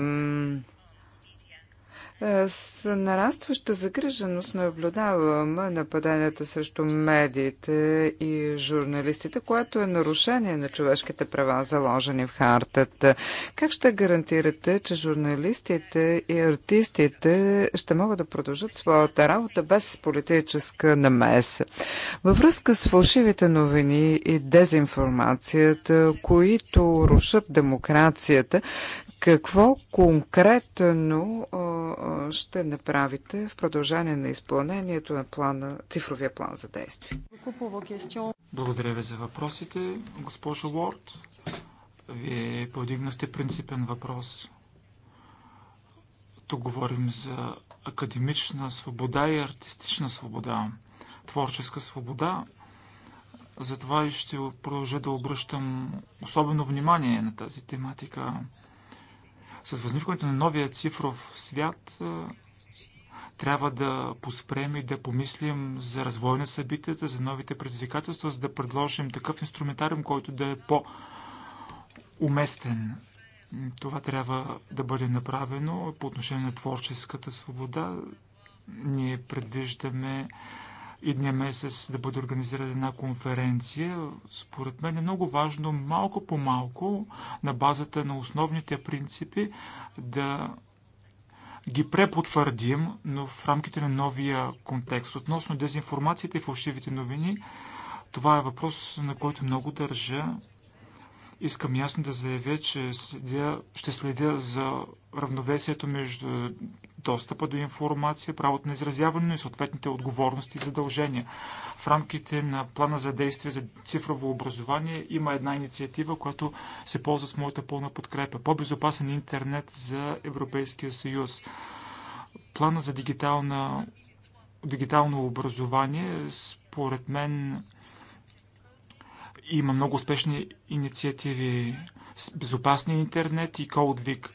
Е, с нарастваща загриженост наблюдавам нападенията срещу медиите и журналистите, което е нарушение на човешките права, заложени в хартата. Как ще гарантирате, че журналистите и артистите ще могат да продължат своята работа без политическа намеса? Във връзка с фалшивите новини и дезинформацията, които рушат демокрацията, какво конкретно ще направите в продължение на изпълнението на плана, цифровия план за действие? Благодаря ви за въпросите, госпожо Уорд. Вие повдигнахте принципен въпрос. Тук говорим за академична свобода и артистична свобода, творческа свобода. Затова и ще продължа да обръщам особено внимание на тази тематика. С възникването на новия цифров свят е, трябва да поспрем и да помислим за развой на събитията, за новите предизвикателства, за да предложим такъв инструментариум, който да е по-уместен. Това трябва да бъде направено по отношение на творческата свобода. Ние предвиждаме идния месец да бъде организирана една конференция. Според мен е много важно малко по малко, на базата на основните принципи, да ги препотвърдим, но в рамките на новия контекст. Относно дезинформацията и фалшивите новини, това е въпрос, на който много държа. Искам ясно да заявя, че следя, ще следя за равновесието между достъпа до информация, правото на изразяване и съответните отговорности и задължения. В рамките на плана за действие за цифрово образование има една инициатива, която се ползва с моята пълна подкрепа. По-безопасен интернет за Европейския съюз. Плана за дигитална, дигитално образование, според мен, има много успешни инициативи с безопасния интернет и Cold Week.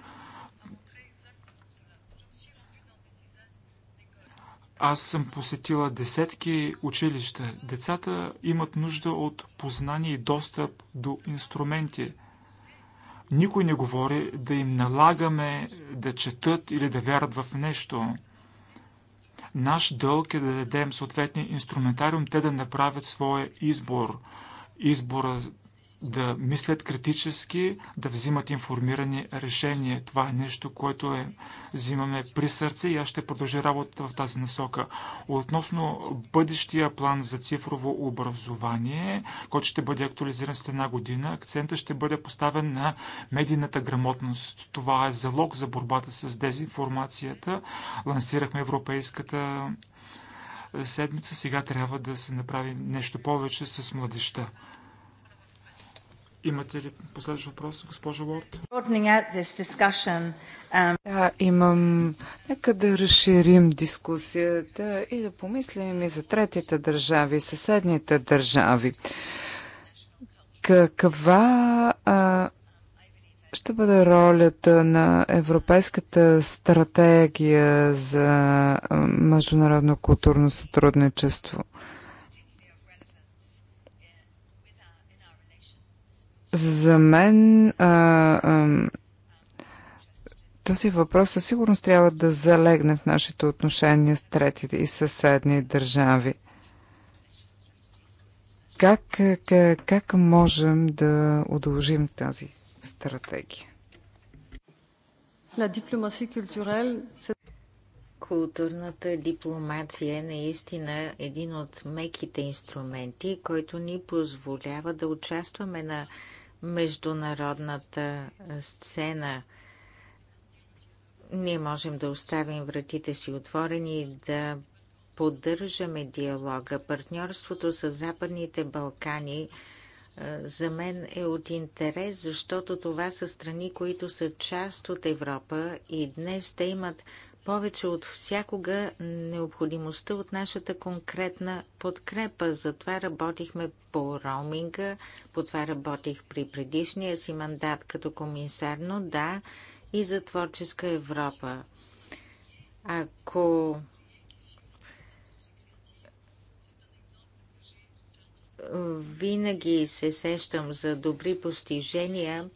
Аз съм посетила десетки училища. Децата имат нужда от познание и достъп до инструменти. Никой не говори да им налагаме да четат или да вярат в нещо. Наш дълг е да дадем съответния инструментариум, те да направят своя избор. Избора да мислят критически, да взимат информирани решения. Това е нещо, което е, взимаме при сърце и аз ще продължа работа в тази насока. Относно бъдещия план за цифрово образование, който ще бъде актуализиран след една година, акцента ще бъде поставен на медийната грамотност. Това е залог за борбата с дезинформацията. Лансирахме Европейската седмица, сега трябва да се направи нещо повече с младеща. Имате ли последващ въпрос, госпожо Лорд? Um, да, имам. Нека да разширим дискусията и да помислим и за третите държави, съседните държави. Каква а, ще бъде ролята на Европейската стратегия за международно културно сътрудничество? За мен а, а, този въпрос със сигурност трябва да залегне в нашите отношения с третите и съседни държави. Как, как, как можем да удължим тази стратегия? Културната дипломация е наистина един от меките инструменти, който ни позволява да участваме на международната сцена. Ние можем да оставим вратите си отворени и да поддържаме диалога. Партньорството с Западните Балкани е, за мен е от интерес, защото това са страни, които са част от Европа и днес те имат повече от всякога необходимостта от нашата конкретна подкрепа. Затова работихме по роуминга, по това работих при предишния си мандат като комисар, но да, и за творческа Европа. Ако винаги се сещам за добри постижения,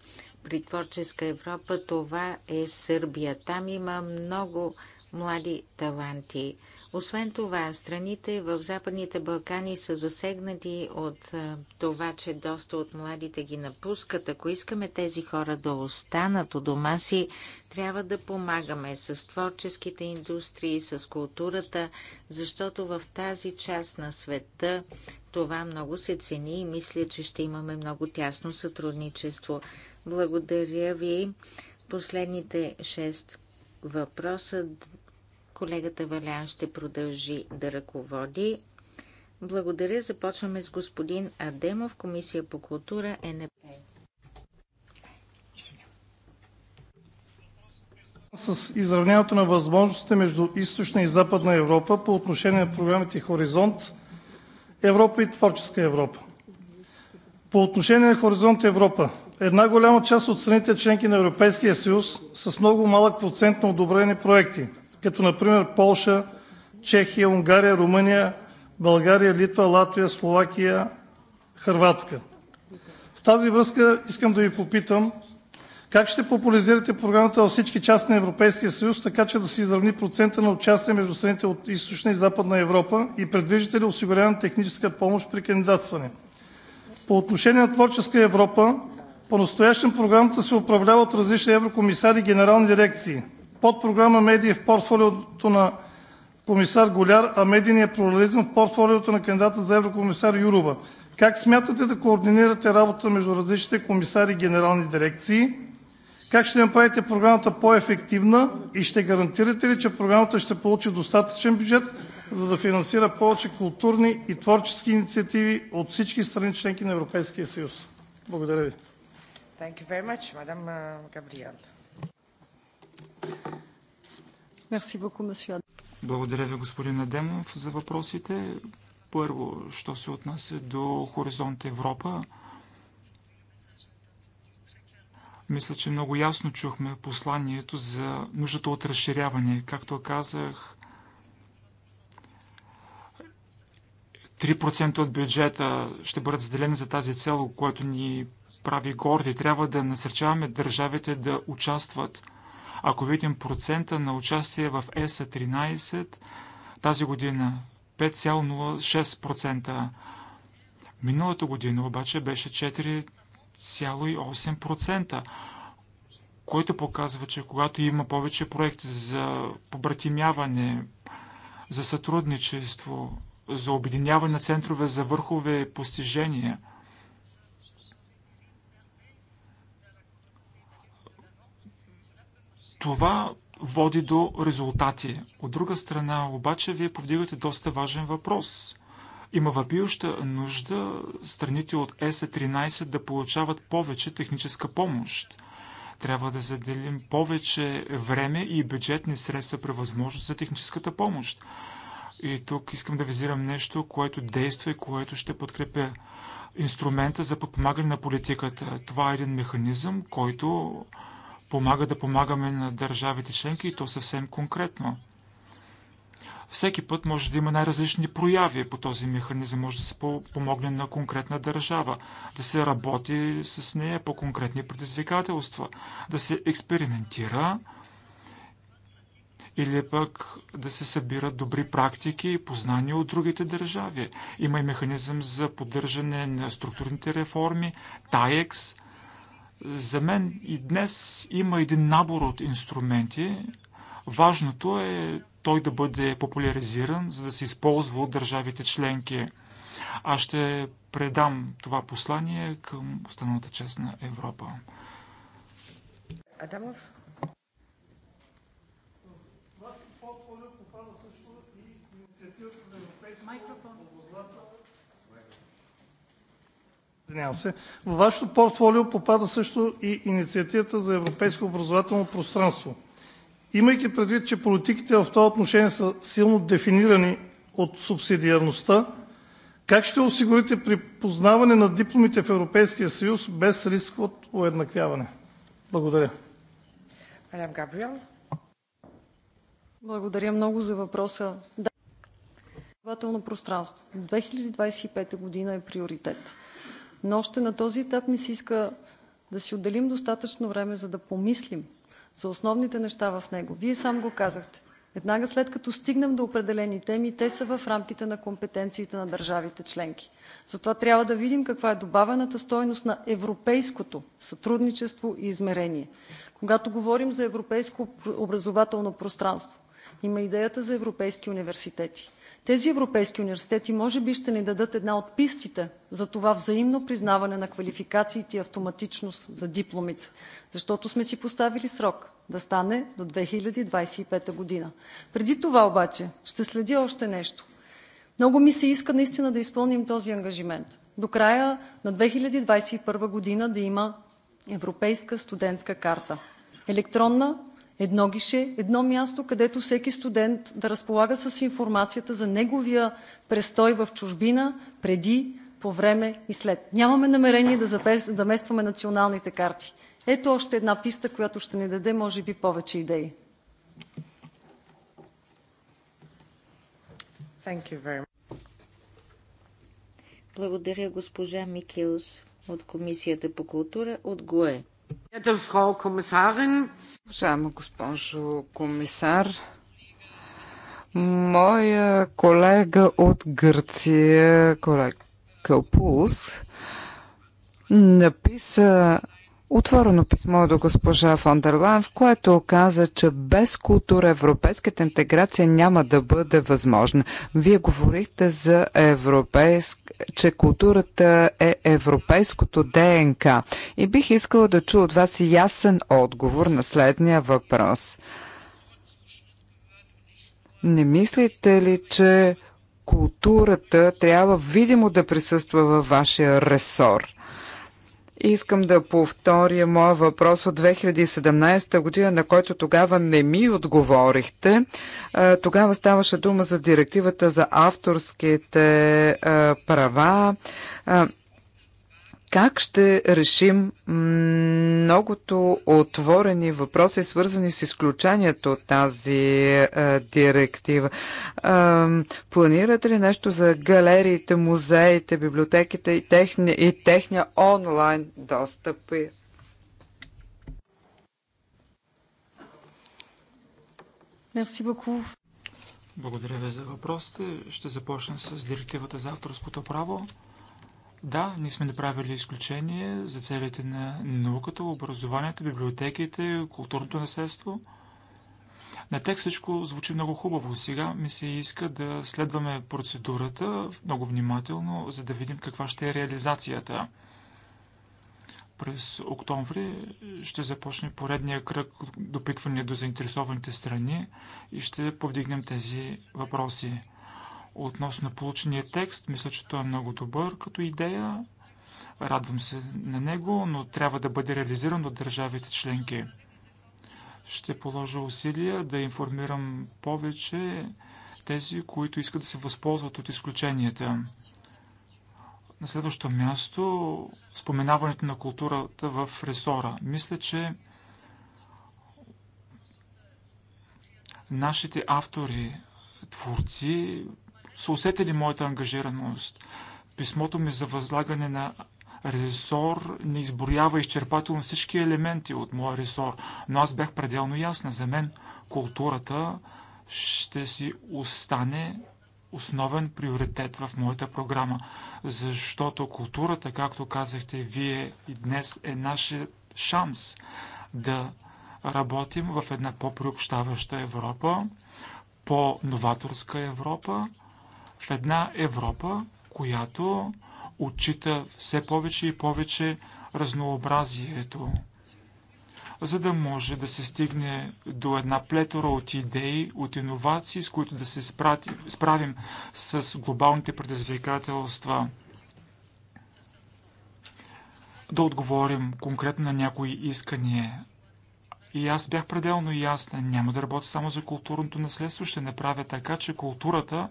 при Творческа Европа, това е Сърбия. Там има много млади таланти. Освен това, страните в Западните Балкани са засегнати от това, че доста от младите ги напускат. Ако искаме тези хора да останат у дома си, трябва да помагаме с творческите индустрии, с културата, защото в тази част на света това много се цени и мисля, че ще имаме много тясно сътрудничество. Благодаря ви. Последните шест въпроса колегата Валян ще продължи да ръководи. Благодаря. Започваме с господин Адемов, Комисия по култура НП. С изравняването на възможностите между източна и западна Европа по отношение на програмите Хоризонт Европа и творческа Европа. По отношение на Хоризонт Европа една голяма част от страните – членки на Европейския съюз, са с много малък процент на одобрени проекти, като например Полша, Чехия, Унгария, Румъния, България, Литва, Латвия, Словакия, Хърватска. В тази връзка искам да Ви попитам: как ще популяризирате Програмата във всички части на Европейския съюз, така че да се изравни процентът на участие между страните от Източна и Западна Европа и предвиждате ли осигуряване на техническа помощ при кандидатстване? По отношение на Творческа Европа по настоящен Програмата се управлява от различни еврокомисари и генерални дирекции. Подпрограма „Медии“ в портфолиото на комисар Голяр, а „Медийният плурализъм“ в портфолиото на кандидата за еврокомисар Юрова. Как смятате да координирате работа между различните комисари и генерални дирекции? Как ще направите Програмата по-ефективна и ще гарантирате ли, че Програмата ще получи достатъчен бюджет, за да финансира повече културни и творчески инициативи от всички страни – членки на Европейския съюз? Благодаря Ви. Uh, Благодаря Ви, господин Адемов, за въпросите. Първо, що се отнася до Хоризонт Европа, мисля, че много ясно чухме посланието за нуждата от разширяване. Както казах, 3% от бюджета ще бъдат заделени за тази цел, което ни прави горди. Трябва да насърчаваме държавите да участват. Ако видим процента на участие в ЕСА 13 тази година 5,06%. Миналата година обаче беше 4 1,8%, който показва, че когато има повече проекти за побратимяване, за сътрудничество, за обединяване на центрове за върхове постижения, това води до резултати. От друга страна, обаче, вие повдигате доста важен въпрос – има въпиюща нужда страните от ЕС-13 да получават повече техническа помощ. Трябва да заделим повече време и бюджетни средства при възможност за техническата помощ. И тук искам да визирам нещо, което действа и което ще подкрепя. Инструмента за подпомагане на политиката. Това е един механизъм, който помага да помагаме на държавите членки и то съвсем конкретно. Всеки път може да има най-различни прояви по този механизъм, може да се помогне на конкретна държава, да се работи с нея по конкретни предизвикателства, да се експериментира или пък да се събират добри практики и познания от другите държави. Има и механизъм за поддържане на структурните реформи, ТАЕКС. За мен и днес има един набор от инструменти. Важното е той да бъде популяризиран, за да се използва от държавите членки. Аз ще предам това послание към останалата част на Европа. Адамов? Във вашето портфолио попада също и инициативата за европейско образователно пространство. Имайки предвид, че политиките в това отношение са силно дефинирани от субсидиарността, как ще осигурите припознаване на дипломите в Европейския съюз без риск от уеднаквяване? Благодаря. Благодаря много за въпроса. Да, образователно пространство 2025 година е приоритет. Но още на този етап ми се иска да си отделим достатъчно време, за да помислим за основните неща в него. Вие сам го казахте. Веднага след като стигнем до определени теми, те са в рамките на компетенциите на държавите членки. Затова трябва да видим каква е добавената стойност на европейското сътрудничество и измерение. Когато говорим за европейско образователно пространство, има идеята за европейски университети. Тези европейски университети може би ще ни дадат една от пистите за това взаимно признаване на квалификациите и автоматичност за дипломите, защото сме си поставили срок да стане до 2025 година. Преди това обаче ще следя още нещо. Много ми се иска наистина да изпълним този ангажимент. До края на 2021 година да има европейска студентска карта. Електронна, едно гише, едно място, където всеки студент да разполага с информацията за неговия престой в чужбина преди, по време и след. Нямаме намерение да заместваме националните карти. Ето още една писта, която ще ни даде може би повече идеи. Благодаря госпожа Микелс от Комисията по култура от ГУЕ. Уважаема госпожо комисар, моя колега от Гърция, колега Кълпулс, написа отворено писмо до госпожа фон дер Лайн, в което каза, че без култура европейската интеграция няма да бъде възможна. Вие говорихте за европейск, че културата е европейското ДНК. И бих искала да чу от вас ясен отговор на следния въпрос. Не мислите ли, че културата трябва видимо да присъства във вашия ресор? Искам да повторя моя въпрос от 2017 година, на който тогава не ми отговорихте. Тогава ставаше дума за директивата за авторските права. Как ще решим многото отворени въпроси, свързани с изключението от тази а, е, директива? А, планирате ли нещо за галериите, музеите, библиотеките и, техни, и техния онлайн достъп? Мерси Благодаря ви за въпросите. Ще започна с директивата за авторското право. Да, ние сме направили изключение за целите на науката, образованието, библиотеките, културното наследство. На текст всичко звучи много хубаво. Сега ми се иска да следваме процедурата много внимателно, за да видим каква ще е реализацията. През октомври ще започне поредния кръг допитване до заинтересованите страни и ще повдигнем тези въпроси. Относно получения текст, мисля, че той е много добър като идея. Радвам се на него, но трябва да бъде реализиран от държавите членки. Ще положа усилия да информирам повече тези, които искат да се възползват от изключенията. На следващото място, споменаването на културата в ресора. Мисля, че нашите автори, творци са усетили моята ангажираност. Писмото ми за възлагане на ресор не изборява изчерпателно всички елементи от моя ресор, но аз бях пределно ясна. За мен културата ще си остане основен приоритет в моята програма, защото културата, както казахте вие и днес, е нашия шанс да работим в една по-приобщаваща Европа, по-новаторска Европа, в една Европа, която отчита все повече и повече разнообразието, за да може да се стигне до една плетора от идеи, от иновации, с които да се справим с глобалните предизвикателства. Да отговорим конкретно на някои искания. И аз бях пределно ясна. Няма да работя само за културното наследство. Ще направя така, че културата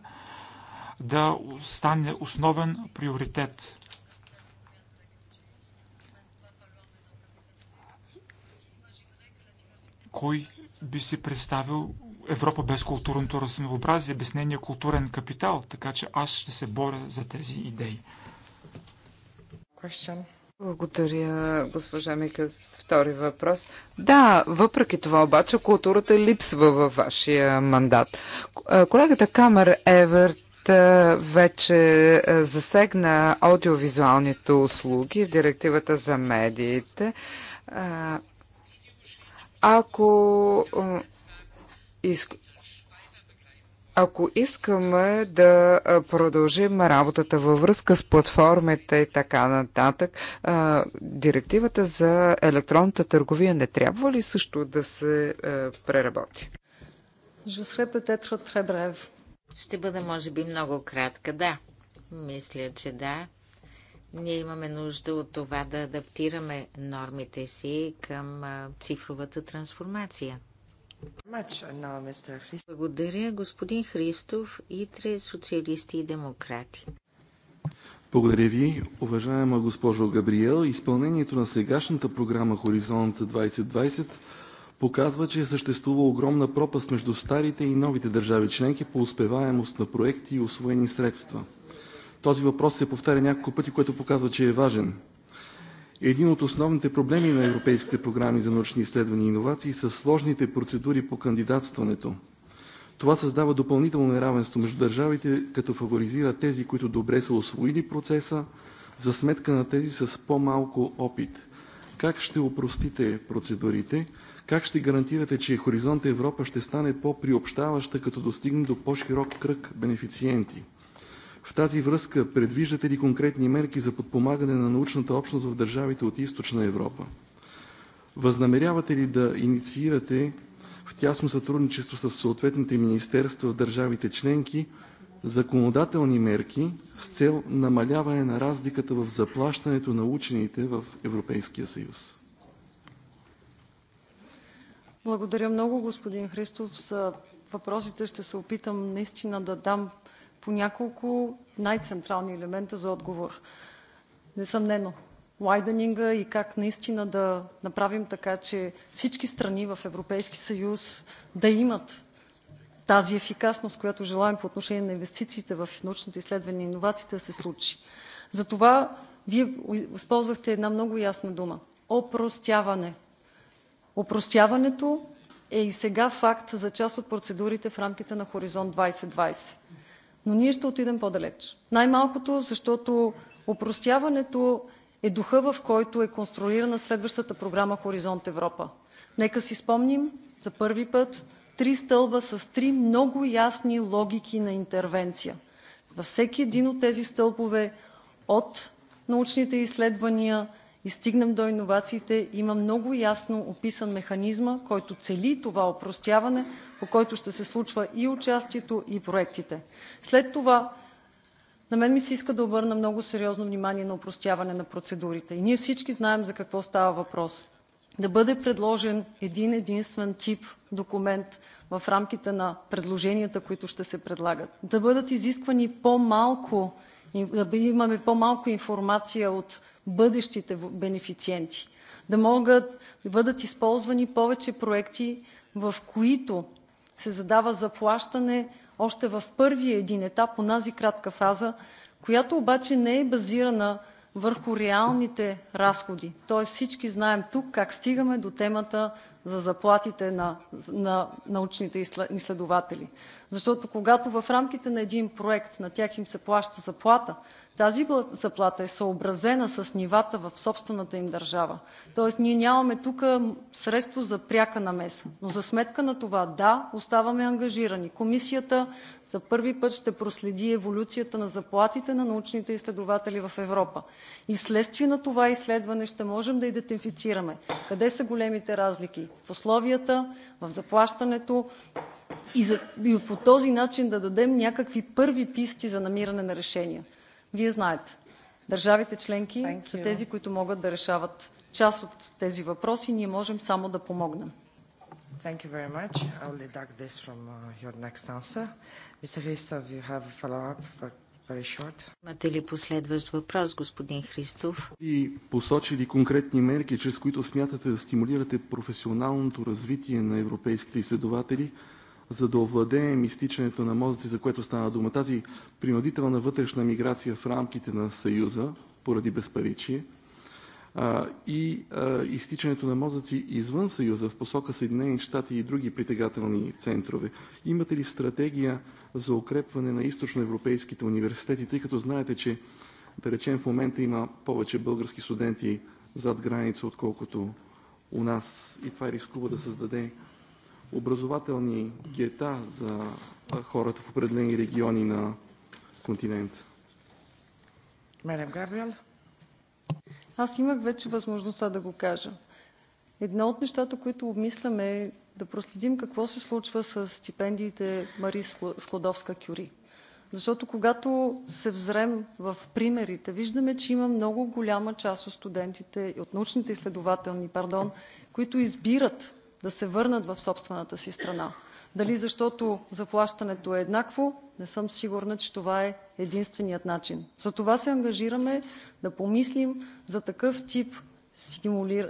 да стане основен приоритет. Кой би си представил Европа без културното разнообразие, без нейния културен капитал, така че аз ще се боря за тези идеи. Благодаря, госпожа Мика, с втори въпрос. Да, въпреки това обаче културата липсва във вашия мандат. Колегата Камер Еверт вече е, засегна аудиовизуалните услуги в директивата за медиите. Ако, е, ако искаме да е, продължим работата във връзка с платформите и така нататък, директивата за електронната търговия не трябва ли също да се преработи? Je serai peut-être très brève. Ще бъда, може би, много кратка. Да, мисля, че да. Ние имаме нужда от това да адаптираме нормите си към цифровата трансформация. Uh, Благодаря, господин Христов, и три социалисти и демократи. Благодаря ви, уважаема госпожо Габриел. Изпълнението на сегашната програма Хоризонт 2020 показва, че е съществува огромна пропаст между старите и новите държави членки по успеваемост на проекти и освоени средства. Този въпрос се повтаря няколко пъти, което показва, че е важен. Един от основните проблеми на европейските програми за научни изследвания и иновации са сложните процедури по кандидатстването. Това създава допълнително неравенство между държавите, като фаворизира тези, които добре са освоили процеса, за сметка на тези с по-малко опит. Как ще упростите процедурите, как ще гарантирате, че Хоризонт Европа ще стане по-приобщаваща, като достигне до по-широк кръг бенефициенти? В тази връзка предвиждате ли конкретни мерки за подпомагане на научната общност в държавите от Източна Европа? Възнамерявате ли да инициирате в тясно сътрудничество с съответните министерства в държавите членки законодателни мерки с цел намаляване на разликата в заплащането на учените в Европейския съюз? Благодаря много, господин Христов, за въпросите. Ще се опитам наистина да дам по няколко най-централни елемента за отговор. Несъмнено, лайденинга и как наистина да направим така, че всички страни в Европейски съюз да имат тази ефикасност, която желаем по отношение на инвестициите в научните изследвания и иновациите, да се случи. Затова Вие използвахте една много ясна дума – опростяване. Опростяването е и сега факт за част от процедурите в рамките на Хоризонт 2020. Но ние ще отидем по-далеч. Най-малкото, защото опростяването е духа, в който е конструирана следващата програма Хоризонт Европа. Нека си спомним за първи път три стълба с три много ясни логики на интервенция. Във всеки един от тези стълбове от научните изследвания и стигнем до иновациите, има много ясно описан механизма, който цели това опростяване, по който ще се случва и участието, и проектите. След това на мен ми се иска да обърна много сериозно внимание на опростяване на процедурите. И ние всички знаем за какво става въпрос. Да бъде предложен един-единствен тип документ в рамките на предложенията, които ще се предлагат. Да бъдат изисквани по-малко, да имаме по-малко информация от бъдещите бенефициенти, да могат да бъдат използвани повече проекти, в които се задава заплащане още в първия един етап, онази кратка фаза, която обаче не е базирана върху реалните разходи. Тоест всички знаем тук как стигаме до темата за заплатите на, на научните изследователи. Защото когато в рамките на един проект на тях им се плаща заплата, тази заплата е съобразена с нивата в собствената им държава. Тоест ние нямаме тук средство за пряка намеса. Но за сметка на това, да, оставаме ангажирани. Комисията за първи път ще проследи еволюцията на заплатите на научните изследователи в Европа и вследствие на това изследване ще можем да идентифицираме къде са големите разлики в условията, в заплащането и по този начин да дадем някакви първи писти за намиране на решения. Вие знаете, държавите членки са тези, които могат да решават част от тези въпроси. Ние можем само да помогнем. Thank you very much. I'll deduct this from uh, your next answer. Mr. Christoph, you have a follow-up very short. Имате ли последващ въпрос, господин Христов? И посочили конкретни мерки, чрез които смятате да стимулирате професионалното развитие на европейските изследователи – за да овладеем изтичането на мозъци, за което стана дума. Тази принудителна вътрешна миграция в рамките на Съюза поради безпаричие и изтичането на мозъци извън Съюза в посока Съединени щати и други притегателни центрове. Имате ли стратегия за укрепване на източноевропейските университети, тъй като знаете, че да речем в момента има повече български студенти зад граница, отколкото у нас и това рискува да създаде образователни гета за хората в определени региони на континента. Мерем Габриел? Аз имах вече възможността да го кажа. Едно от нещата, които обмисляме е да проследим какво се случва с стипендиите Мари Складовска кюри Защото когато се взрем в примерите, виждаме, че има много голяма част от студентите, от научните изследователни, пардон, които избират да се върнат в собствената си страна. Дали защото заплащането е еднакво, не съм сигурна, че това е единственият начин. Затова се ангажираме да помислим за такъв тип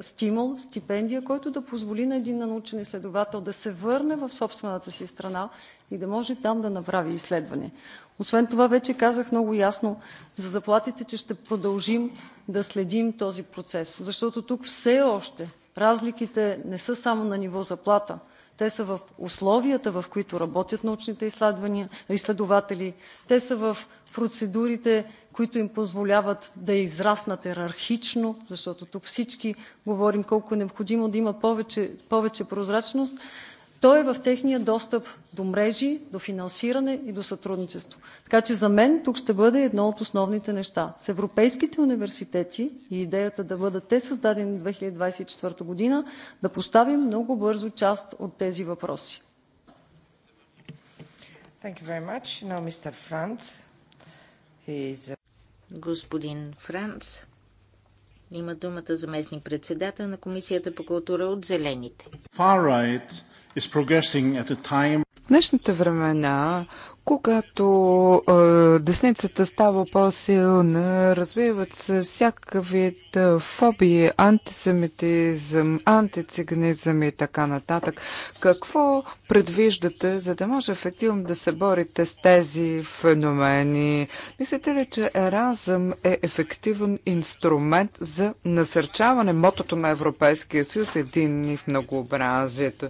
стимул, стипендия, който да позволи на един научен изследовател да се върне в собствената си страна и да може там да направи изследване. Освен това вече казах много ясно за заплатите, че ще продължим да следим този процес, защото тук все още Разликите не са само на ниво заплата. Те са в условията, в които работят научните изследователи, те са в процедурите, които им позволяват да израснат иерархично, защото тук всички говорим колко е необходимо да има повече прозрачност, той е в техния достъп до мрежи, до финансиране и до сътрудничество. Така че за мен тук ще бъде едно от основните неща. С европейските университети и идеята да бъдат те създадени 2024 година да поставим много бързо част от тези въпроси. Thank you very much. Now Mr. Franz. Is... Господин Франц има думата заместник председател на Комисията по култура от Зелените. Far right в днешните времена, когато е, десницата става по-силна, развиват се всякакъв вид е, фобии, антисемитизъм, антициганизъм и така нататък. Какво предвиждате, за да може ефективно да се борите с тези феномени? Мислите ли, че Еразъм е ефективен инструмент за насърчаване мотото на Европейския съюз и в многообразието?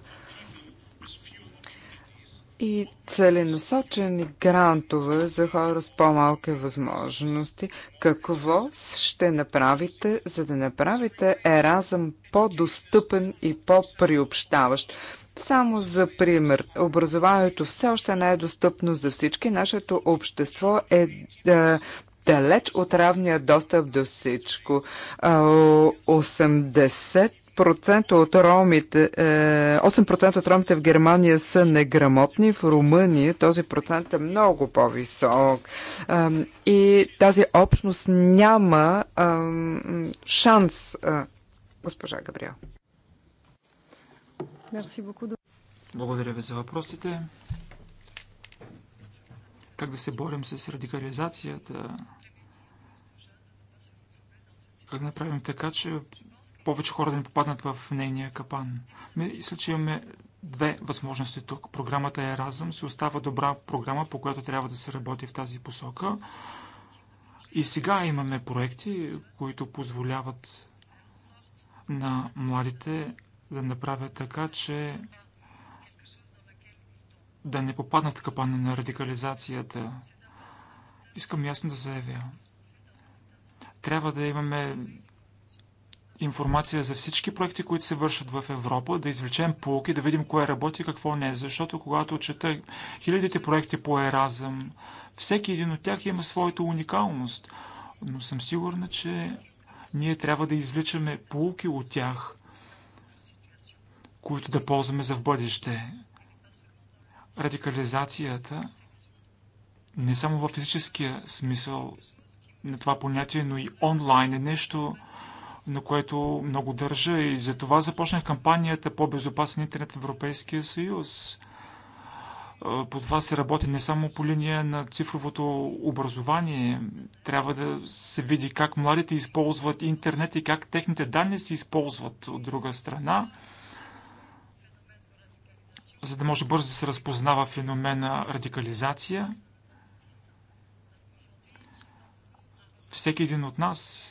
и целенасочени грантове за хора с по-малки възможности. Какво ще направите, за да направите Еразъм по-достъпен и по-приобщаващ? Само за пример, образованието все още не е достъпно за всички. Нашето общество е, е далеч от равния достъп до всичко. 80 от ромите, 8% е, от ромите в Германия са неграмотни, в Румъния този процент е много по-висок. И тази общност няма шанс, госпожа Габриел. Благодаря ви за въпросите. Как да се борим с радикализацията? Как да направим така, че повече хора да не попаднат в нейния капан. Мисля, че имаме две възможности тук. Програмата е Еразъм се остава добра програма, по която трябва да се работи в тази посока. И сега имаме проекти, които позволяват на младите да направят така, че да не попаднат в капана на радикализацията. Искам ясно да заявя. Трябва да имаме информация за всички проекти, които се вършат в Европа, да извлечем полки, да видим кое работи и какво не. Защото когато чета хилядите проекти по Еразъм, всеки един от тях има своята уникалност. Но съм сигурна, че ние трябва да извличаме полки от тях, които да ползваме за в бъдеще. Радикализацията не само в физическия смисъл на това понятие, но и онлайн е нещо, на което много държа и за това започнах кампанията по-безопасен интернет в Европейския съюз. По това се работи не само по линия на цифровото образование. Трябва да се види как младите използват интернет и как техните данни се използват от друга страна, за да може бързо да се разпознава феномена радикализация. Всеки един от нас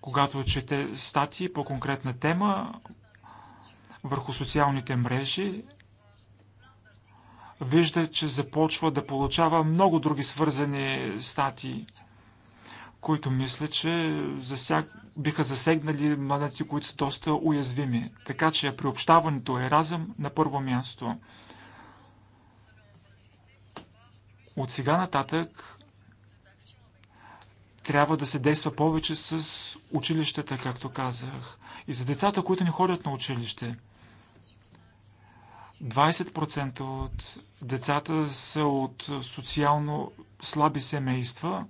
когато чете статии по конкретна тема върху социалните мрежи, вижда, че започва да получава много други свързани статии, които мисля, че засяг... биха засегнали младите, които са доста уязвими. Така че приобщаването е разъм на първо място. От сега нататък трябва да се действа повече с училищата, както казах. И за децата, които не ходят на училище. 20% от децата са от социално слаби семейства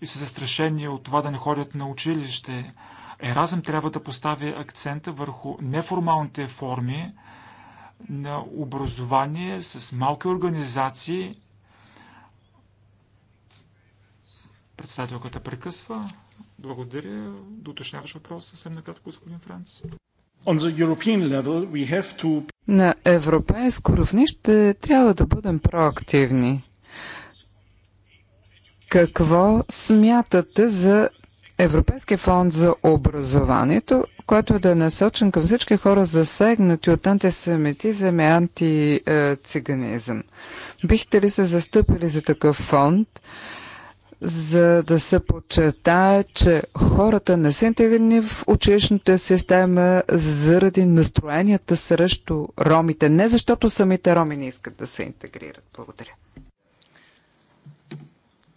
и са застрашени от това да не ходят на училище. Еразъм трябва да постави акцента върху неформалните форми на образование с малки организации, Председателката прекъсва. Благодаря. До уточняваш въпрос съвсем накратко, господин Франц. To... На европейско равнище трябва да бъдем проактивни. Какво смятате за Европейския фонд за образованието, който е да е насочен към всички хора засегнати от антисемитизъм и антициганизъм? Бихте ли се застъпили за такъв фонд? за да се подчертае, че хората не са интегрирани в училищната система заради настроенията срещу ромите, не защото самите роми не искат да се интегрират. Благодаря.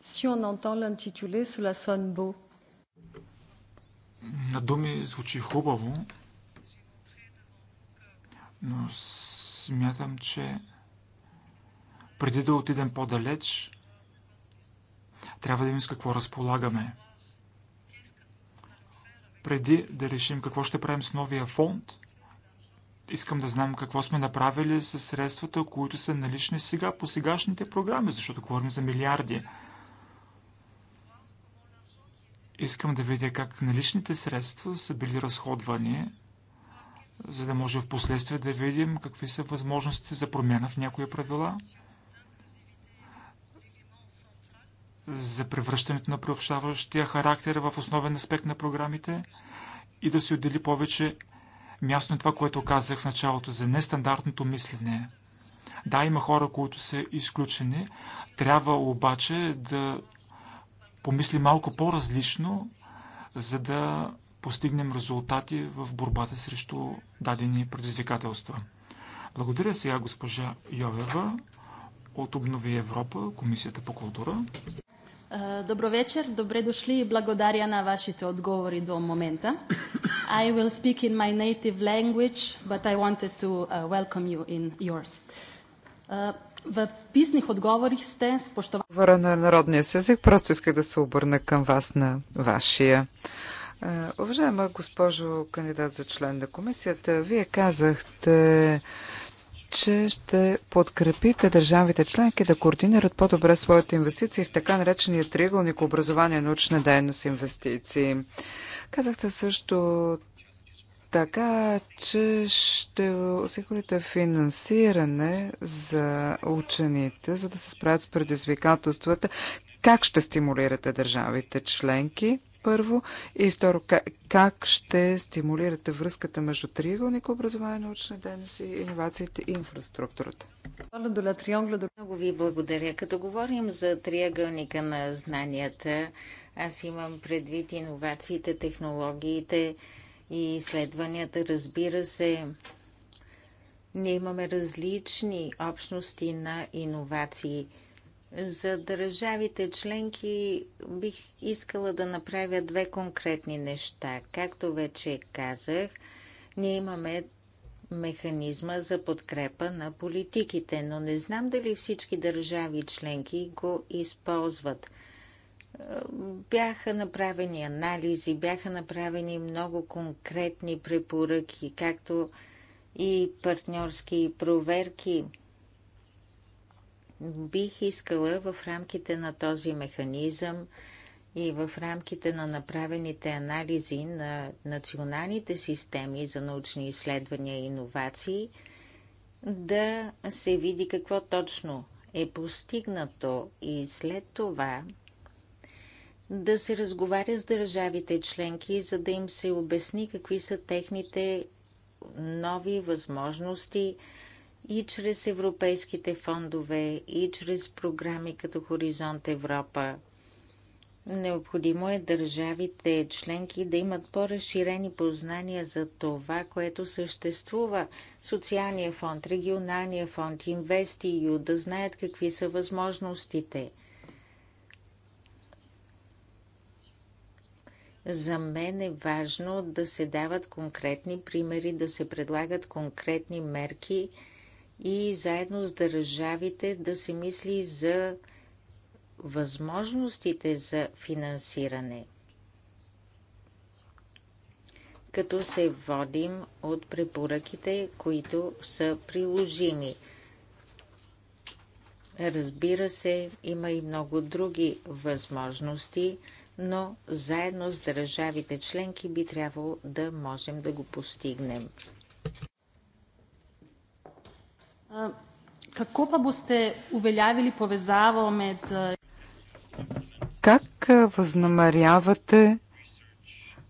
l'intitulé, cela sonne beau. На думи звучи хубаво, но смятам, че преди да отидем по-далеч, трябва да видим с какво разполагаме. Преди да решим какво ще правим с новия фонд, искам да знам какво сме направили с средствата, които са налични сега по сегашните програми, защото говорим за милиарди. Искам да видя как наличните средства са били разходвани, за да може в последствие да видим какви са възможности за промяна в някои правила. за превръщането на приобщаващия характер в основен аспект на програмите и да се отдели повече място на това, което казах в началото за нестандартното мислене. Да, има хора, които са изключени. Трябва обаче да помисли малко по-различно, за да постигнем резултати в борбата срещу дадени предизвикателства. Благодаря сега госпожа Йовева от Обнови Европа, Комисията по култура. Dobro večer, dobredošli i blagodarja na vašите odgovори до момента. I will speak in my native language, but I wanted to uh, welcome you in yours. Uh, в писних отговорих сте с поштова... на народния си език, просто исках да се обърна към вас на вашия. Uh, уважаема госпожо кандидат за член на комисията, вие казахте, uh, че ще подкрепите държавите членки да координират по-добре своите инвестиции в така наречения триъгълник образование, научна дейност, инвестиции. Казахте също така, че ще осигурите финансиране за учените, за да се справят с предизвикателствата. Как ще стимулирате държавите членки първо? И второ, как ще стимулирате връзката между триъгълника образование, научна дейност и иновациите и инфраструктурата? Много ви благодаря. Като говорим за триъгълника на знанията, аз имам предвид иновациите, технологиите и изследванията, разбира се. Ние имаме различни общности на иновации – за държавите членки бих искала да направя две конкретни неща. Както вече казах, ние имаме механизма за подкрепа на политиките, но не знам дали всички държави членки го използват. Бяха направени анализи, бяха направени много конкретни препоръки, както и партньорски проверки – Бих искала в рамките на този механизъм и в рамките на направените анализи на националните системи за научни изследвания и иновации да се види какво точно е постигнато и след това да се разговаря с държавите членки, за да им се обясни какви са техните нови възможности, и чрез европейските фондове, и чрез програми като Хоризонт Европа. Необходимо е държавите членки да имат по-разширени познания за това, което съществува. Социалния фонд, регионалния фонд, инвестию, да знаят какви са възможностите. За мен е важно да се дават конкретни примери, да се предлагат конкретни мерки – и заедно с държавите да се мисли за възможностите за финансиране, като се водим от препоръките, които са приложими. Разбира се, има и много други възможности, но заедно с държавите членки би трябвало да можем да го постигнем. Kako pa boste uveljavili povezavo med. Как възнамерявате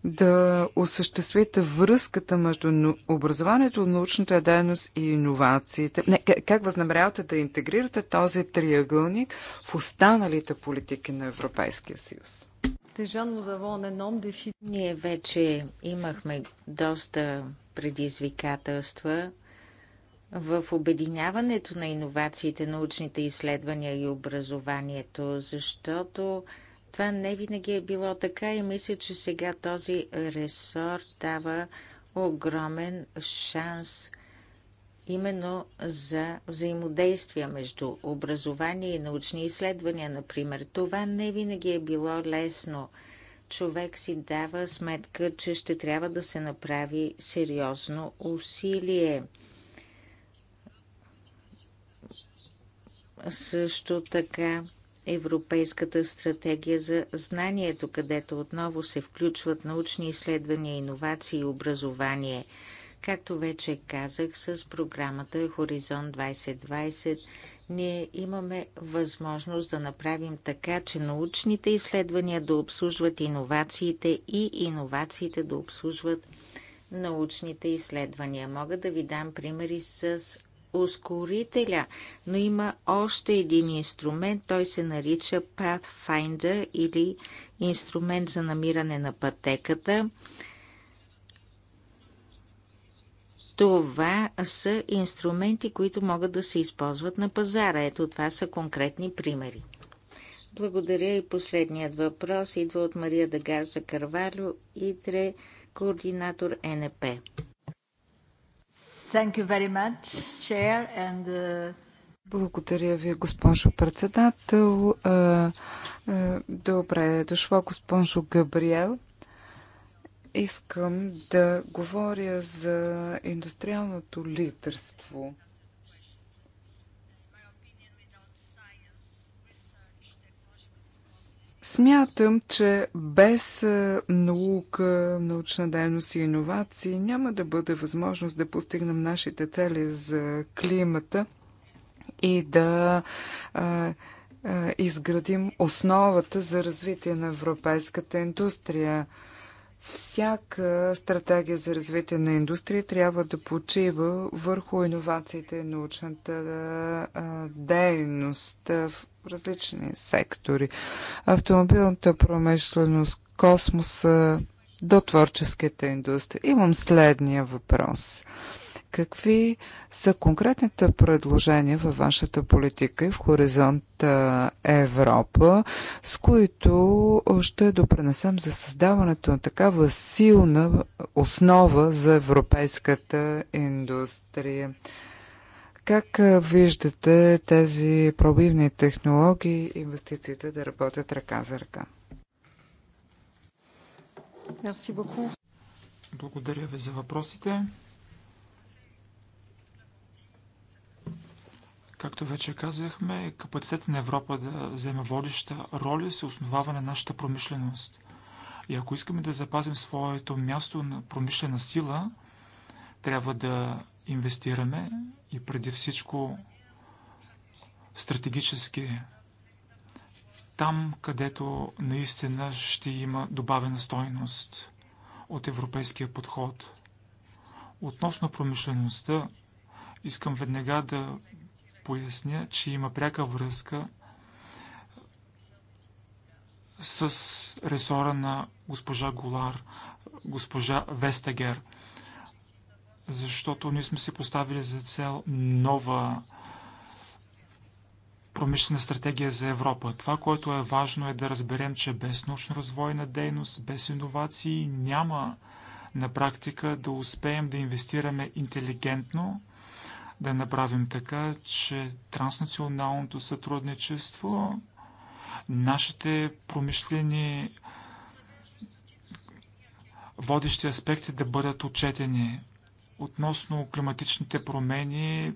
да осъществите връзката между образованието, научната дейност и иновациите? Не, как възнамерявате да интегрирате този триъгълник в останалите политики на Европейския съюз? Ние вече имахме доста предизвикателства в обединяването на иновациите, научните изследвания и образованието, защото това не винаги е било така и мисля, че сега този ресор дава огромен шанс именно за взаимодействие между образование и научни изследвания, например. Това не винаги е било лесно. Човек си дава сметка, че ще трябва да се направи сериозно усилие. също така Европейската стратегия за знанието, където отново се включват научни изследвания, иновации и образование. Както вече казах, с програмата Хоризонт 2020 ние имаме възможност да направим така, че научните изследвания да обслужват иновациите и иновациите да обслужват научните изследвания. Мога да ви дам примери с ускорителя, но има още един инструмент, той се нарича Pathfinder или инструмент за намиране на пътеката. Това са инструменти, които могат да се използват на пазара. Ето това са конкретни примери. Благодаря и последният въпрос идва от Мария Дагарса Карвалю, идре координатор НП. Thank you very much, Chair, and uh... Благодаря ви, госпожо председател. Е, е, добре е дошла, госпожо Габриел. Искам да говоря за индустриалното лидерство. Смятам, че без е, наука, научна дейност и иновации няма да бъде възможност да постигнем нашите цели за климата и да а, е, а, е, изградим основата за развитие на европейската индустрия. Всяка стратегия за развитие на индустрия трябва да почива върху иновациите и научната дейност различни сектори. Автомобилната промишленост, космоса, до творческите индустрии. Имам следния въпрос. Какви са конкретните предложения във вашата политика и в хоризонт Европа, с които ще допренесем за създаването на такава силна основа за европейската индустрия? Как виждате тези пробивни технологии, инвестициите да работят ръка за ръка? Благодаря ви за въпросите. Както вече казахме, капацитет на Европа да вземе водеща роля се основава на нашата промишленост. И ако искаме да запазим своето място на промишлена сила, трябва да инвестираме и преди всичко стратегически там, където наистина ще има добавена стойност от европейския подход. Относно промишлеността, искам веднага да поясня, че има пряка връзка с ресора на госпожа Голар, госпожа Вестагер – защото ние сме си поставили за цел нова промишлена стратегия за Европа. Това, което е важно е да разберем, че без научно-развойна дейност, без иновации няма на практика да успеем да инвестираме интелигентно, да направим така, че транснационалното сътрудничество, нашите промишлени водещи аспекти да бъдат отчетени относно климатичните промени,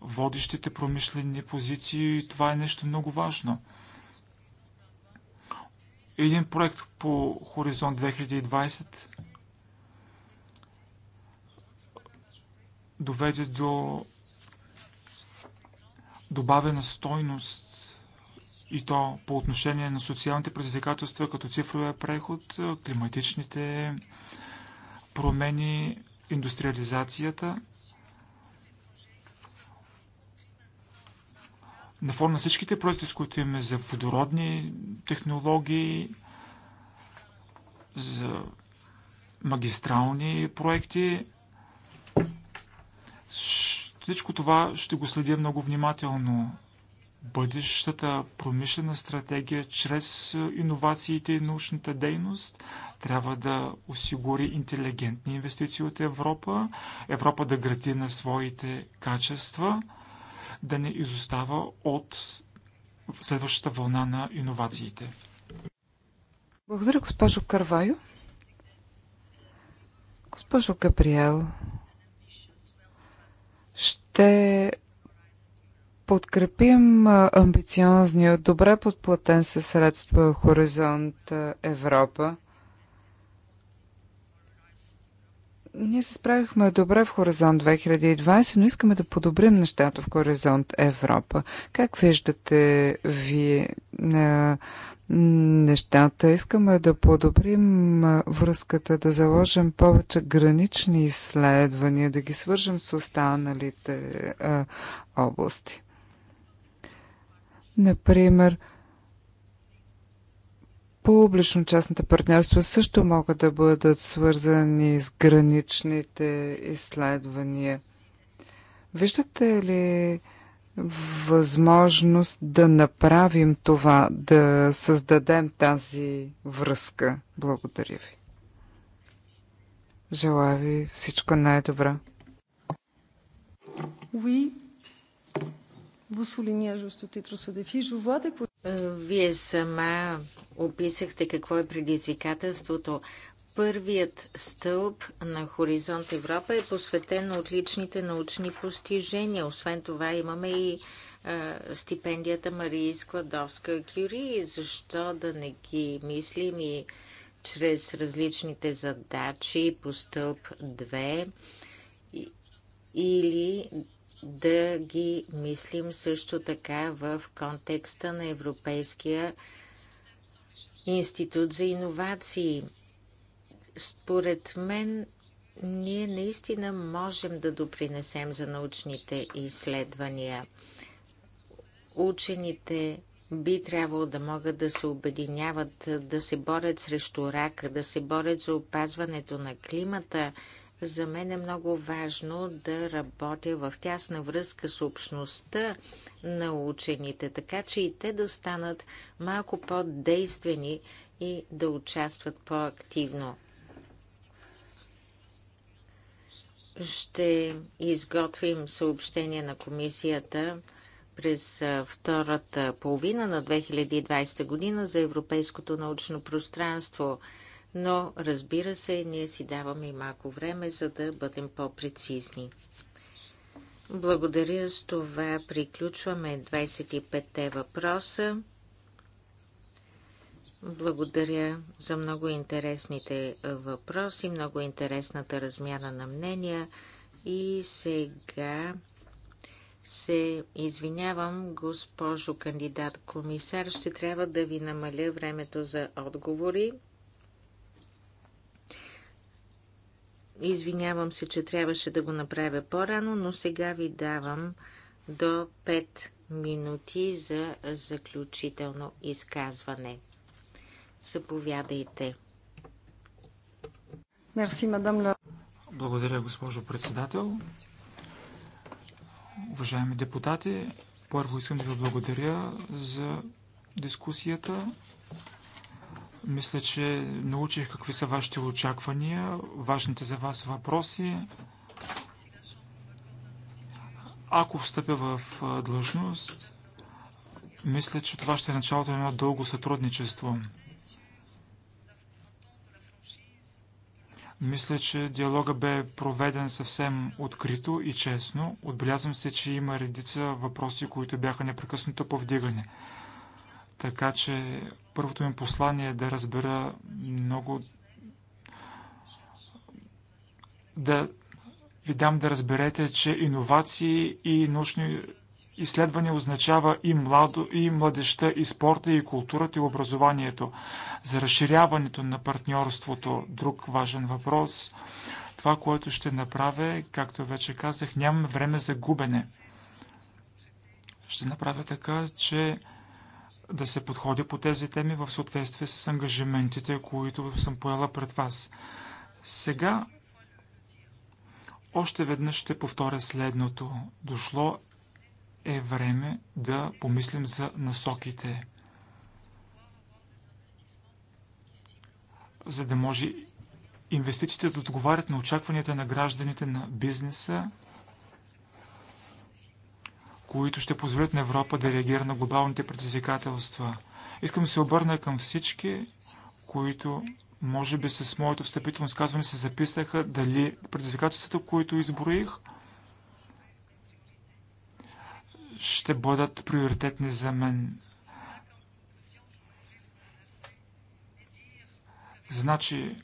водещите промишлени позиции. Това е нещо много важно. Един проект по Хоризонт 2020 доведе до добавена стойност и то по отношение на социалните предизвикателства като цифровия преход, климатичните промени, индустриализацията, на фона на всичките проекти, с които имаме за водородни технологии, за магистрални проекти, всичко това ще го следя много внимателно бъдещата промишлена стратегия чрез е, иновациите и научната дейност трябва да осигури интелигентни инвестиции от Европа, Европа да гради на своите качества, да не изостава от следващата вълна на иновациите. Благодаря, госпожо Карвайо. Госпожо Габриел, ще подкрепим амбициозния, добре подплатен със средства Хоризонт Европа. Ние се справихме добре в Хоризонт 2020, но искаме да подобрим нещата в Хоризонт Европа. Как виждате вие нещата? Искаме да подобрим връзката, да заложим повече гранични изследвания, да ги свържем с останалите области. Например, публично-частните партньорства също могат да бъдат свързани с граничните изследвания. Виждате ли възможност да направим това, да създадем тази връзка? Благодаря ви. Желая ви всичко най-добро. Oui, е е, вие сама описахте какво е предизвикателството. Първият стълб на Хоризонт Европа е посветен на отличните научни постижения. Освен това имаме и а, е, стипендията Мария Складовска Кюри. Защо да не ги мислим и чрез различните задачи по стълб 2 или да ги мислим също така в контекста на Европейския институт за иновации. Според мен, ние наистина можем да допринесем за научните изследвания. Учените би трябвало да могат да се обединяват, да се борят срещу рака, да се борят за опазването на климата – за мен е много важно да работя в тясна връзка с общността на учените, така че и те да станат малко по-действени и да участват по-активно. Ще изготвим съобщение на комисията през втората половина на 2020 година за европейското научно пространство – но разбира се, ние си даваме и малко време, за да бъдем по-прецизни. Благодаря с това. Приключваме 25-те въпроса. Благодаря за много интересните въпроси, много интересната размяна на мнения. И сега се извинявам, госпожо кандидат комисар, ще трябва да ви намаля времето за отговори. Извинявам се, че трябваше да го направя по-рано, но сега ви давам до 5 минути за заключително изказване. Заповядайте. Мерси, мадам Благодаря, госпожо председател. Уважаеми депутати, първо искам да ви благодаря за дискусията мисля, че научих какви са вашите очаквания, важните за вас въпроси. Ако встъпя в длъжност, мисля, че това ще е началото на едно дълго сътрудничество. Мисля, че диалога бе проведен съвсем открито и честно. Отбелязвам се, че има редица въпроси, които бяха непрекъснато повдигани. Така че Първото ми послание е да разбера много... Да ви дам да разберете, че иновации и научни изследвания означава и, младо, и младеща, и спорта, и културата, и образованието. За разширяването на партньорството, друг важен въпрос. Това, което ще направя, както вече казах, нямам време за губене. Ще направя така, че да се подходи по тези теми в съответствие с ангажиментите, които съм поела пред вас. Сега още веднъж ще повторя следното. Дошло е време да помислим за насоките, за да може инвестициите да отговарят на очакванията на гражданите, на бизнеса които ще позволят на Европа да реагира на глобалните предизвикателства. Искам да се обърна към всички, които може би с моето встъпително изказване се записаха дали предизвикателствата, които изброих, ще бъдат приоритетни за мен. Значи,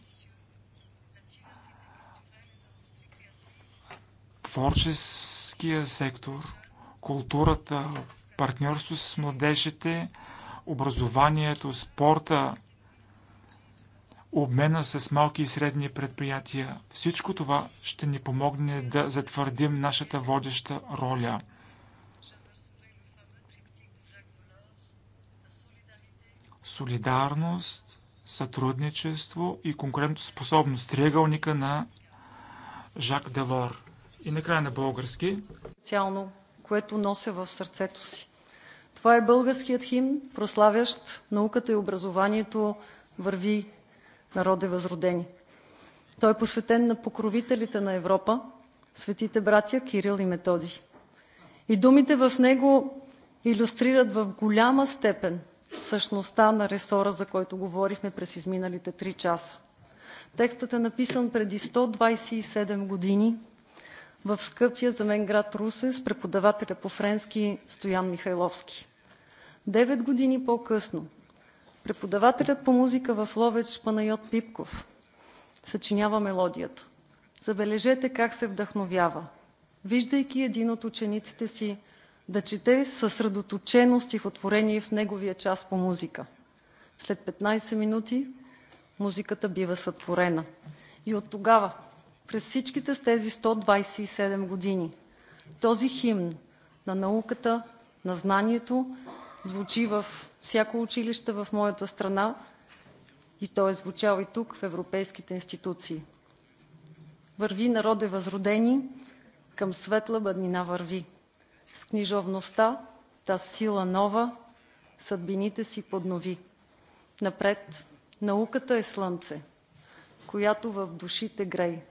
творческия сектор културата, партньорство с младежите, образованието, спорта, обмена с малки и средни предприятия. Всичко това ще ни помогне да затвърдим нашата водеща роля. Солидарност, сътрудничество и конкурентоспособност. Триъгълника на Жак Делор. И накрая на български. Социално което нося в сърцето си. Това е българският химн, прославящ науката и образованието върви народе възродени. Той е посветен на покровителите на Европа, светите братя Кирил и Методий. И думите в него иллюстрират в голяма степен същността на ресора, за който говорихме през изминалите три часа. Текстът е написан преди 127 години в скъпия за мен град Русе с преподавателя по френски Стоян Михайловски. Девет години по-късно преподавателят по музика в Ловеч Панайот Пипков съчинява мелодията. Забележете как се вдъхновява, виждайки един от учениците си да чете съсредоточено стихотворение в неговия час по музика. След 15 минути музиката бива сътворена. И от тогава през всичките с тези 127 години този химн на науката, на знанието звучи в всяко училище в моята страна и той е звучал и тук, в европейските институции. Върви, народе възродени, към светла бъднина върви. С книжовността, та сила нова, съдбините си поднови. Напред, науката е слънце, която в душите грей.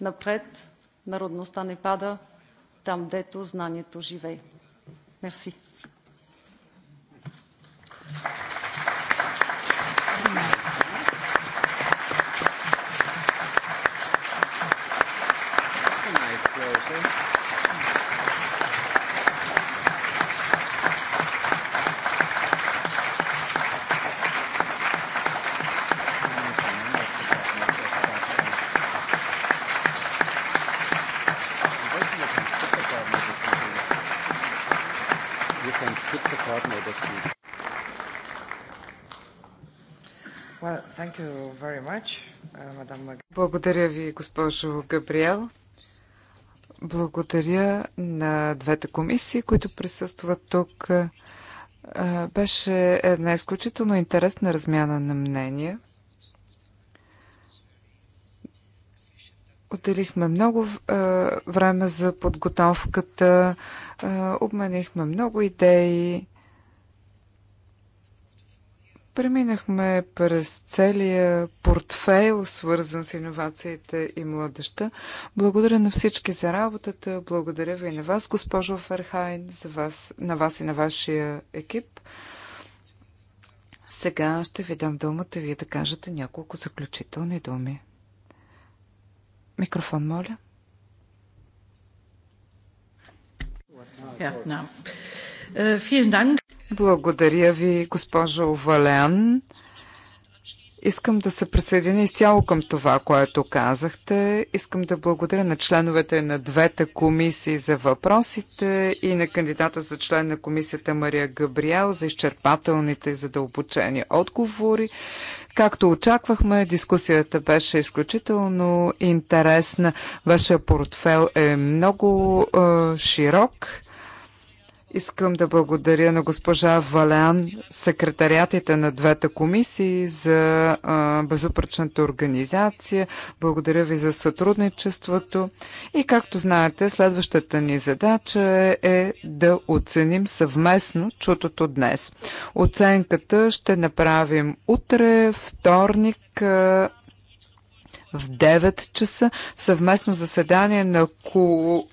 Напред народността не пада, там дето знанието живее. Мерси. Uh, Благодаря ви, госпожо Габриел. Благодаря на двете комисии, които присъстват тук. Беше една изключително интересна размяна на мнения. Отделихме много време за подготовката, обменихме много идеи. Преминахме през целия портфейл, свързан с иновациите и младеща. Благодаря на всички за работата. Благодаря ви и на вас, госпожо Ферхайн, за вас, на вас и на вашия екип. Сега ще ви дам думата вие да кажете няколко заключителни думи. Микрофон, моля. Yeah, no. Е, благодаря ви, госпожо Валян. Искам да се присъединя изцяло към това, което казахте. Искам да благодаря на членовете на двете комисии за въпросите и на кандидата за член на комисията Мария Габриел за изчерпателните и задълбочени отговори. Както очаквахме, дискусията беше изключително интересна. Вашия портфел е много е, широк Искам да благодаря на госпожа Валян, секретариатите на двете комисии за безупречната организация. Благодаря ви за сътрудничеството. И както знаете, следващата ни задача е да оценим съвместно чутото днес. Оценката ще направим утре, вторник, в 9 часа в съвместно заседание на ко...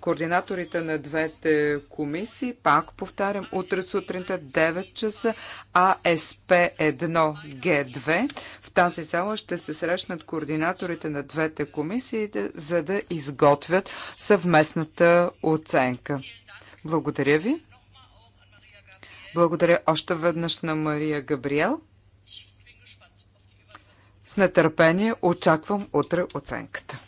координаторите на двете комисии. Пак повтарям, утре сутринта 9 часа АСП1Г2. В тази зала ще се срещнат координаторите на двете комисии, за да изготвят съвместната оценка. Благодаря ви. Благодаря още веднъж на Мария Габриел. С нетърпение очаквам утре оценката.